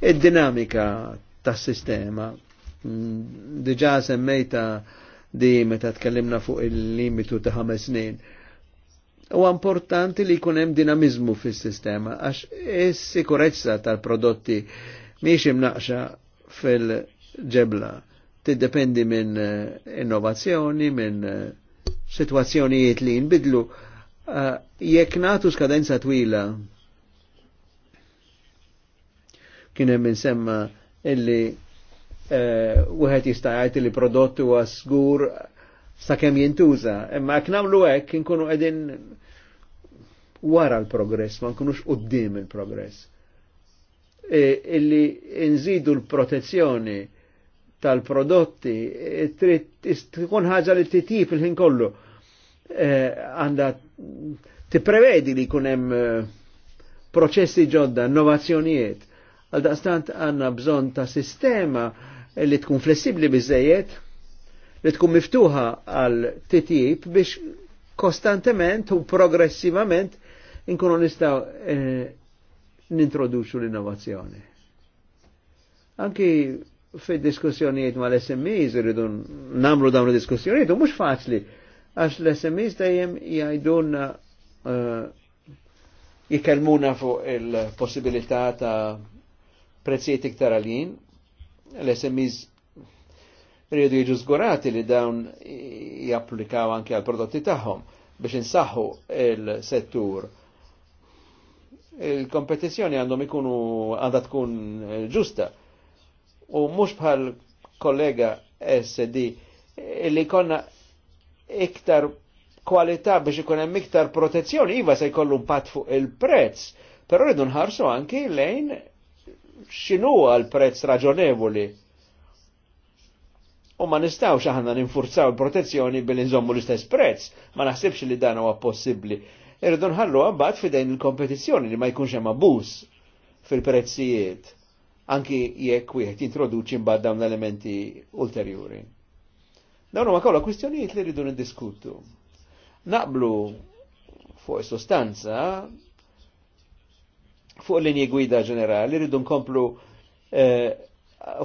Id-dinamika tas-sistema mm, diġà semmejta di meta tkellimna fuq il-limitu ta' ħames snin u importanti li jkun hemm dinamizmu fis-sistema għax is-sikurezza tal-prodotti mhix imnaqxa fil-ġebla tiddependi minn eh, innovazzjoni, minn eh, situazzjonijiet li jinbidlu. Eh, jekk nagħtu skadenza twila kien hemm insemma illi wieħed jista' jgħid li prodotti huwa sgur sakemm jintuża, imma jekk nagħmlu hekk inkunu qegħdin wara l-progress, ma nkunux qudiem il-progress. E, illi nżidu l-protezzjoni tal-prodotti e, trid tkun ħaġa li titjib il-ħin kollu e, għandha tipprevedi li jkun hemm e, proċessi ġodda, innovazzjonijiet. Għal daqstant għandna bżonn ta' sistema li tkun flessibli biżejjed li tkun miftuħa għal titjib biex kostantement u progressivament inkunu nistaw eh, nintroduċu l-innovazzjoni. Anki fid diskussjonijiet ma l-SMEs rridu namlu dawn l-diskussjonijiet u mux faċli għax l-SMEs dajem jgħidun eh, jikalmuna fuq il-possibilità ta' prezzijiet iktar għalin, l-SMEs rridu jiġu zgurati li dawn japplikaw anke għal prodotti tagħhom biex insaħħu il-settur. Il-kompetizzjoni għandhom ikunu għandha tkun eh, ġusta. U mhux bħal kollega SD eh, li konna iktar kwalità biex ikun hemm iktar protezzjoni iva se jkollu impatt fuq il-prezz, però rridu nħarsu anki lejn x'inhuwa l prezz raġonevoli u ma nistaw aħna ninfurzaw il-protezzjoni billi nżommu l-istess prezz, ma naħsibx li dan huwa possibbli. Irridu nħallu għabbat fidejn il-kompetizzjoni li ma jkunx hemm abbuż fil-prezzijiet, anki jekk wieħed jintroduċi mbagħad dawn elementi ulterjuri. Dawn huma kollha kwistjonijiet li rridu niddiskutu. Naqblu fuq sostanza fuq l linji gwida ġenerali rridu nkomplu eh,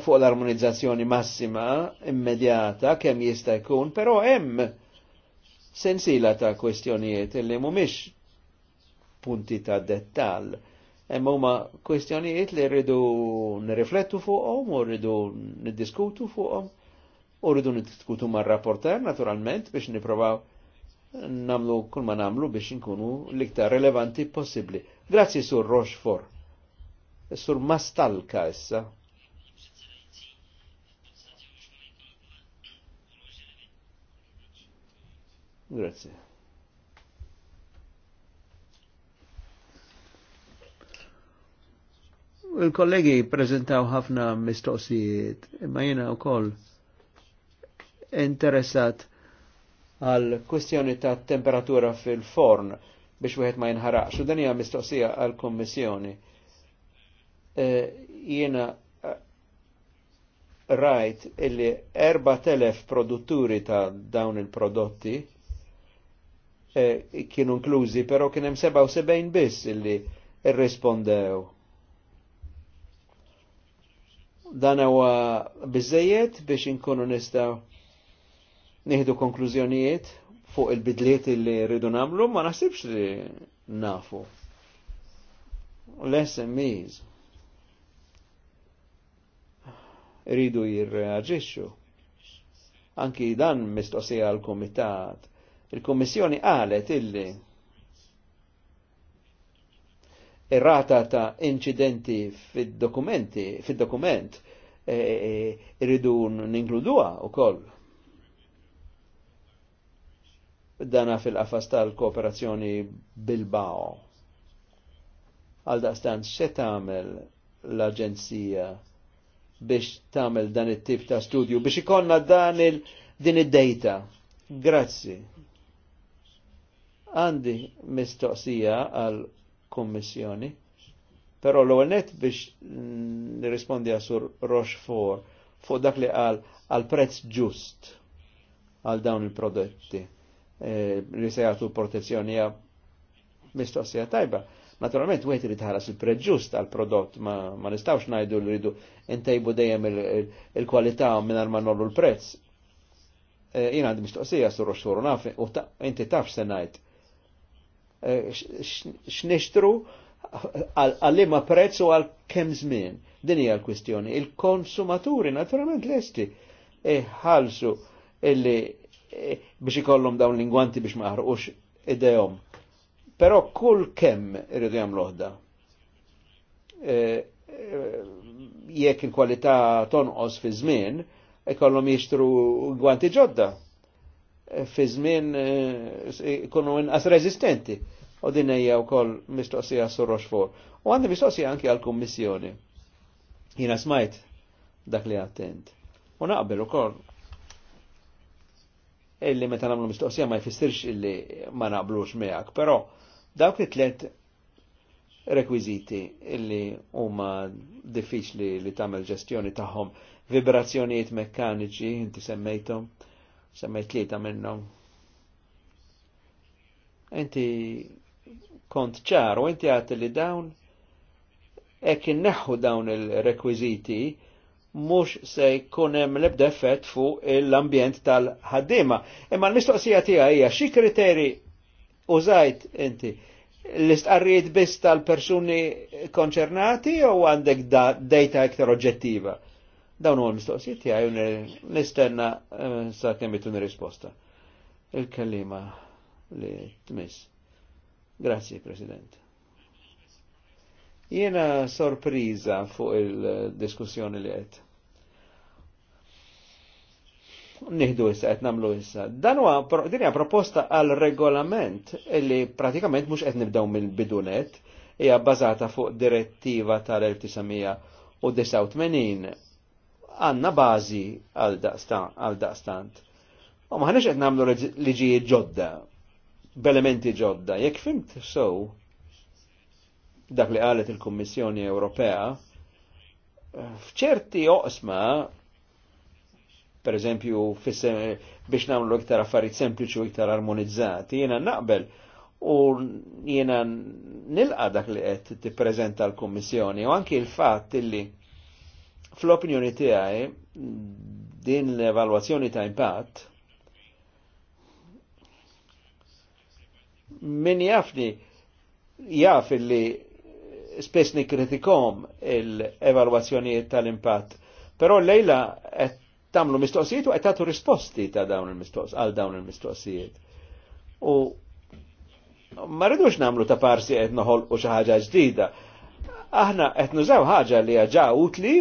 fuq l-armonizzazzjoni massima immedjata kemm jista' jkun, però hemm sensila ta' kwestjonijiet li mhumiex punti ta' dettall. Hemm huma kwestjonijiet li rridu nirriflettu fuqhom u rridu niddiskutu fuqhom u rridu niddiskutu mar-rapporter naturalment biex nipprovaw namlu kull ma namlu biex nkunu l-iktar relevanti possibbli. Grazzi sur Rochefort. Sur Mastalka issa. Grazie. Il-kollegi prezentaw ħafna mistoqsijiet, imma jena u koll interessat għal kwestjoni ta' temperatura fil-forn biex wieħed ma jinħaraqx. U dan hija mistoqsija għall kommissjoni. E, jiena e, rajt illi 4000 produtturi ta' dawn il-prodotti Eh, kienu inklużi, pero kien hemm 77 biss illi irrispondew. Dan huwa bizzejiet biex inkunu nistgħu nieħdu konklużjonijiet fuq il-bidliet illi rridu nagħmlu ma nasibx li nafu. L-SMEs rridu jirreagġiċu. Anki dan mistoqsija għal-komitat Il-Kommissjoni qalet illi ir-rata ta' incidenti fid-dokumenti, fid-dokument, e, e, irridu e, ninkluduha wkoll. Dana fil-qafas tal-kooperazzjoni Bilbao. Għaldaqstant daqstan se tagħmel l-Aġenzija biex tagħmel dan it-tip ta' studju biex ikonna dan il din id-data. Grazzi. Għandi mistoqsija għal kommissjoni, pero l net biex nirrispondi għasur Rochefort fuq dak li għal għal prezz ġust għal dawn il-prodotti eh, li se jgħatu protezzjoni mistoqsija tajba. Naturalment, u għet tħaras il prezz ġust għal-prodott, ma, ma nistawx najdu li rridu intajbu dejjem il-kwalità il, il minn ma nollu l-prezz. Eh, jina għandi mistoqsija sur u nafi, u inti tafx se najt. Eh, x'nixtru għal lima prezz u għal kemm żmien. Din hija l-kwistjoni. Il-konsumaturi naturalment lesti ħalsu illi eh, biex ikollhom dawn l-ingwanti biex ma id idejhom. Però kull kemm irridu jagħmlu oħda. Eh, jekk il-kwalità tonqos fi żmien, ikollhom jixtru gwanti ġodda. Fi żmien ikunu inqas reżistenti u din hija wkoll mistoqsija sur Rochefort. U għandi mistoqsija anki għall-Kummissjoni. Jiena smajt dak li attent. U naqbel ukoll illi meta nagħmlu mistoqsija ma jfissirx illi ma naqblux miegħek, però dawk it tliet rekwiziti illi huma diffiċli li tagħmel ġestjoni tagħhom vibrazzjonijiet mekkaniċi inti semmejtom, semmejt tlieta minnhom. Inti kont ċar u inti għat li dawn ek neħu dawn il-rekwiziti mux se jkunem lebda effett fuq l-ambjent tal-ħaddima. Imma l-mistoqsija tija hija xi kriteri użajt inti l-istqarrijiet biss tal-persuni konċernati u għandek da data iktar oġġettiva? Dawn huwa l-mistoqsijiet tiegħi nistenna eh, sa kemmitun risposta. Il-kellima li tmiss. Grazie, President. Jena sorpriza fuq il-diskussjoni li għed. Nihdu issa, għed namlu issa. Dan huwa din proposta għal regolament li pratikament mhux qed nibdew mill-bidunet hija bazata fuq direttiva tal-1989 għanna bażi għal daqstant. U maħnix qed nagħmlu liġijiet ġodda b'elementi ġodda. Jekk fimt sow dak li qalet il-Kummissjoni Ewropea, f'ċerti oqsma, per eżempju, biex namlu iktar affarijiet sempliċi u iktar armonizzati, jena naqbel u jena nilqa dak li qed tippreżenta l-Kummissjoni u anki l-fatt illi fl-opinjoni tiegħi din l-evalwazzjoni ta' impatt min jafni jaf illi spess kritikom il-evalwazzjonijiet tal-impatt. Però lejla qed tagħmlu mistoqsijiet u qed tagħtu risposti ta' dawn il-mistoqs għal dawn il-mistoqsijiet. U ma rridux nagħmlu ta' parsi qed noħolqu xi ħaġa ġdida. Aħna qed nużaw ħaġa li ġa utli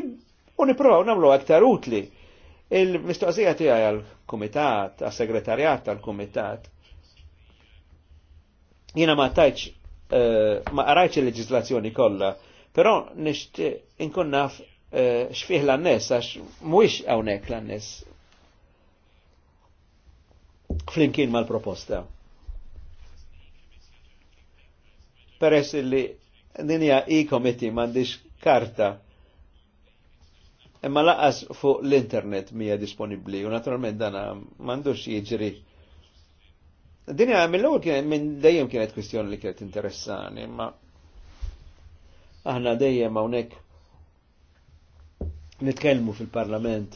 u nippruvaw nagħmlu aktar utli. Il-mistoqsija tiegħi għall kumitat għas segretarjat tal-Kumitat, Jiena ma tajċ, eh, ma qarajċ il-leġizlazzjoni kollha, però nixtieq inkun naf eh, xfih l-annes, għax mhuwiex hawnhekk l-annes flimkien mal-proposta. Peress li dinja e-committee mandiġ karta imma laqas fuq l-internet mija disponibli u naturalment dana mandux jiġri Din mill-ewwel minn dejjem kienet kwistjoni li kienet interessani, imma aħna dejjem hawnhekk nitkellmu fil-Parlament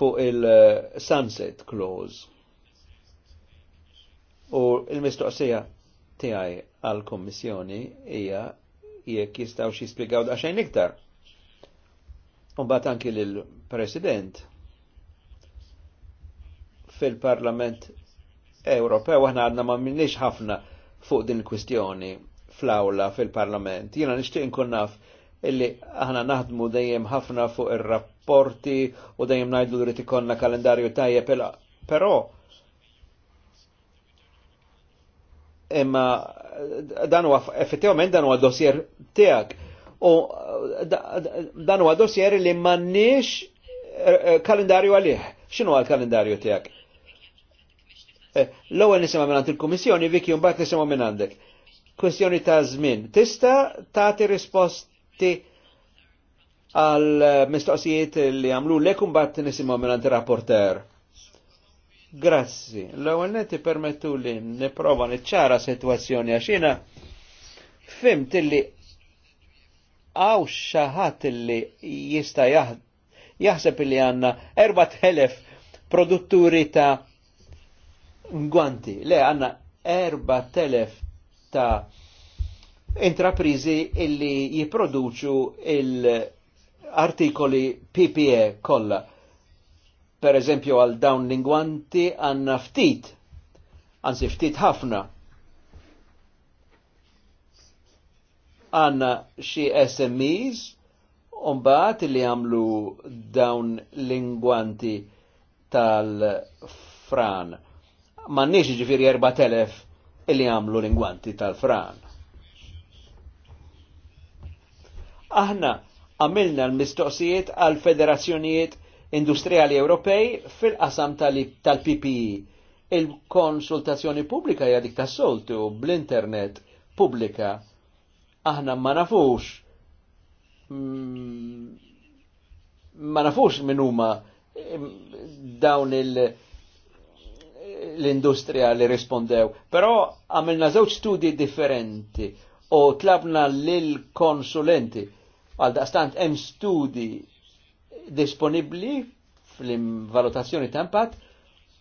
fuq il-sunset clause. U il-mistoqsija tiegħi għall-Kommissjoni hija jekk jistgħu xi jispjegaw daqsxejn iktar. mbagħad anki lill-President fil-Parlament Ewropew aħna għadna ma minnix ħafna fuq din kwistjoni fl-awla fil-Parlament. Jiena nixtieq inkun naf illi aħna naħdmu dejjem ħafna fuq ir-rapporti u dejjem ngħidu li ikonna kalendarju tajjeb però imma dan huwa effettivament dan huwa dossier tiegħek u dan huwa dossier li m'għandniex eh, eh, kalendarju għalih. X'inhu għal-kalendarju tiegħek? Eh, l-ewwel nisimgħu minn il-Kummissjoni viki mbagħad nisimgħu minn għandek. Kwestjoni ta' żmien. Tista' tagħti risposti għal eh, mistoqsijiet li għamlu lek mbagħad nisimgħu minn rapporter. Grazzi. L-ewwel nett ipermettu li nipprova niċċara sitwazzjoni għax jiena fimt illi għaw xaħat illi jista jaħseb illi għanna 4000 produtturi ta' ngwanti. Le, għanna 4.000 ta' intraprizi illi jiproduċu il-artikoli PPE kolla. Per eżempju għal dawn l-ingwanti għanna ftit, għansi ftit ħafna. Għanna xie SMEs, Umbaħt li għamlu dawn l-ingwanti tal-Fran mannix ġifiri 4.000 illi għamlu l-ingwanti tal-fran. Aħna għamilna l-mistoqsijiet għal federazzjonijiet industrijali Ewropej fil-qasam tal-PPI. E. Il-konsultazzjoni pubblika hija dik tas-soltu bl-internet pubblika aħna ma nafux mm, ma nafux minn huma mm, dawn il- l-industrija li rispondew. Però għamilna żewġ studji differenti u tlabna l-konsulenti għal daqstant hemm studi disponibbli fl-valutazzjoni ta'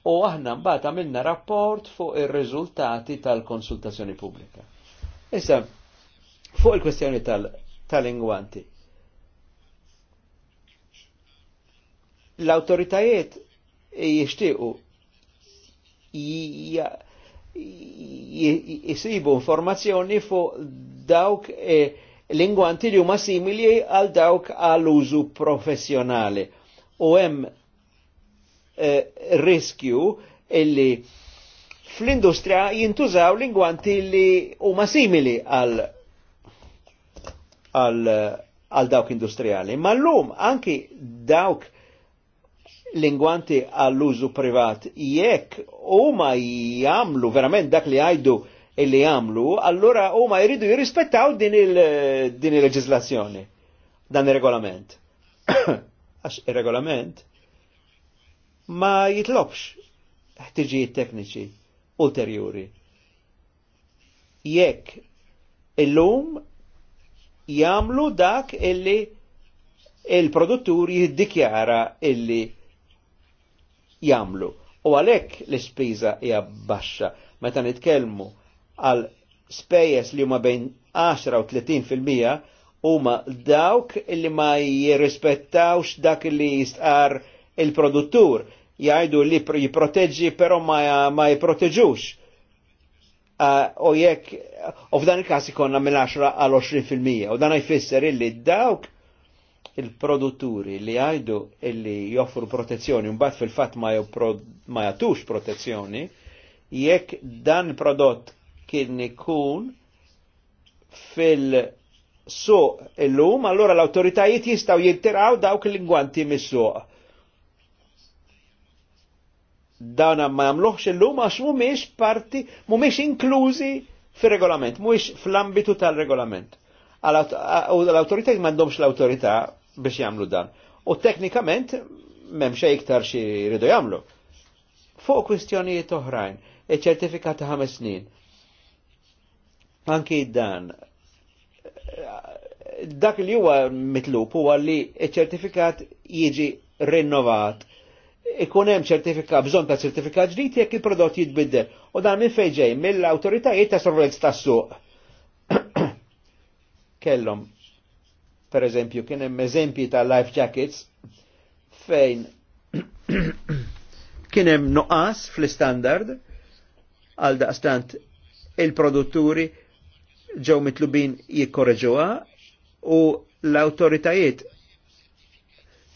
u aħna mbagħad għamilna rapport fuq ir-riżultati tal-konsultazzjoni pubblika. Issa, fuq il-kwestjoni tal-lingwanti. Tal l-autoritajiet jixtiequ jisibu informazzjoni fuq dawk eh, lingwanti li huma simili għal dawk għal użu professjonali. U hemm eh, riskju illi fl-industrija jintużaw lingwanti li huma simili għal għal dawk industrijali. Ma l-lum anki dawk lingwanti għall-użu privat jekk huma jagħmlu verament dak li għajdu illi jagħmlu, allura huma jridu jirrispettaw din il-leġislazzjoni, dan ir-regolament. Għax ir-regolament ma jitlobx ħtiġijiet tekniċi ulterjuri. Jekk illum jagħmlu dak illi il-produttur jiddikjara illi jamlu. U għalhekk l-ispiża hija baxxa meta nitkellmu għal spejjeż li huma bejn 10 u 30 fil-mija huma dawk li ma jirrispettawx dak li jistqar il-produttur jgħidu li jiproteġġi però ma, ma jiproteġux. U jekk, u f'dan il-kas ikonna mill-10 għal 20%, u dan jfisser illi dawk il-produtturi li għajdu illi joffru protezzjoni mbagħad fil-fatt ma, jattux jatux protezzjoni, jekk dan prodott kien ikun fil- suq so, illum, allora l-autoritajiet jistaw jittiraw dawk l-ingwanti mis-suq. Dawna ma jamluħx illum għax mumiex parti, mumiex inklużi fil-regolament, mumiex fl-ambitu tal-regolament. U l-autoritajiet mandomx l-autorità biex jagħmlu dan. U teknikament memxie iktar xi ridu jagħmlu. Fuq kwistjonijiet oħrajn, iċ-ċertifikat ta' ħames snin. Anki dan dak li huwa mitlub huwa li ċ-ċertifikat jiġi rinnovat ikun hemm ċertifikat bżonn ta' ċertifikat ġdid jekk il-prodott jitbiddel. U dan minn fejn ġej mill-awtoritajiet ta' sorvelz tas-suq. Kellhom per eżempju, kien hemm eżempji ta' life jackets fejn kien hemm noqas fl-istandard għal daqstant il-produtturi ġew mitlubin jikkoreġuha u l-awtoritajiet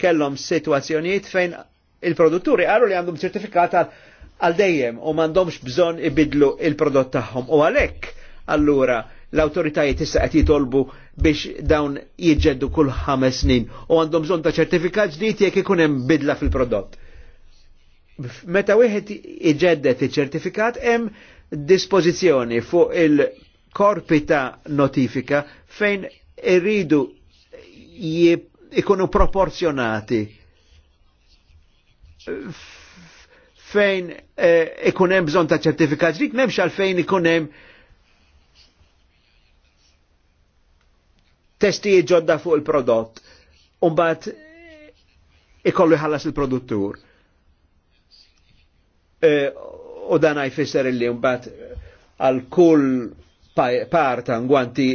kellhom sitwazzjonijiet fejn il-produtturi qalu li għandhom ċertifikat għal dejjem u m'għandhomx bżonn ibidlu il-prodott tagħhom u għalhekk allura l-autoritajiet issa qed jitolbu biex dawn jiġġeddu kull ħames snin u għandhom bżonn ta' ċertifikat ġdid jekk ikun hemm bidla fil-prodott. Meta wieħed iġeddet iċ-ċertifikat hemm dispożizzjoni fuq il-korpi ta' notifika fejn irridu ikunu proporzjonati fejn eh, ikun hemm bżonn ta' ċertifikat ġdid m'hemmx għalfejn ikun hemm testijiet ġodda fuq il-prodott, umbat ikollu jħallas il-produttur. E, u dan jfisser illi umbat għal kull parta għanti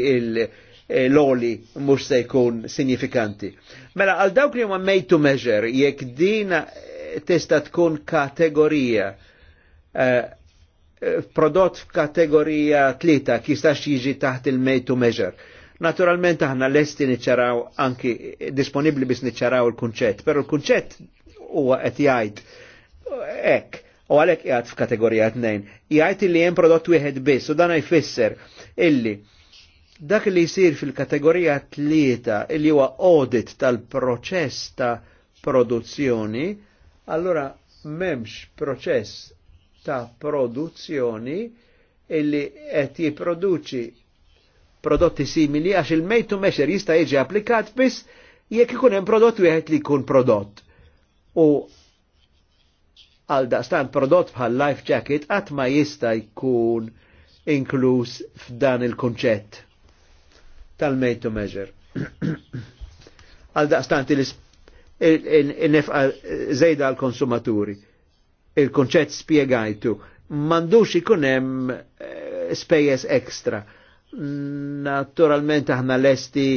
l-oli mux se jkun signifikanti. Mela għal dawk li huma made to measure, jekk dina tista tkun kategorija e, e, prodott f'kategorija tlita kistax jiġi taħt il-made to measure Naturalment aħna lesti niċċaraw anki disponibli biex niċċaraw il-kunċett, però l-kunċett huwa qed jgħid hekk u għalhekk jgħid f'kategorija tnejn. Jgħid li hemm prodott wieħed biss u dan jfisser illi dak li jsir fil-kategorija tlieta li huwa audit tal-proċess ta' produzzjoni, allora m'hemmx proċess ta' produzzjoni illi qed jipproduċi prodotti simili għax il-made to measure jista' jiġi applikat biss jekk ikun hemm prodott wieħed li jkun prodott. U għal daqstant prodott bħal life jacket qatt ma jista' jkun inkluż f'dan il-kunċett tal-made to measure. għal daqstant il-nefqa zejda għal konsumaturi. il kunċett spiegajtu, mandux ikunem eh, spejjes ekstra. Naturalment aħna lesti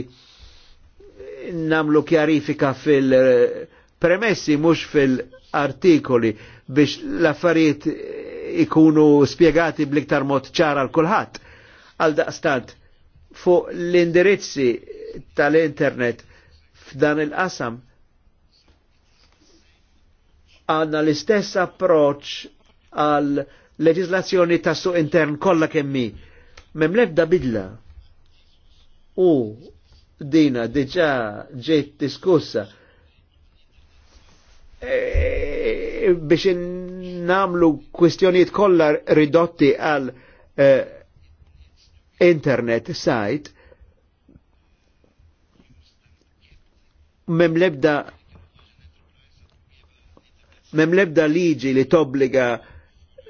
namlu kjarifika fil-premessi mhux fil-artikoli biex l-affarijiet ikunu spiegati bliktar mod ċara l kulħadd Għal daqstant, fuq l-indirizzi tal-internet f'dan il-qasam għanna l-istess approċ għal leġislazzjoni tas suq intern kollha kemmi. Mem lebda bidla. U dina deġa ġejt diskussa e, biex namlu kwestjoniet kollha ridotti għal e, internet site mem lebda mem lebda liġi li tobbliga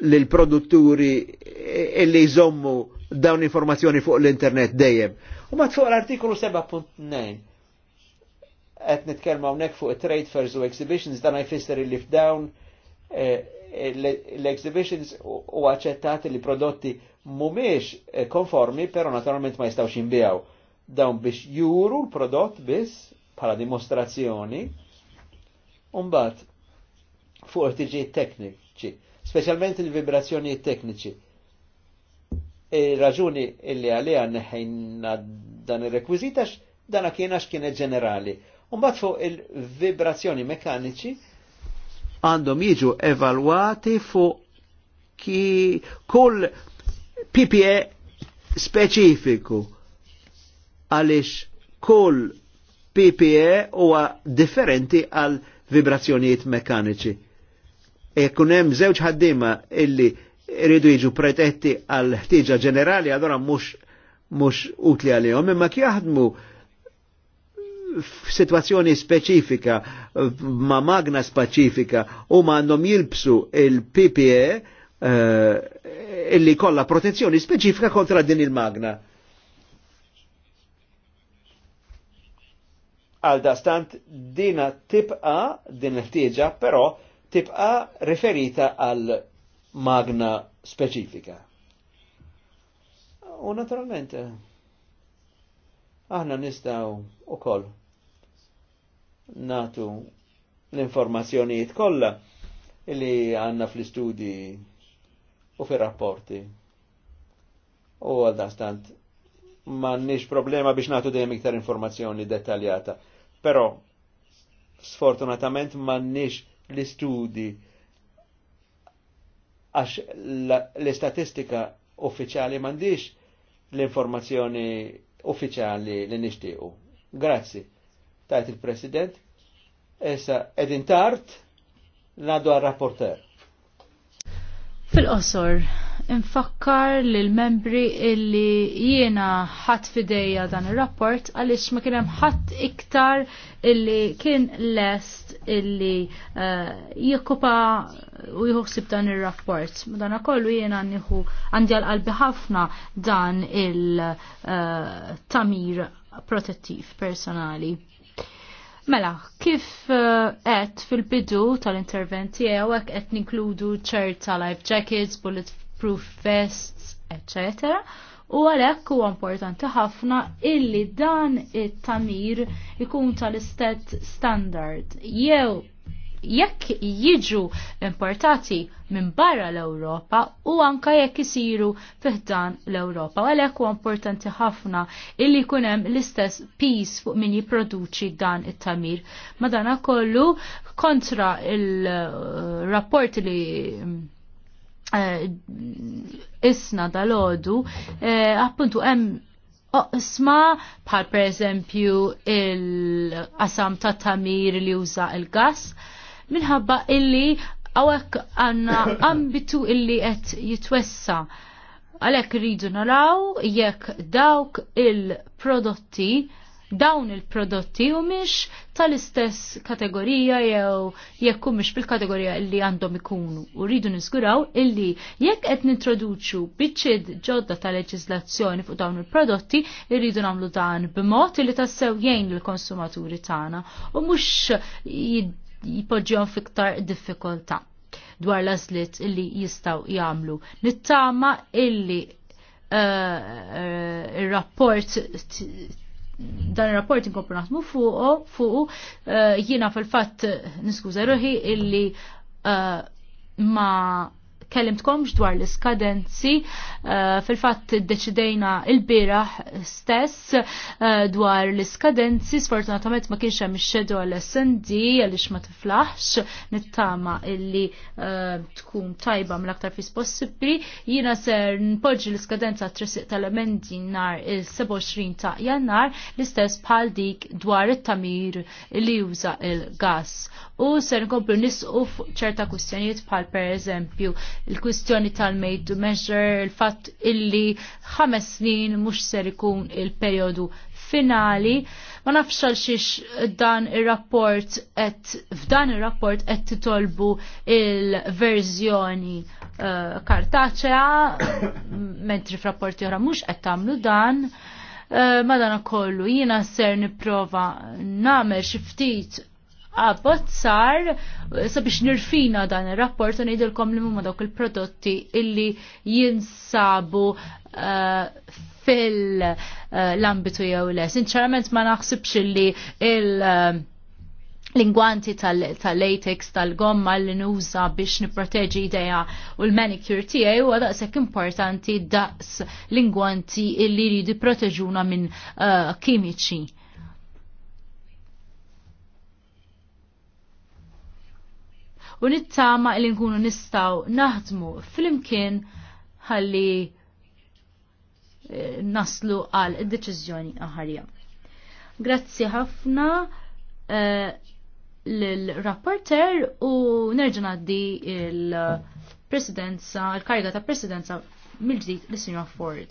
lil produtturi e, li jżommu dawn informazzjoni fuq l-internet dejjem. U mat fuq l artiklu 7.9 qed nitkellma hawnhekk fuq trade fairs u exhibitions dan jfisser li f'dawn eh, l-exhibitions u aċċettat li prodotti mumiex eh, konformi, però naturalment ma jistgħux jinbijaw. Dawn biex juru l-prodott biss bħala dimostrazzjoni u mbagħad fuq ħtiġijiet tekniċi, specialment il-vibrazzjonijiet tekniċi, raġuni illi għalija neħejna dan il-rekwizita dana kiena kienet ġenerali. Umbat fuq il-vibrazzjoni mekaniċi għandhom jiġu evalwati fuq ki kull PPE specifiku. għalix kull PPE huwa differenti għal vibrazzjonijiet mekaniċi. E kunem zewċ ħaddima illi iridu jiġu pretetti għal ħtiġa ġenerali, allora mhux mhux utli għalihom, imma jaħdmu f'sitwazzjoni speċifika ma' magna speċifika u ma' għandhom jilbsu il-PPE eh, illi kollha protezzjoni speċifika kontra din il-magna. Għal dastant dina tibqa din il ħtieġa però tibqa riferita għal magna speċifika. U naturalment, aħna nistaw u koll natu l-informazzjonijiet kollha li għanna fl-istudi u fil-rapporti. U għaldastant, ma nix problema biex natu dejjem iktar informazzjoni dettaljata. Però, sfortunatament, ma nix l-istudi għax l-istatistika uffiċjali mandiġ l-informazzjoni uffiċjali li nixtiequ. Grazzi. Tajt il-President. Issa, edin tart, nadu għal-rapporter. Fil-qosor, infakkar lill-membri illi jiena ħadd fidejja dan ir-rapport għaliex ma kien hemm ħadd iktar illi kien lest illi uh, jikkupa u jħossib dan ir-rapport. Madana kollu jiena nieħu għandi għal-qalbi ħafna dan il-tamir uh, protettiv personali. Mela, kif uh, qed fil-bidu tal-intervent tiegħu hekk qed ninkludu ċerta life jackets, bullet proof vests, etc. U għalhekk huwa importanti ħafna illi dan it-tamir ikun tal-istat standard. Jew jekk jiġu importati minn barra l-Ewropa u anka jekk isiru fiħdan l-Ewropa. Għalhekk huwa importanti ħafna illi jkun hemm l-istess pis fuq min jipproduċi dan it-tamir. Madana kollu kontra il-rapport eh, li Eh, isna dal-ħodu, eh, appuntu hemm Oqsma bħal per eżempju il-qasam ta' tamir li juża il-gas minħabba illi għawek għanna ambitu illi qed jitwessa għalek rridu naraw jekk dawk il-prodotti dawn il-prodotti u miex tal-istess kategorija jew jekk miex bil-kategorija illi għandhom ikunu. U rridu niżguraw illi jekk qed nintroduċu biċċid ġodda ta' leġislazzjoni fuq dawn il-prodotti, irridu nagħmlu dan b'mod illi tassew jgħin lill-konsumaturi tagħna u mhux jipoġġjon fiktar diffikultà dwar l-azlit illi jistaw jamlu. Nittama illi uh, uh, il-rapport dan il-rapport inkomplu naħdmu fuqo, fuqu eh, jiena fil fat niskuża ruħi illi eh, ma kellimtkomx dwar l-iskadenzi, uh, fil-fatt deċidejna il-biraħ stess uh, dwar l-iskadenzi, sfortunatament ma kienx hemm ix-xedu għall-SND għaliex ma tiflaħx nittama illi uh, tkun tajba mill-aktar fis possibbli. Jiena ser npoġġi l-iskadenza tresiq tal-emendi nar il-27 ta' jannar l-istess bħal dik dwar it-tamir li juża il-gas. U ser nkomplu nisqu ċerta kustjonijiet bħal per eżempju il-kwistjoni tal-made to measure, il-fatt illi ħames snin mhux ser ikun il-perjodu finali. Ma nafx xiex dan ir-rapport et, f'dan ir-rapport qed titolbu il-verżjoni uh, kartaċea, mentri f'rapporti oħra mhux qed tagħmlu dan. Uh, eh, Madana kollu jiena ser nipprova nagħmel xi ftit abbozzar sabiex nirfina dan ir-rapport u ngħidilkom li mumma dawk il-prodotti illi jinsabu uh, fil-ambitu jew le. Sinċerament ma naħsibx li il- uh, l-ingwanti tal-latex, tal-gomma li nuża biex niproteġi ideja u l-manicure tiegħi huwa daqshekk importanti daqs l-ingwanti li jridu proteġuna minn uh, kimiċi. u nittama li nkunu nistaw naħdmu fl-imkien ħalli eh, naslu għal id-deċiżjoni aħarja. Grazzi ħafna eh, l-rapporter u nerġa' għaddi il-presidenza, il-kariga ta' presidenza mill-ġdid lis-Sinjor Ford.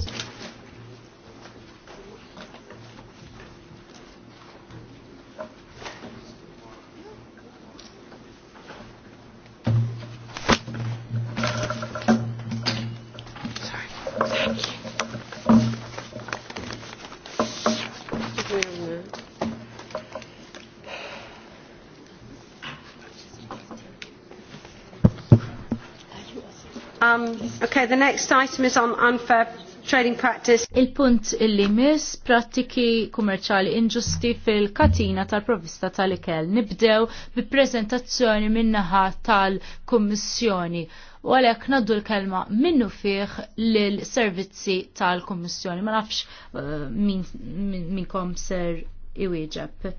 Um, okay, the next item is on unfair trading practice. Il-punt illi mis prattiki kummerċali inġusti fil-katina tal-provista tal-ikel. Nibdew bi prezentazzjoni minnaħa tal-Kommissjoni u għalek naddu l-kelma minnu fiħ l-servizzi tal-Kommissjoni. Ma nafx uh, min, min, ser iwieġeb.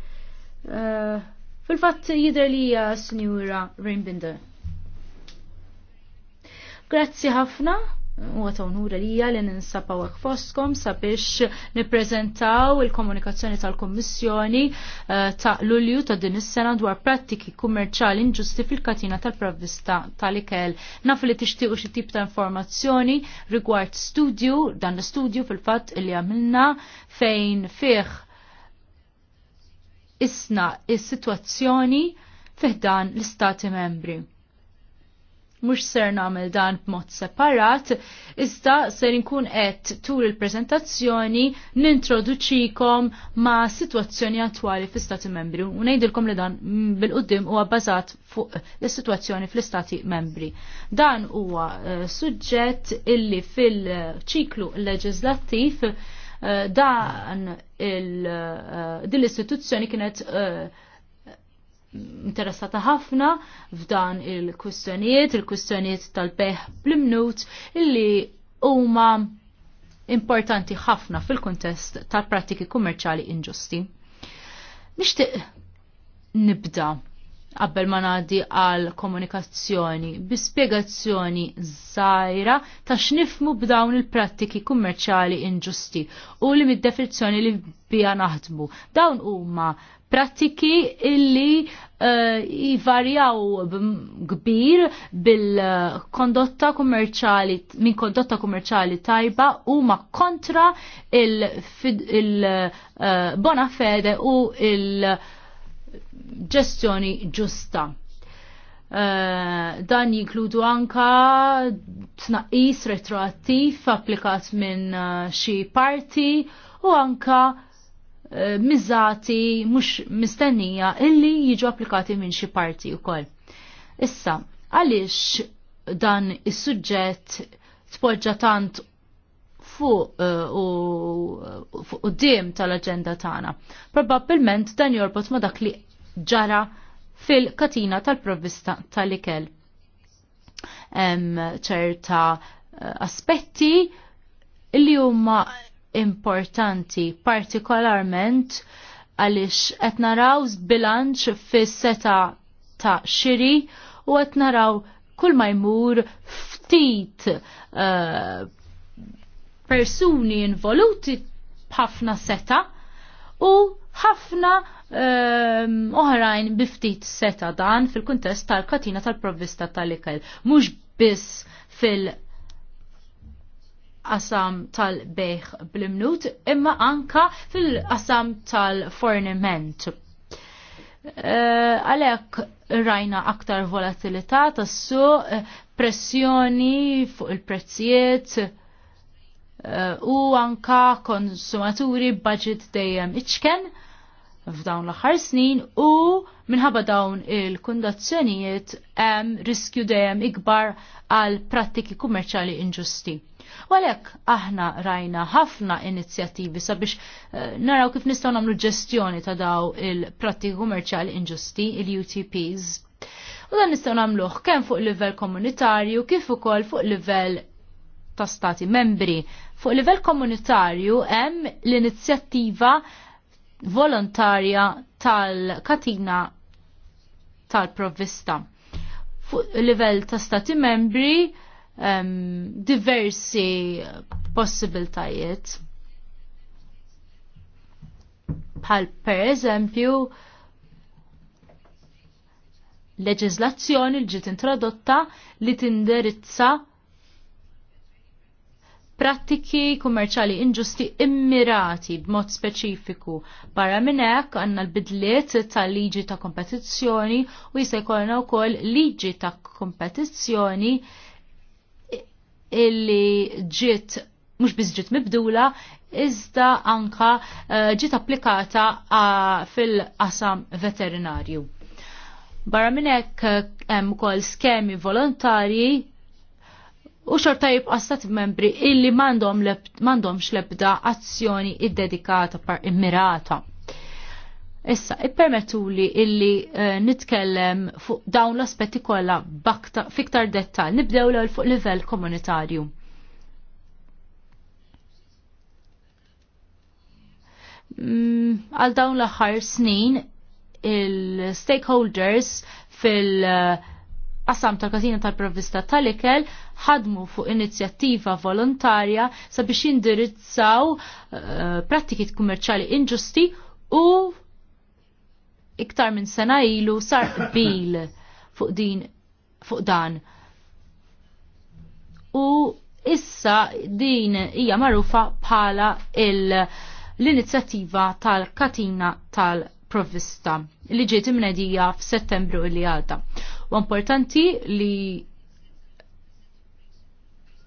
Uh, Fil-fatt jider li uh, snjura Rainbinder. Grazzi ħafna u għatawnura lija li ninsabaw għakfoskom sabiex niprezentaw il-komunikazzjoni tal-Kommissjoni eh, ta' Lulju ta' din is-sena dwar prattiki kummerċali inġusti fil-katina tal-provvista tal-ikel. Naf li tixtiequ xi tip ta' informazzjoni rigward studju, dan l-studju fil-fatt li għamilna fejn fih isna is-sitwazzjoni fiħdan l-istati membri mux ser namel dan b'mod separat, iżda ser inkun qed tul il-prezentazzjoni nintroduċikom ma' situazzjoni attwali fl stati membri u ngħidilkom li dan bil-qudiem huwa bbażat fuq is-sitwazzjoni fl-istati membri. Dan huwa uh, suġġett illi fil-ċiklu leġislattiv uh, dan il, uh, din l-istituzzjoni kienet uh, interessata ħafna f'dan il-kustjonijiet, il-kustjonijiet tal-beħ bl-imnut illi huma importanti ħafna fil-kontest tal-prattiki kummerċali inġusti. Nixtieq nibda qabel ma ngħaddi għal komunikazzjoni bi spjegazzjoni żgħira ta' x'nifmu b'dawn il-prattiki kummerċali inġusti u li mid-definizzjoni li bija naħdmu. Dawn huma prattiki illi uh, jivarjaw kbir bil-kondotta kummerċali, minn kondotta kummerċali tajba u ma kontra il-bona il, uh, fede u il-ġestjoni ġusta. Uh, dan jinkludu anka tnaqis retroattiv applikat minn uh, xi parti u anka Eh, mizzati mhux mistennija illi jiġu applikati minn xi parti wkoll. Issa, għaliex dan is-suġġett tpoġġa tant fuq eh, u uh, dim tal-aġenda tagħna. Probabbilment dan jorbot ma dak li ġara fil-katina tal-provvista tal-ikel. Hemm ċerta eh, aspetti li huma importanti, partikolarment għalix qed naraw bilanċ fis-seta ta' xiri u qed naraw kull ma jmur ftit uh, persuni involuti b'ħafna seta u ħafna ehm, oħrajn uh, biftit seta dan fil-kuntest tal-katina tal-provvista tal-ikel. Mhux biss fil- qasam tal-beħ bl-imnut, imma anka fil-qasam tal-forniment. Eh, Għalek uh, rajna aktar volatilità tassu pressjoni fuq il-prezzijiet uh, u anka konsumaturi budget dejjem iċken f'dawn l-aħħar snin u minħabba dawn il-kundazzjonijiet hemm riskju dejjem ikbar għal prattiki kummerċali inġusti. U għalhekk aħna rajna ħafna inizjattivi sabiex eh, naraw kif nistgħu nagħmlu ġestjoni ta' daw il-prattiki kummerċali inġusti, il-UTPs. U dan nistgħu nagħmluh kemm fuq livell komunitarju kif ukoll fuq livell ta' stati membri. Fuq livell komunitarju hemm l-inizjattiva volontarja tal-katina tal-provvista. Fuq livell ta' stati membri um, diversi possibiltajiet. Bħal per eżempju leġizlazzjoni li ġiet introdotta li tindirizza prattiki kummerċali inġusti immirati b'mod speċifiku. Barra minn hekk għandna l-bidliet tal-liġi ta' kompetizzjoni u jista' jkollna wkoll liġi ta' kompetizzjoni illi ġiet mhux biss ġiet mibdula, iżda anka eh, ġiet applikata eh, fil-qasam veterinarju. Barra minn hekk eh, hemm ukoll skemi volontarji u xorta jibqa' membri illi m'għandhomx xlebda azzjoni id-dedikata par immirata. Issa, ippermettuli illi uh, nitkellem fuq dawn l-aspetti kollha fiktar dettal, nibdew l fuq livell komunitarju. Mm, għal mm, dawn l-aħħar snin il-stakeholders fil- uh, qasam tal-kazina tal-provvista tal-ikel ħadmu fuq inizjattiva volontarja sabiex jindirizzaw eh, prattiki kummerċali inġusti u iktar minn sena ilu sar bil fuq din fuq dan. U issa din hija magħrufa bħala l-inizjattiva tal-katina tal-provvista li ġiet imnedija f'Settembru li għadda. U importanti li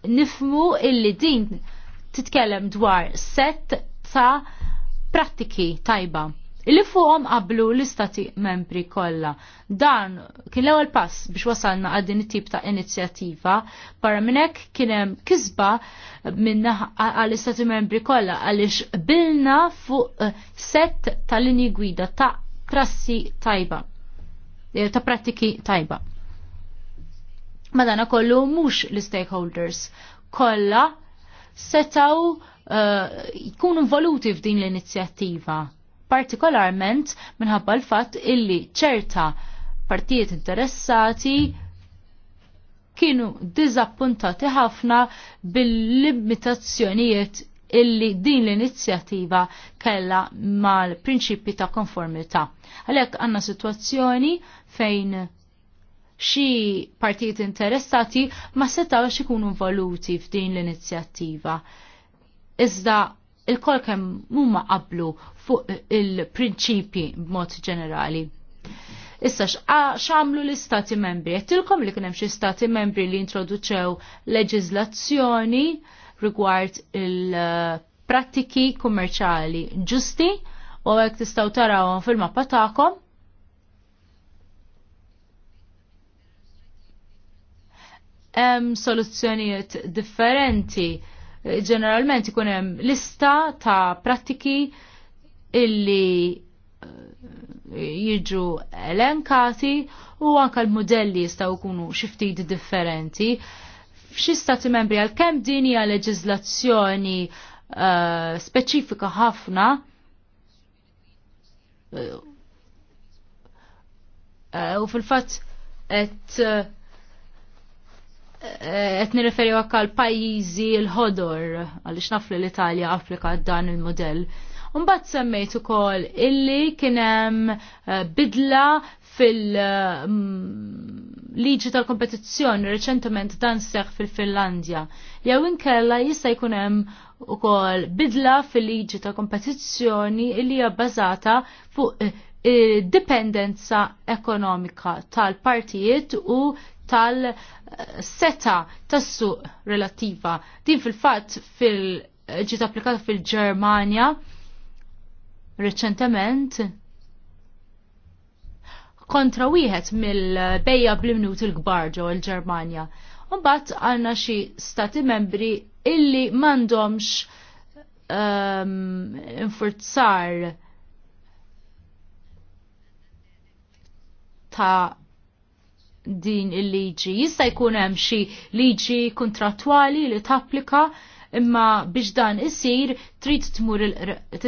nifmu illi din titkellem dwar set ta' prattiki tajba Illi fuqhom qablu l-istati membri kollha. Dan kien l-ewwel pass biex wasalna għad din it-tip ta' inizjattiva barra minn hekk kien hemm kisba minn għall-istati membri kollha għaliex bilna fuq set ta' linji gwida ta' prassi tajba. Eh, ta' prattiki tajba. Madana kollu mux l-stakeholders kolla setaw eh, jkunu uh, involuti f'din l-inizjattiva, partikolarment minħabba l-fatt illi ċerta partijiet interessati kienu dizappuntati ħafna bil-limitazzjonijiet illi din l-inizjattiva kella mal-prinċipji ta' konformità. Għalhekk għandna sitwazzjoni fejn xi partijiet interessati ma setawx ikunu involuti f'din l-inizjattiva. Iżda il-kol kemm huma qablu fuq il-prinċipji b'mod ġenerali. Issa x'għamlu l-istati membri? Qed li kien hemm xi stati membri li introduċew leġiżlazzjoni rigward il-prattiki kummerċali ġusti u għek tistaw tarawhom fil-mappa tagħkom. Em soluzzjonijiet differenti. Ġeneralment ikun hemm lista ta' prattiki illi eh, jiġu elenkati u anka l-modelli jistaw kunu xiftit differenti f'xi stati membri għal kemm din hija leġiżlazzjoni uh, speċifika ħafna uh, u fil-fatt qed uh, qed nirreferi l pajjiżi l-ħodor għaliex naf l-Italja applika dan il-modell. Umbat semmejt ukoll illi kienem eh, bidla fil- mm, liġi tal-kompetizzjoni reċentement dan seħ fil-Finlandja. Jew inkella jista' jkun hemm ukoll bidla fil-liġi tal-kompetizzjoni li hija bbażata fuq eh, dipendenza ekonomika tal-partijiet u tal-seta tas-suq relattiva. Din fil-fatt fil-ġiet applikata fil-Ġermanja fil fatt fil ġiet applikata fil ġermanja reċentement kontra wieħed mill-bejja bl-imnut il-kbar ġew il-Ġermanja. Mbagħad għandna xi stati membri illi m'għandhomx um, infurzar ta' din il-liġi. Jista' jkun hemm xi liġi kontrattwali li tapplika imma biex dan isir trid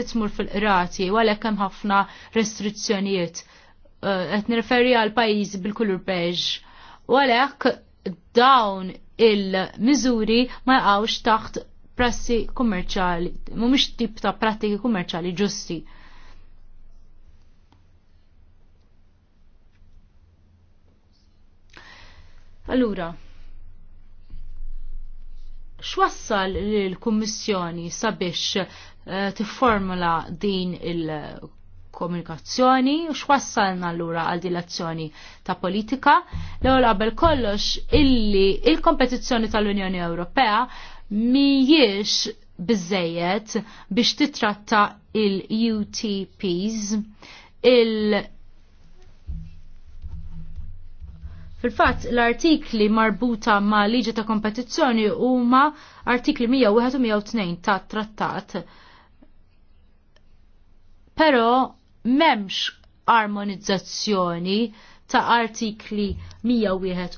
titmur fil-qrati u għalhekk hemm ħafna restrizzjonijiet. Eh, qed nirreferi għal pajjiżi bil-kulur beige. U għalhekk dawn il-miżuri ma jqgħux taħt prassi kummerċali, mhumiex tip ta' prattiki kummerċali ġusti. Allura, x'wassal lill kummissjoni sabiex eh, tifformula din il- komunikazzjoni u xwassalna allura għal dilazzjoni ta' politika l qabel kollox illi il-kompetizzjoni tal-Unjoni Ewropea mhijiex biżejjed biex titratta il-UTPs il Fil-fatt, l-artikli marbuta ma' liġi ta' kompetizzjoni huma artikli 101 102 ta' trattat. Pero memx armonizzazzjoni ta' artikli 101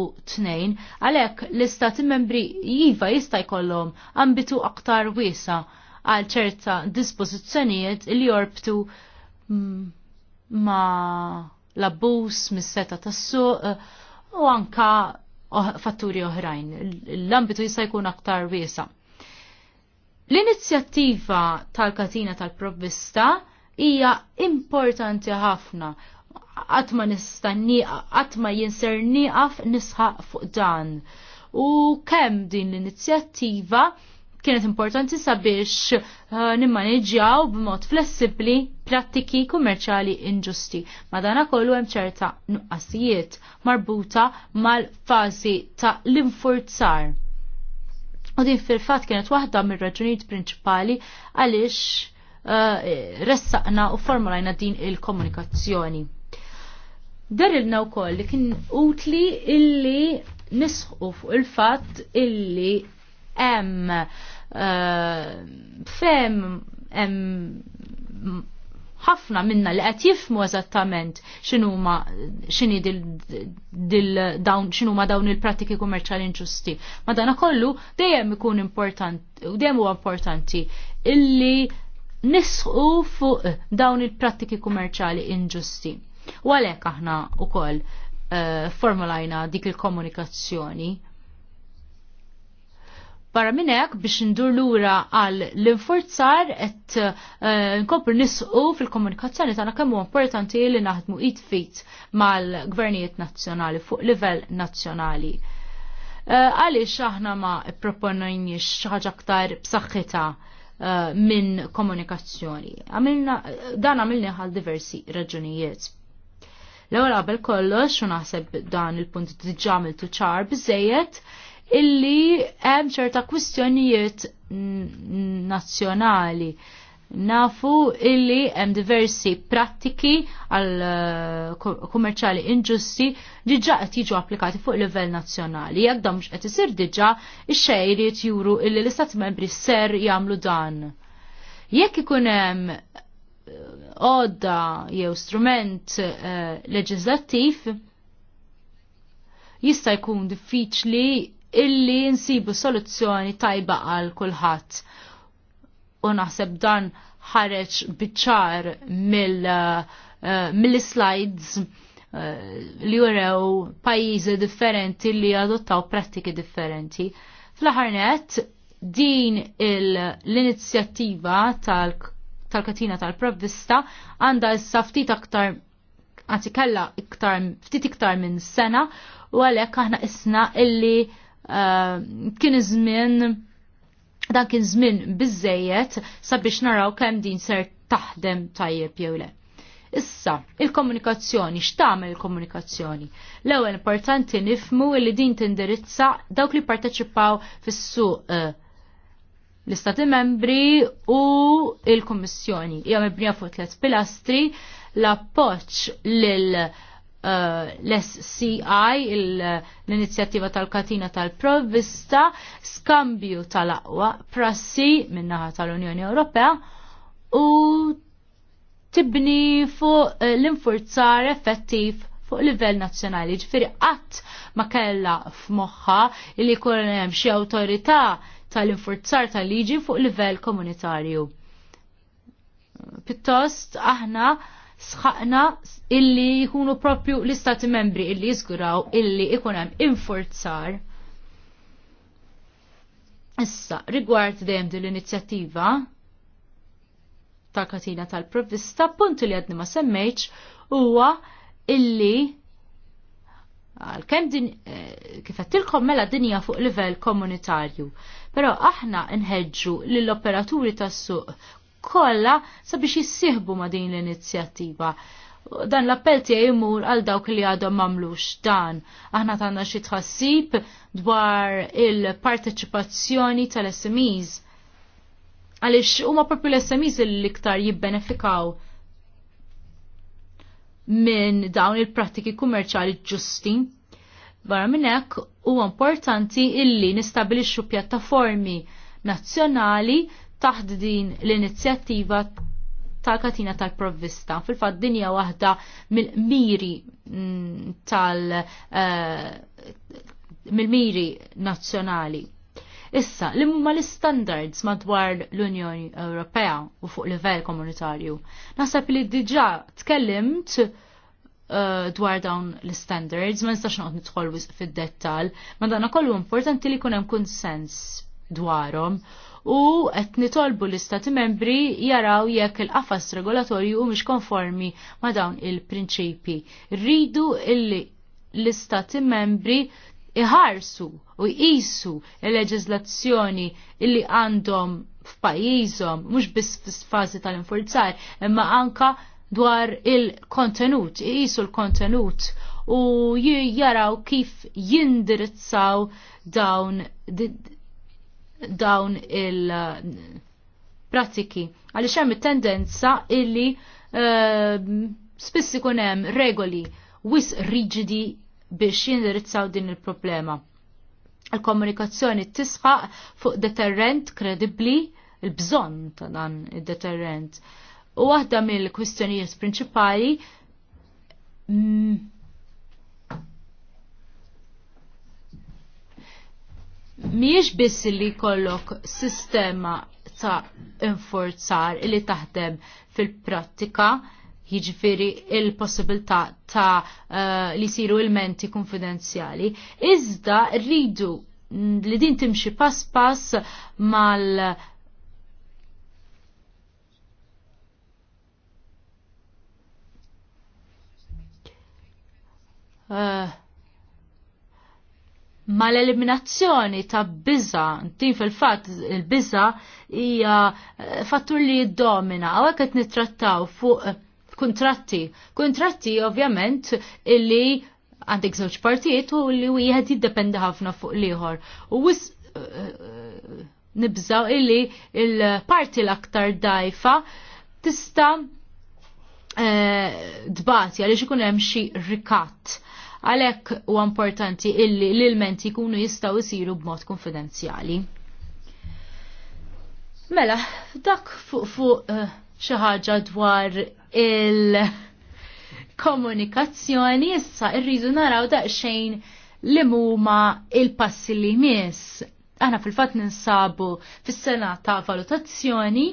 u 102 għalhekk l-istati membri jiva jista' jkollhom ambitu aktar wiesa għal ċerta dispożizzjonijiet li jorbtu mm, ma' l-abbuż mis-seta tas-suq eh, u anka fatturi oħrajn. L-ambitu jista' jkun aktar wiesa. L-inizjattiva tal-katina tal-provvista hija importanti ħafna għatma nistanni, għatma jinser nisħaq fuq dan. U kemm din l-inizjattiva kienet importanti sabiex uh, nimmaneġġjaw b'mod flessibbli prattiki kummerċali inġusti. Madana kollu hemm ċerta nuqqasijiet marbuta mal-fażi ta' l-infurzar. U din fil-fatt kienet waħda mir-raġunijiet prinċipali għaliex uh, ressaqna u formulajna din il-komunikazzjoni. Darilna wkoll li kien utli illi nisħu fuq il-fatt illi hemm eh, fem hemm ħafna minna li qed jifmu eżattament x'inhuma x'inhi dil dawn x'inhuma dawn il-prattiki kummerċjali inġusti. Madana kollu dejjem ikun importanti dejjem huwa importanti illi nisħu fuq dawn il-prattiki kummerċjali inġusti. U għalhekk aħna wkoll eh, formulajna dik il-komunikazzjoni Barra minn hekk biex ndur lura għal l-infurzar qed eh, nkopru nisqu fil-komunikazzjoni tagħna kemm huwa importanti li naħdmu id fit mal-gvernijiet nazzjonali fuq livell nazzjonali. Eh, għaliex aħna ma proponojniex xaħġa ħaġa aktar b'saħħitha eh, minn komunikazzjoni. Dan għamilni għal diversi raġunijiet. L-ewwel qabel kollox u naħseb dan il-punt diġamil tuċar ċar illi hemm ċerta kwistjonijiet nazzjonali. Nafu illi hemm diversi prattiki għal eh, kummerċali inġusti diġà qed jiġu applikati fuq livell nazzjonali. Jekk dam mhux qed isir diġà ix-xejriet juru illi l-istati membri ser jagħmlu dan. Jekk ikun hemm eh, għodda jew strument uh, leġislattiv jista' jkun diffiċli illi nsibu soluzzjoni tajba għal kulħadd. U naħseb dan ħareġ biċċar mill-slides mill eh, eh, li jurew pajjiżi differenti li adottaw prattiki differenti. Fl-ħarnet, din l-inizjattiva tal-katina tal katina tal provvista għanda issa ftit aktar għanzi kella iktar, ftit iktar minn sena u għalek aħna isna illi Eh, kien iż-żmien dan kien żmien biżejjed sabiex naraw kemm din ser taħdem tajjeb jew le. Issa, il-komunikazzjoni, x'tagħmel il-komunikazzjoni? L-ewwel importanti nifmu li din tindirizza dawk li parteċipaw fis-suq eh, l-Istati membri u il-Kommissjoni. Hija mibnija fuq tliet pilastri l-appoġġ lil Uh, l-SCI, l-inizjattiva tal-Katina tal-Provvista, skambju tal-aqwa prassi minnaħa tal-Unjoni Ewropea u tibni fuq uh, l-infurzar effettiv fuq livell nazzjonali. Ġifiri qatt ma kella f'moħħa li jkun hemm xi awtorità tal-infurzar tal-liġi fuq livell komunitarju. Pittost aħna sħaqna illi jkunu propju l-istati membri illi jizguraw illi ikunem infurzar. Issa, rigward dejjem din l-inizjattiva tal-katina tal-provvista, punt li għadni ma semmejċ huwa illi għal-kem din eh, kifettilkom mela dinja fuq livell komunitarju. Pero aħna nħedġu l-operaturi tas-suq Kolla sabiex jissieħbu ma' din l-inizjattiva. Dan l-appell tiegħi jmur għal dawk li għadhom mamlux dan. Aħna tagħna xi tħassib dwar il-parteċipazzjoni tal-SMEs. Għaliex huma proprju l-SMEs l-iktar jibbenefikaw minn dawn il-prattiki kummerċali ġusti. Barra minn hekk huwa importanti illi nistabilixxu pjattaformi nazzjonali taħt din l-inizjattiva tal-katina tal-provvista. Fil-fat dinja waħda mill-miri mm, tal- eh, mil miri nazzjonali. Issa, li huma l-standards madwar l-Unjoni Ewropea u fuq livell komunitarju. Nasab li diġa tkellimt eh, dwar dawn l-standards, ma nistax noqgħod nidħol fid-dettall, ma dana kollu importanti li jkun hemm konsens dwarhom u qed nitolbu l-istati membri jaraw jekk il-qafas regolatorju mhux konformi ma' dawn il-prinċipi. Rridu illi l-istati membri iħarsu u jqisu il leġislazzjoni illi għandhom f'pajjiżhom mhux biss fis-fażi tal-infurzar, imma anka dwar il-kontenut, jqisu l-kontenut u jaraw kif jindirizzaw dawn dawn il-prattiki. Eh, Għaliex hemm it-tendenza illi uh, spiss ikun hemm regoli wis riġidi biex jindirizzaw din il-problema. Il-komunikazzjoni tisħaq fuq deterrent kredibbli il-bżonn ta' dan id-deterrent. U waħda mill-kwistjonijiet prinċipali mm, miex biss li kollok sistema ta' inforzar li taħdem fil-prattika, jiġifiri il-possibilità ta' uh, li siru il-menti konfidenzjali, iżda rridu li din timxi pass pass mal uh, ma l-eliminazzjoni ta' bizza, tin fil-fat il-bizza hija eh, fattur li jiddomina, għaw għeket nitrattaw fuq eh, kontratti. Kontratti ovvjament illi għandek żewġ partijiet u li wieħed jiddependi ħafna fuq liħor. U wis eh, nibżaw illi il-parti l-aktar dajfa tista' dbati għaliex ikun hemm xi rikatt Għalhekk huwa importanti illi l-ilmenti jkunu jistgħu jsiru b'mod konfidenzjali. Mela, dak fuq fuq uh, xi ħaġa dwar il- komunikazzjoni issa irridu naraw daqsxejn li huma il-passi li jmiss. Aħna fil-fatt ninsabu fis-sena ta' valutazzjoni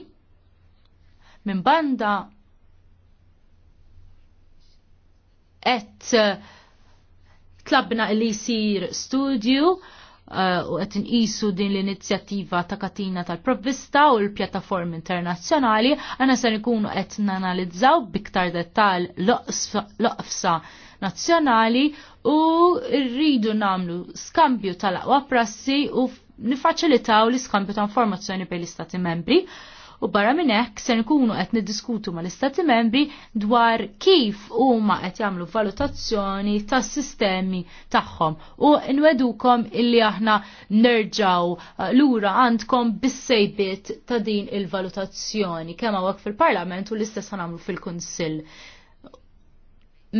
minn banda qed tlabna li jisir studju uh, u qed inqisu din l-inizjattiva ta' katina tal-provvista u l-pjattaform internazzjonali, għana se ikunu qed nanalizzaw biktar dettal l-oqfsa nazzjonali u rridu namlu skambju tal-aqwa prassi u nifacilitaw l-iskambju ta' informazzjoni bejn l-istati membri U barra minn hekk se nkunu qed niddiskutu mal-Istati membri dwar kif huma qed jagħmlu valutazzjoni tas-sistemi tagħhom u nwedukom illi aħna nerġaw uh, lura għandkom bis-sejbiet ta' din il-valutazzjoni kemm hawnhekk fil-Parlament u l-istess nagħmlu fil-Kunsill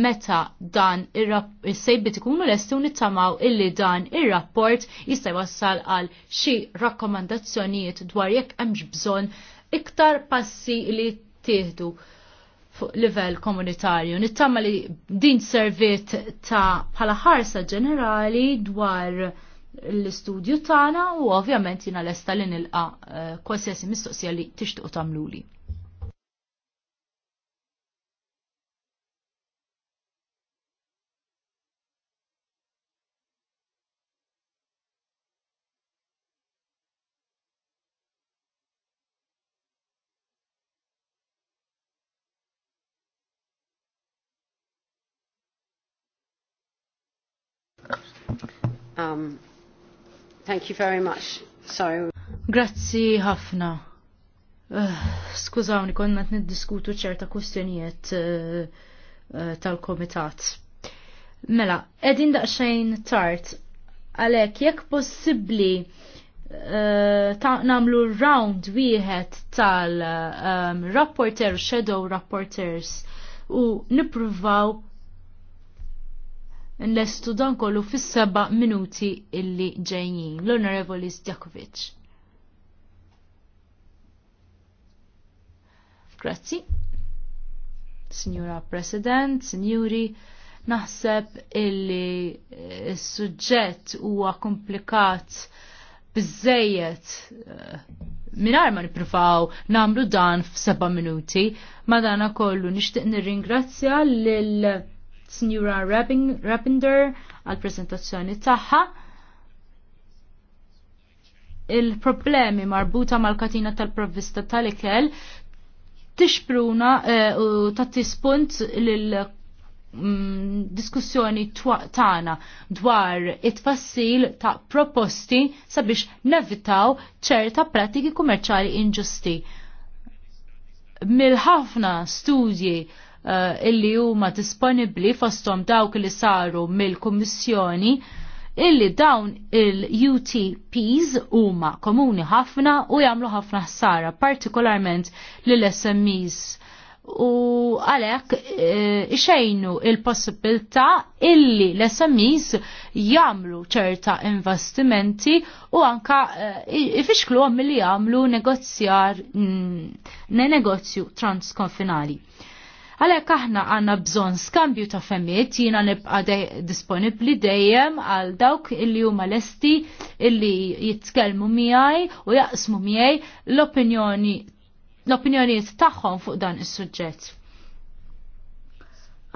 meta dan il-sejbit ikunu lesti nittamaw illi dan il-rapport jista' jwassal għal xi rakkomandazzjonijiet dwar jekk hemmx bżonn iktar passi li tieħdu fuq livell komunitarju. Nittama li din servit ta' bħala ħarsa ġenerali dwar l-istudju tagħna u ovvjament jina lesta li nilqa' eh, kwasjasi mistoqsija li tixtiequ tagħmluli. Um, thank you very much. Sorry. Grazzi ħafna. Eh, skużawni, konna t-niddiskutu ċerta kustjonijiet eh, eh, tal-komitat. Mela, edin daqxajn tart, għalek, jekk possibli ta' namlu round wieħed tal-rapporter, um, shadow rapporters u nipruvaw nlestu dan kollu fis seba minuti illi ġejjin. L-Onorevoli Zdjakovic. Grazzi. Signora President, Signori, naħseb illi eh, s-suġġett huwa komplikat bizzejiet eh, minar ma niprifaw namlu dan f seba minuti. dana kollu nishtiq nirringrazzja lil Signora Rabinder għal-prezentazzjoni tagħha. Il-problemi marbuta mal-katina tal-provvista tal-ikel tixpruna eh, u tatti spunt lil mm, diskussjoni tagħna dwar it-fassil ta' proposti sabiex nevitaw ċerta pratiki kummerċali inġusti. Mill-ħafna studji Eh, illi huma disponibbli fosthom dawk li saru mill-Kummissjoni illi dawn il-UTPs huma komuni ħafna u jagħmlu ħafna ħsara, partikolarment lill-SMEs. U għalek eh, xejnu il-possibilità illi l-SMEs jamlu ċerta investimenti u anka eh, ifixklu għom li jamlu negozjar, mm, ne negozju transkonfinali. Għalhekk aħna għandna bżonn skambju ta' femmiet jiena nibqa' disponibbli dejjem għal dawk illi huma lesti illi jitkellmu miħaj u jaqsmu miħaj l-opinjoni l-opinjonijiet tagħhom fuq dan is-suġġett.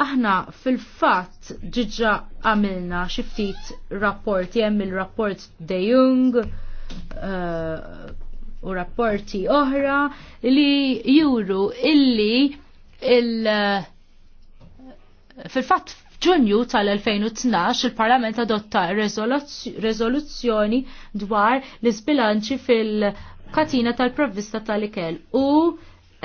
Aħna fil-fatt ġiġa għamilna xi ftit rapporti hemm il-rapport De Jung eh, u rapporti oħra li juru illi il- fil-fatt Ġunju tal-2012 il-Parlament adotta rezoluzzjoni dwar l-isbilanċi fil-katina tal-provvista tal-ikel u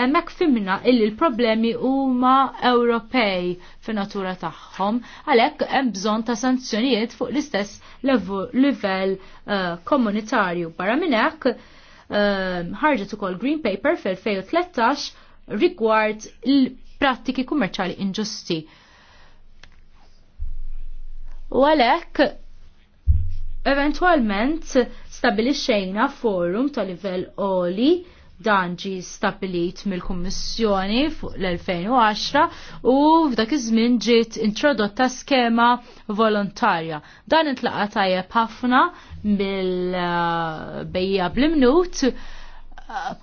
emmek fimna illi l-problemi huma Ewropej fin-natura tagħhom, għalhekk hemm bżonn ta' sanzjonijiet fuq l-istess livell uh, komunitarju. Barra minn hekk eh, ħarġet ukoll Green Paper fil-2013 rigward il-prattiki kummerċali inġusti. U għalhekk eventualment stabilixxejna forum ta' livell oli dan stabilit mill-Kummissjoni fuq l-2010 u f'dak iż-żmien ġiet introdotta skema volontarja. Dan intlaqa tajjeb ħafna mill-bejja uh, bl-imnut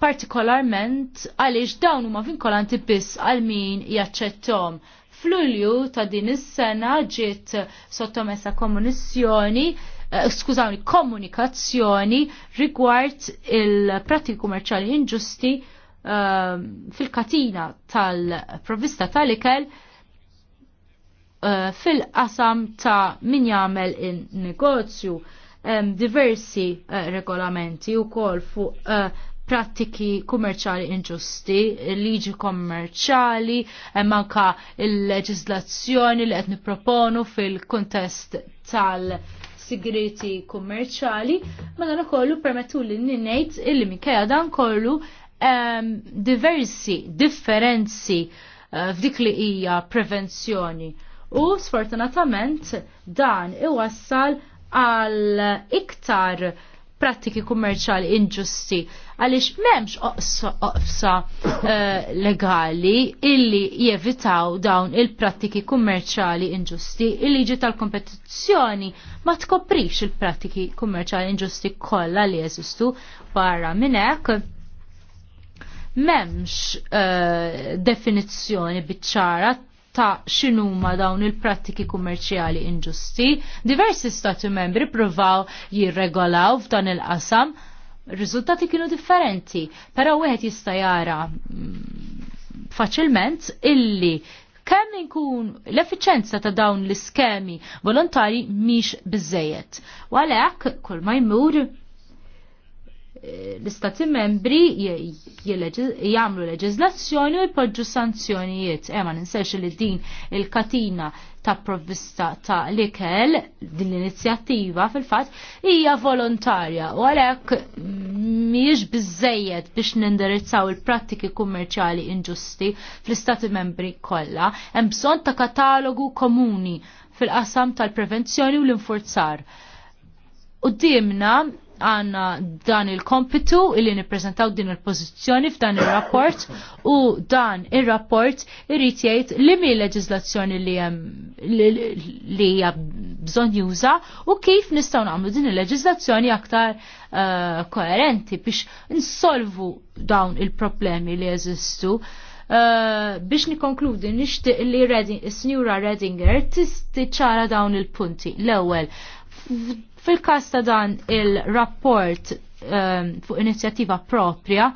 partikolarment għaliex dawn huma vinkolanti biss għal min jaċċettom. F'Lulju ta' din is-sena ġiet sottomessa komunizzjoni, eh, skużawni, komunikazzjoni rigward il-prati kummerċali inġusti eh, fil-katina tal-provvista tal-ikel eh, fil-qasam ta' min jagħmel in-negozju diversi regolamenti u kol fuq uh, prattiki kummerċali inġusti, liġi kommerċali, eh, manka il-leġizlazzjoni li qed nipproponu fil-kuntest tal-sigreti kummerċali, ma dan permettu li ninnejt illi minkejja dan kollu um, diversi differenzi uh, f'dik li hija prevenzjoni. U sfortunatament dan iwassal għal iktar uh, prattiki kummerċali inġusti għaliex m'hemmx oqsa eh, legali illi jevitaw dawn il-prattiki kummerċali inġusti. Il-liġi tal-kompetizzjoni ma tkoprix il-prattiki kummerċali inġusti kollha li jeżistu barra minn hekk. M'hemmx uh, ta' xinuma dawn il-prattiki kummerċjali inġusti. Diversi stati membri provaw jirregolaw f'dan il-qasam. Riżultati kienu differenti, però wieħed jista' jara mm, faċilment illi kemm inkun l-effiċenza ta' dawn l-iskemi volontari miex bizzejet. Walek, kull ma jmur l-istati membri jagħmlu leġizlazzjoni u jpoġġu sanzjonijiet. Ema ma ninsex li din il-katina ta' provvista ta' l-ikel din l-inizjattiva fil-fatt hija volontarja u għalhekk mhijiex biżejjed biex nindirizzaw il-prattiki kummerċjali inġusti fl-istati membri kollha, hemm bżonn ta' katalogu komuni fil-qasam tal-prevenzjoni u l-infurzar. U dimna għanna dan il-kompitu illi nippreżentaw din il-pożizzjoni f'dan il-rapport u dan il-rapport irrit jgħid li mi leġiżlazzjoni li li hija bżonn juża u kif nistgħu nagħmlu din il leġizlazzjoni aktar uh, koerenti biex insolvu dawn il-problemi li jeżistu. Uh, biex nikonkludi nixtieq li Redding, Snura Redinger ċara dawn il-punti. L-ewwel, Fil-kas ta' dan il-rapport um, fuq inizjattiva propria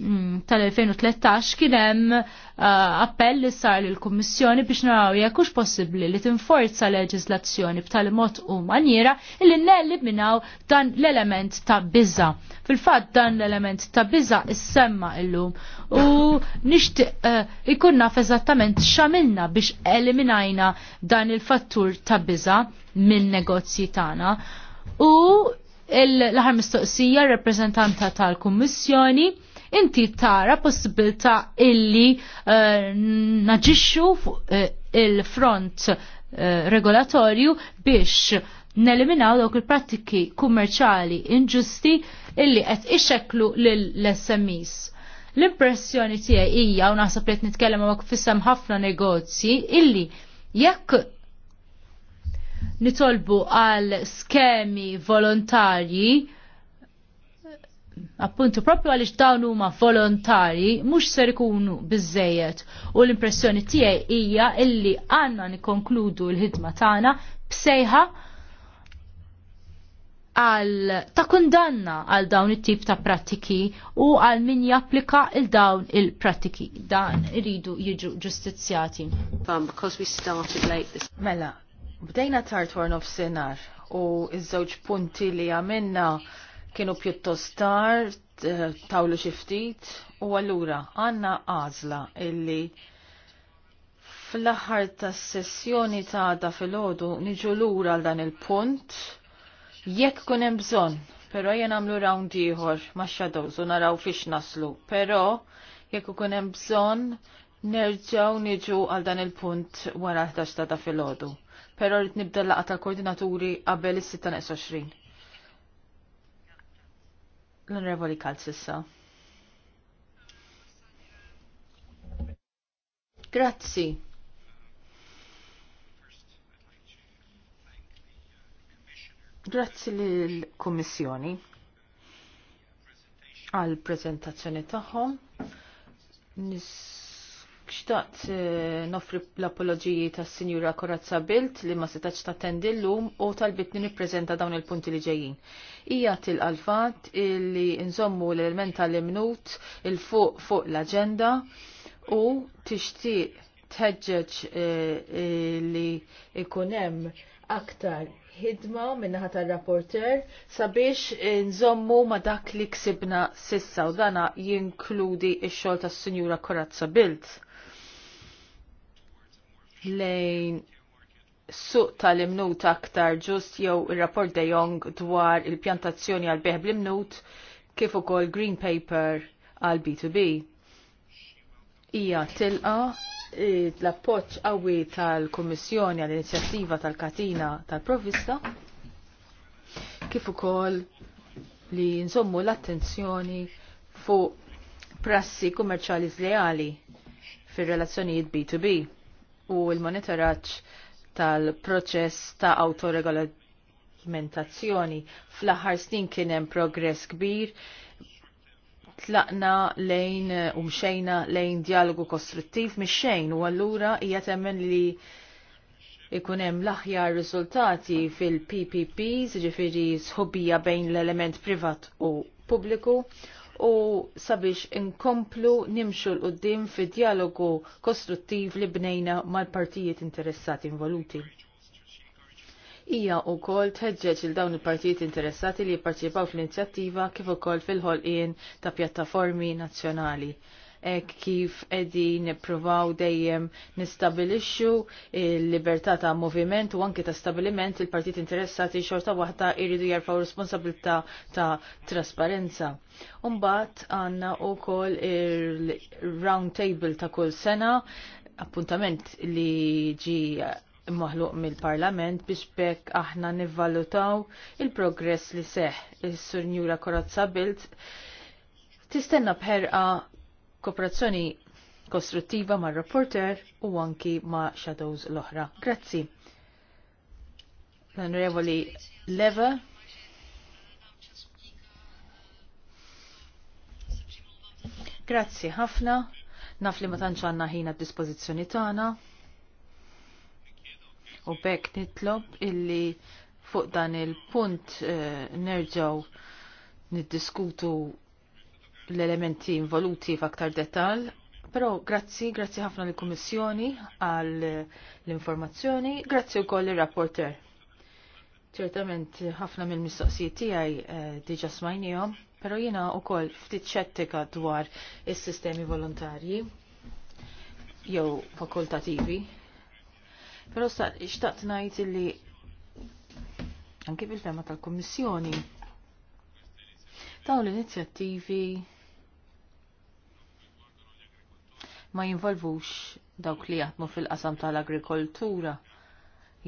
mm, tal-2013 kien hemm uh, appell li sar lill kummissjoni biex naraw jekk hux possibbli li tinforza leġislazzjoni b'tali mod u maniera illi nelli minnaw dan l-element ta' biza. Fil-fatt dan l-element ta' biża issemma illum u nixtieq uh, ikun naf xamilna biex eliminajna dan il-fattur ta' biza minn negozji tagħna U l-ħar mistoqsija rappresentanta tal-Kummissjoni inti tara possibilità illi naġiċu eh, naġixxu eh, il-front eh, regolatorju biex neliminaw dawk il-prattiki kummerċali inġusti illi qed ixxeklu lill-SMEs. L-impressjoni tiegħi hija u naħseb li qed nitkellem ma fissem ħafna negozji illi jekk nitolbu għal skemi volontarji appuntu proprio għalix dawn huma volontari mhux ser ikunu biżejjed u l-impressjoni tiegħi hija illi għandna nikkonkludu l-ħidma tagħna bsejħa għal ta' kundanna għal dawn it-tip ta' prattiki u għal min japplika il dawn il-prattiki dan iridu jiġu ġustizzjati. Mela, Bdejna tart war nofsinhar u iż-żewġ punti li għamilna kienu pjuttost tard, tawlu xi ftit u allura għandna għażla illi fl-aħħar tas-sessjoni ta' da fil-ħodu niġu lura għal dan il-punt jekk kun hemm bżonn, però jien nagħmlu round ieħor ma' shadows u naraw fiex naslu, però jekk ikun hemm bżonn nerġgħu niġu għal dan il-punt wara ħdax ta' fil-ħodu pero rrit nibda laqa tal-koordinaturi qabel is-26. L-Onorevoli Kalsissa. Grazzi. Grazzi l-Kommissjoni għal prezentazzjoni tagħhom. Nis xtaqt eh, nofri l-apologiji ta' sinjura Korazza Bilt li ma setax ta' tendillum u talbitni nipprezenta dawn il-punti li ġejjin. Ija til-alfat li nżommu l-element tal-imnut il-fuq fuq l-agenda u tixtieq tħeġġeġ eh, li ikunem aktar ħidma minnaħa tal-rapporter sabiex eh, nżommu ma dak li ksibna sissa u dana jinkludi ix-xogħol tas-Sinjura Korazza Bilt lejn suq tal-imnut aktar ġust jew ir-rapport de Jong dwar il-pjantazzjoni għal beħ bl-imnut kif ukoll Green Paper għal B2B. Ija tilqa eh, l-appoġġ qawwi tal-Kummissjoni għall inizjattiva tal-Katina tal-Provista kif ukoll li nżommu l-attenzjoni fuq prassi kummerċali zleali fir-relazzjonijiet B2B u l-monitoraġġ tal-proċess ta' autoregolamentazzjoni. Fl-aħħar snin kien hemm progress kbir tlaqna lejn u mxejna lejn dialogu kostruttiv mix-xejn u allura hija temmen li ikun hemm l-aħjar riżultati fil ppp ġifieri sħubija bejn l-element privat u pubbliku u sabiex inkomplu nimxu l-qoddim fi dialogu kostruttiv li bnejna mal-partijiet interessati involuti. Ija u kol tħedġeġ il dawn il-partijiet interessati li jipparċipaw fl-inizjattiva kif ukoll fil-ħolqien ta' pjattaformi nazzjonali kif edi nippruvaw dejjem nistabilixxu il-libertà ta' moviment u anke ta' stabiliment il-partit interessati xorta waħda jridu jarfaw responsabilità ta' trasparenza. Umbat għanna u koll il-round table ta' kull sena appuntament li ġi maħluq mill-parlament biex bekk aħna nivvalutaw il-progress li seħ. Is-Sur Njura Korazza Bilt tistenna bħerqa kooperazzjoni kostruttiva ma' rapporter u anki ma' shadows l-oħra. Grazzi. L-Onorevoli Leva. Grazzi ħafna. Naf li ma tantx għandna ħin għad dispożizzjoni tagħna. U bekk nitlob illi fuq dan il-punt eh, nerġgħu niddiskutu l-elementi involuti f'aktar detall, Però grazzi, grazzi ħafna l-Kummissjoni għal l-informazzjoni, grazzi u koll il-rapporter. Ċertament ħafna mill-mistoqsijiet tiegħi eh, diġà diġa però jiena wkoll ftit xettika dwar is-sistemi volontarji jew fakultativi. Però xtaqt ngħid li anke bil-tema tal-Kummissjoni Dawn l-inizjattivi ma jinvolvux dawk li jaħdmu fil-qasam tal-agrikoltura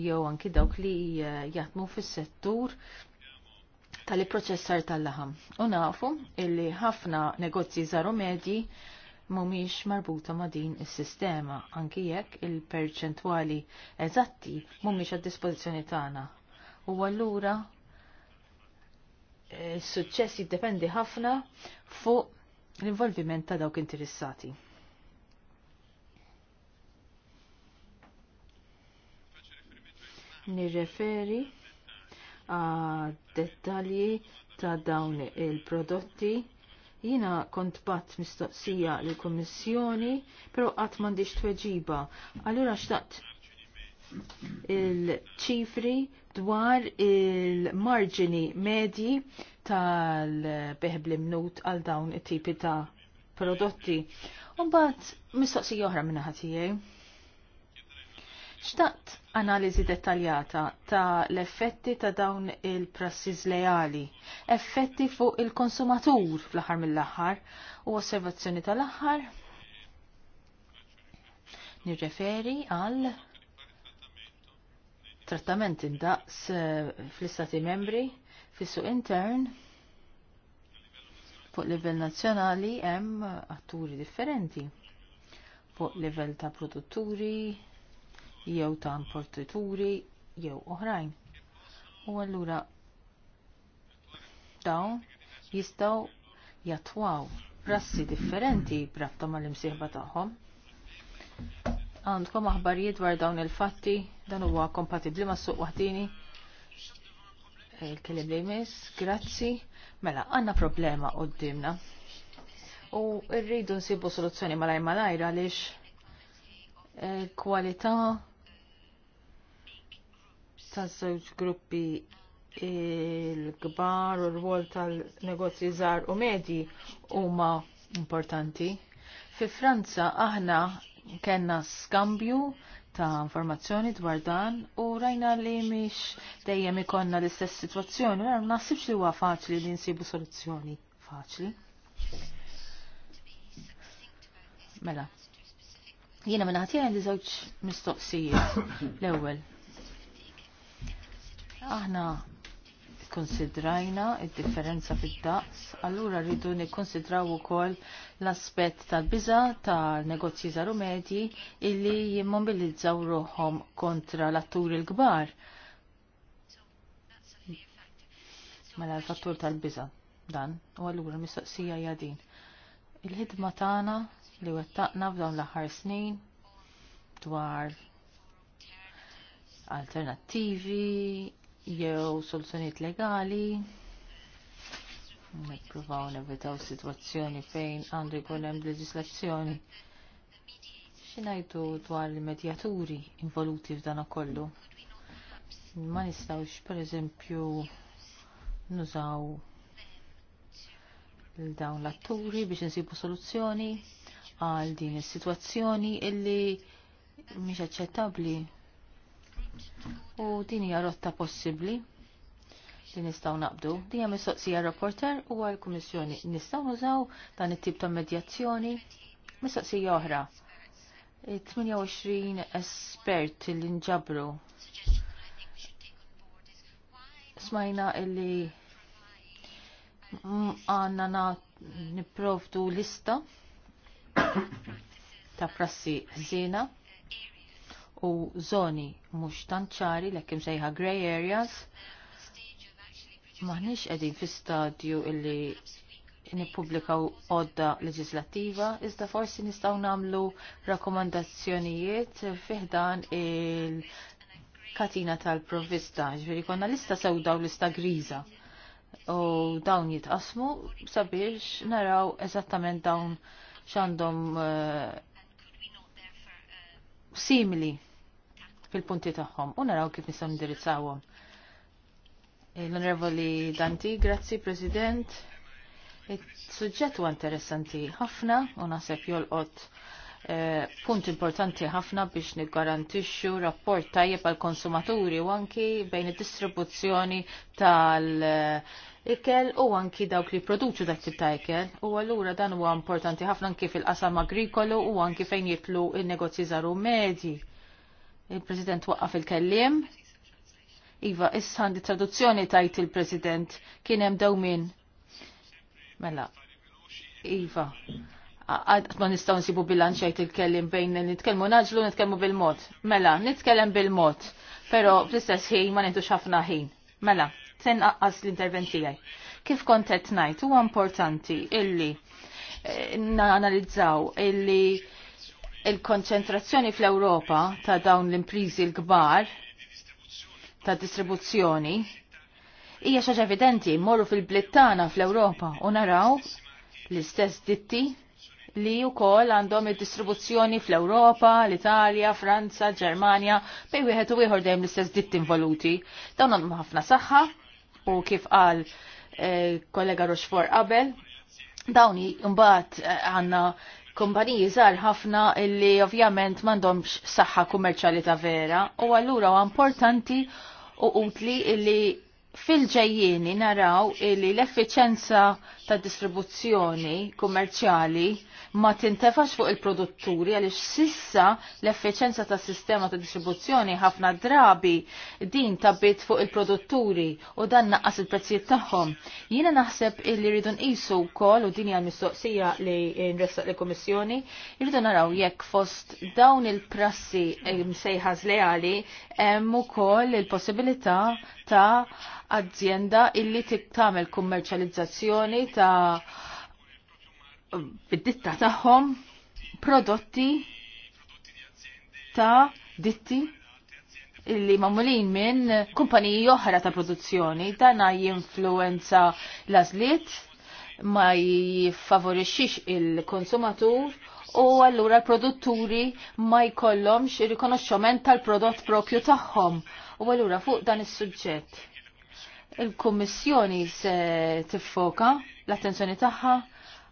jew anki dawk li eh, jaħdmu fis-settur tal-proċessar tal-laħam. U nafu illi ħafna negozji żaru medji mumiex marbuta ma' din is-sistema anki jekk il-perċentwali eżatti mumiex għad dispożizzjoni tagħna. U allura Is-suċċess jiddependi ħafna fuq l-involviment ta' dawk interessati. Nirreferi għad dettalji ta' dawn il-prodotti jina kont bat mistoqsija l-Komissjoni, pero għat mandiġ tweġiba. Allura xtaqt il-ċifri dwar il-marġini medji tal-beħbli mnut għal dawn it-tipi ta' prodotti. Umbat, mistoqsija oħra minna ħatijaj. Xtaqt analizi dettaljata ta' l-effetti ta' dawn il-prassis lejali, effetti fuq il-konsumatur fl-ħar mill-ħar u osservazzjoni tal-ħar nirreferi għal trattament indaqs eh, fl-istati membri, fissu intern, fuq livell nazzjonali hemm atturi differenti. Fuq livell ta' produtturi, jew ta' importituri jew oħrajn. U allura dawn jistgħu jatwaw prassi differenti brabta mal-imsieħba tagħhom. Għandkom aħbarijiet dwar dawn il-fatti dan huwa kompatibbli ma' suq waħdini. Il-kelim li jmiss, grazzi. Mela, għanna problema qoddimna. U rridu nsibu soluzzjoni malaj malaj għaliex eh, kwalità ta' żewġ gruppi il-kbar u l-rwol tal-negozji żgħar u medji huma importanti. Fi Franza aħna kellna skambju ta' informazzjoni dwar dan u rajna li miex dejjem ikonna l-istess situazzjoni, u nasibx li huwa faċli li nsibu soluzzjoni faċli. Mela, jiena minna ħatjena li żewġ mistoqsijiet l-ewwel. Aħna konsidrajna il differenza fid-daqs, allura rridu nikkonsidraw ukoll l-aspett tal-biża tal-negozji żaru medji illi jimmobilizzaw ruhom kontra l-atturi l-kbar. Mela l-fattur tal-biża dan, u allura mistoqsija hija din. Il-ħidma tagħna li wettaqna f'dawn l-aħħar snin dwar alternattivi jew soluzzjonijiet legali. Nippruvaw nevitaw situazzjoni fejn għandu jkun hemm leġislazzjoni. ngħidu dwar il-medjaturi involuti f'dan kollu. Ma nistgħux pereżempju nużaw dawn l-atturi biex nsibu soluzzjoni għal din is-sitwazzjoni illi mhix aċċettabbli U din hija rotta possibbli li nistgħu naqbdu. Din hija mistoqsija rapporter u għal kummissjoni nistgħu nużaw dan it-tip ta' medjazzjoni mistoqsija oħra. 28 espert li nġabru. Smajna illi għanna na niprovdu lista ta' prassi zina u zoni mhux tant ċari l sejħa grey areas maħniex qegħdin fi stadju illi nippubblikaw odda leġislattiva, iżda forsi nistgħu nagħmlu rakkomandazzjonijiet fiħdan il-katina tal provista ġveri konna lista sewda u lista griża. U dawn jitqasmu sabiex naraw eżattament dawn x'għandhom uh, simili fil-punti tagħhom u naraw kif nistgħu ndirizzawhom. Eh, L-Onorevoli Danti, grazzi President. Il-suġġett huwa interessanti ħafna u naħseb jolqot eh, punt importanti ħafna biex niggarantixxu rapport tajjeb għal konsumaturi u anki bejn id-distribuzzjoni tal-ikel u anki dawk li produċu dak tip ta' ikel. U allura dan huwa importanti ħafna anki fil-qasam agrikolu u anki fejn jitlu in-negozji żaru medji. Il-President waqqaf il-kellim. Iva, issa għandi traduzzjoni tajt il-President. Kien hemm dawmin. Mela. Iva. Għad ma nistaw nsibu bilanċ il-kellim bejn nitkellmu naġlu nitkellmu bil-mod. Mela, nitkellem bil-mod. Pero fl-istess ħin ma nintu ħafna ħin. Mela, sen aqqas l-interventi għaj. Kif kontet najt, huwa importanti illi eh, analizzaw illi il-konċentrazzjoni fl-Ewropa ta' dawn l-imprizi l-kbar ta' distribuzzjoni hija xaġa evidenti jmorru fil-blittana fl-Ewropa u naraw l-istess ditti li wkoll għandhom id distribuzzjoni fl-Europa, l-Italja, Franza, Ġermania, bej wieħed u ieħor dejjem l-istess ditti involuti. Dawn għandhom ħafna saħħa u kif qal eh, kollega Rochefort qabel, dawni mbagħad eh, għandna kumpaniji żgħar ħafna illi ovvjament m'għandhomx saħħa kummerċjali ta' vera u allura huwa importanti u utli illi fil-ġejjieni naraw illi l-effiċenza ta' distribuzzjoni kummerċjali ma tintefax fuq il-produtturi għaliex sissa l-effiċenza tas sistema ta' distribuzzjoni ħafna drabi din tabit fuq il-produtturi u dan naqqas il-prezzijiet tagħhom. Jiena naħseb illi rridu nqisu wkoll u din hija mistoqsija li nressaq il-Kummissjoni, irridu naraw jekk fost dawn il-prassi msejħa leali hemm ukoll il-possibilità ta' azienda illi tagħmel kummerċjalizzazzjoni ta' bid-ditta tagħhom prodotti ta' ditti illi mamulin minn kumpaniji oħra ta' produzzjoni dana jinfluenza lażliet ma jiffavorixxix il-konsumatur u allura l-produtturi ma jkollhomx ir-rikonoxximent tal-prodott propju tagħhom. U allura fuq dan is-suġġett il-Kummissjoni se tiffoka l-attenzjoni tagħha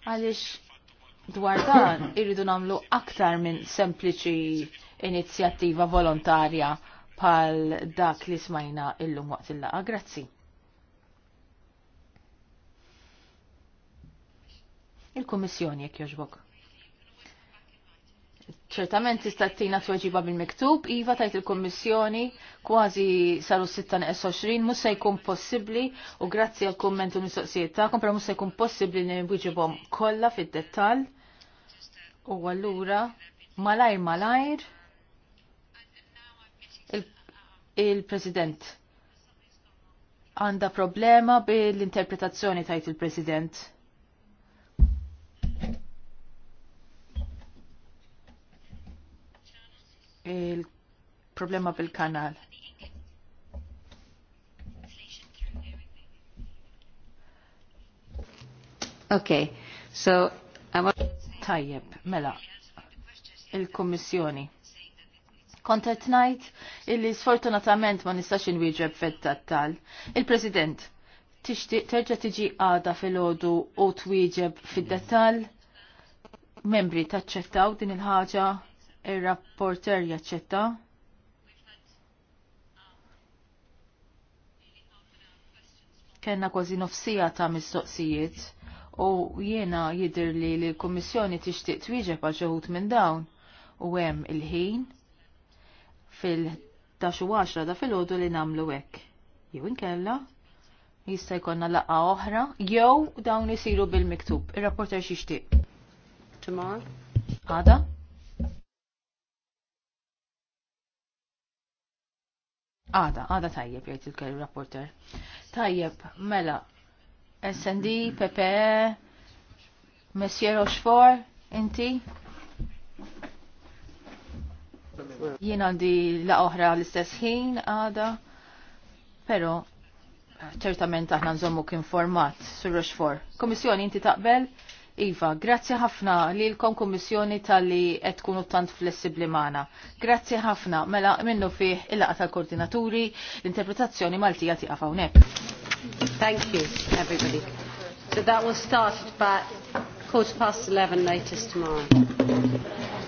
għaliex dwar dan irridu nagħmlu aktar minn sempliċi inizjattiva volontarja bħal dak li smajna illum waqt il-laqa. Grazzi. Il-Kummissjoni jekk joġbok ċertament tista' tina tweġiba bil-miktub, iva tajt il-Kommissjoni kważi saru 26 mhux se jkun possibbli u grazzi għal kummentu u mistoqsijiet kompra però mhux se jkun possibbli nwiġibhom kollha fid-dettall. U allura malajr malajr il-President il għanda problema bil-interpretazzjoni tajt il-President. il-problema bil-kanal. Okay, so Tajjeb, mela, il-Kommissjoni. Kontet najt illi sfortunatament ma nistax inwieġeb fetta tal. Il-President, tixtieq terġa' tiġi għada fil-ħodu u twieġeb fid-dettall? Membri taċċettaw din il-ħaġa? Il-rapporter jaċċetta. Kenna kważi nofsija ta' mistoqsijiet u jiena jidir li l-Kommissjoni tixtieq twieġeb għal xi minn dawn u hemm il-ħin fil-10 u 10 da fil-ħodu li namlu hekk. Jew inkella jista' jkollna laqgħa oħra jew dawn isiru bil-miktub. Ir-rapporter xixtieq. Tomorrow? Għada? Għada, għada tajjeb, jgħid il-kelli rapporter. Tajjeb, mela, SND, PPE, Messier Oxfor, inti? Jien għandi la oħra l-istess ħin, għada, pero ċertament aħna nżommu kien sur Roxfor. Komissjoni, inti taqbel? Iva, grazzi ħafna li l-kom tal-li qed tkunu tant flessibli magħna. Grazzi ħafna mela minnu fih il-laqa tal-koordinaturi l-interpretazzjoni Maltija tieqa' hawnhekk. Thank you everybody. So that will start by about quarter past 11 latest tomorrow.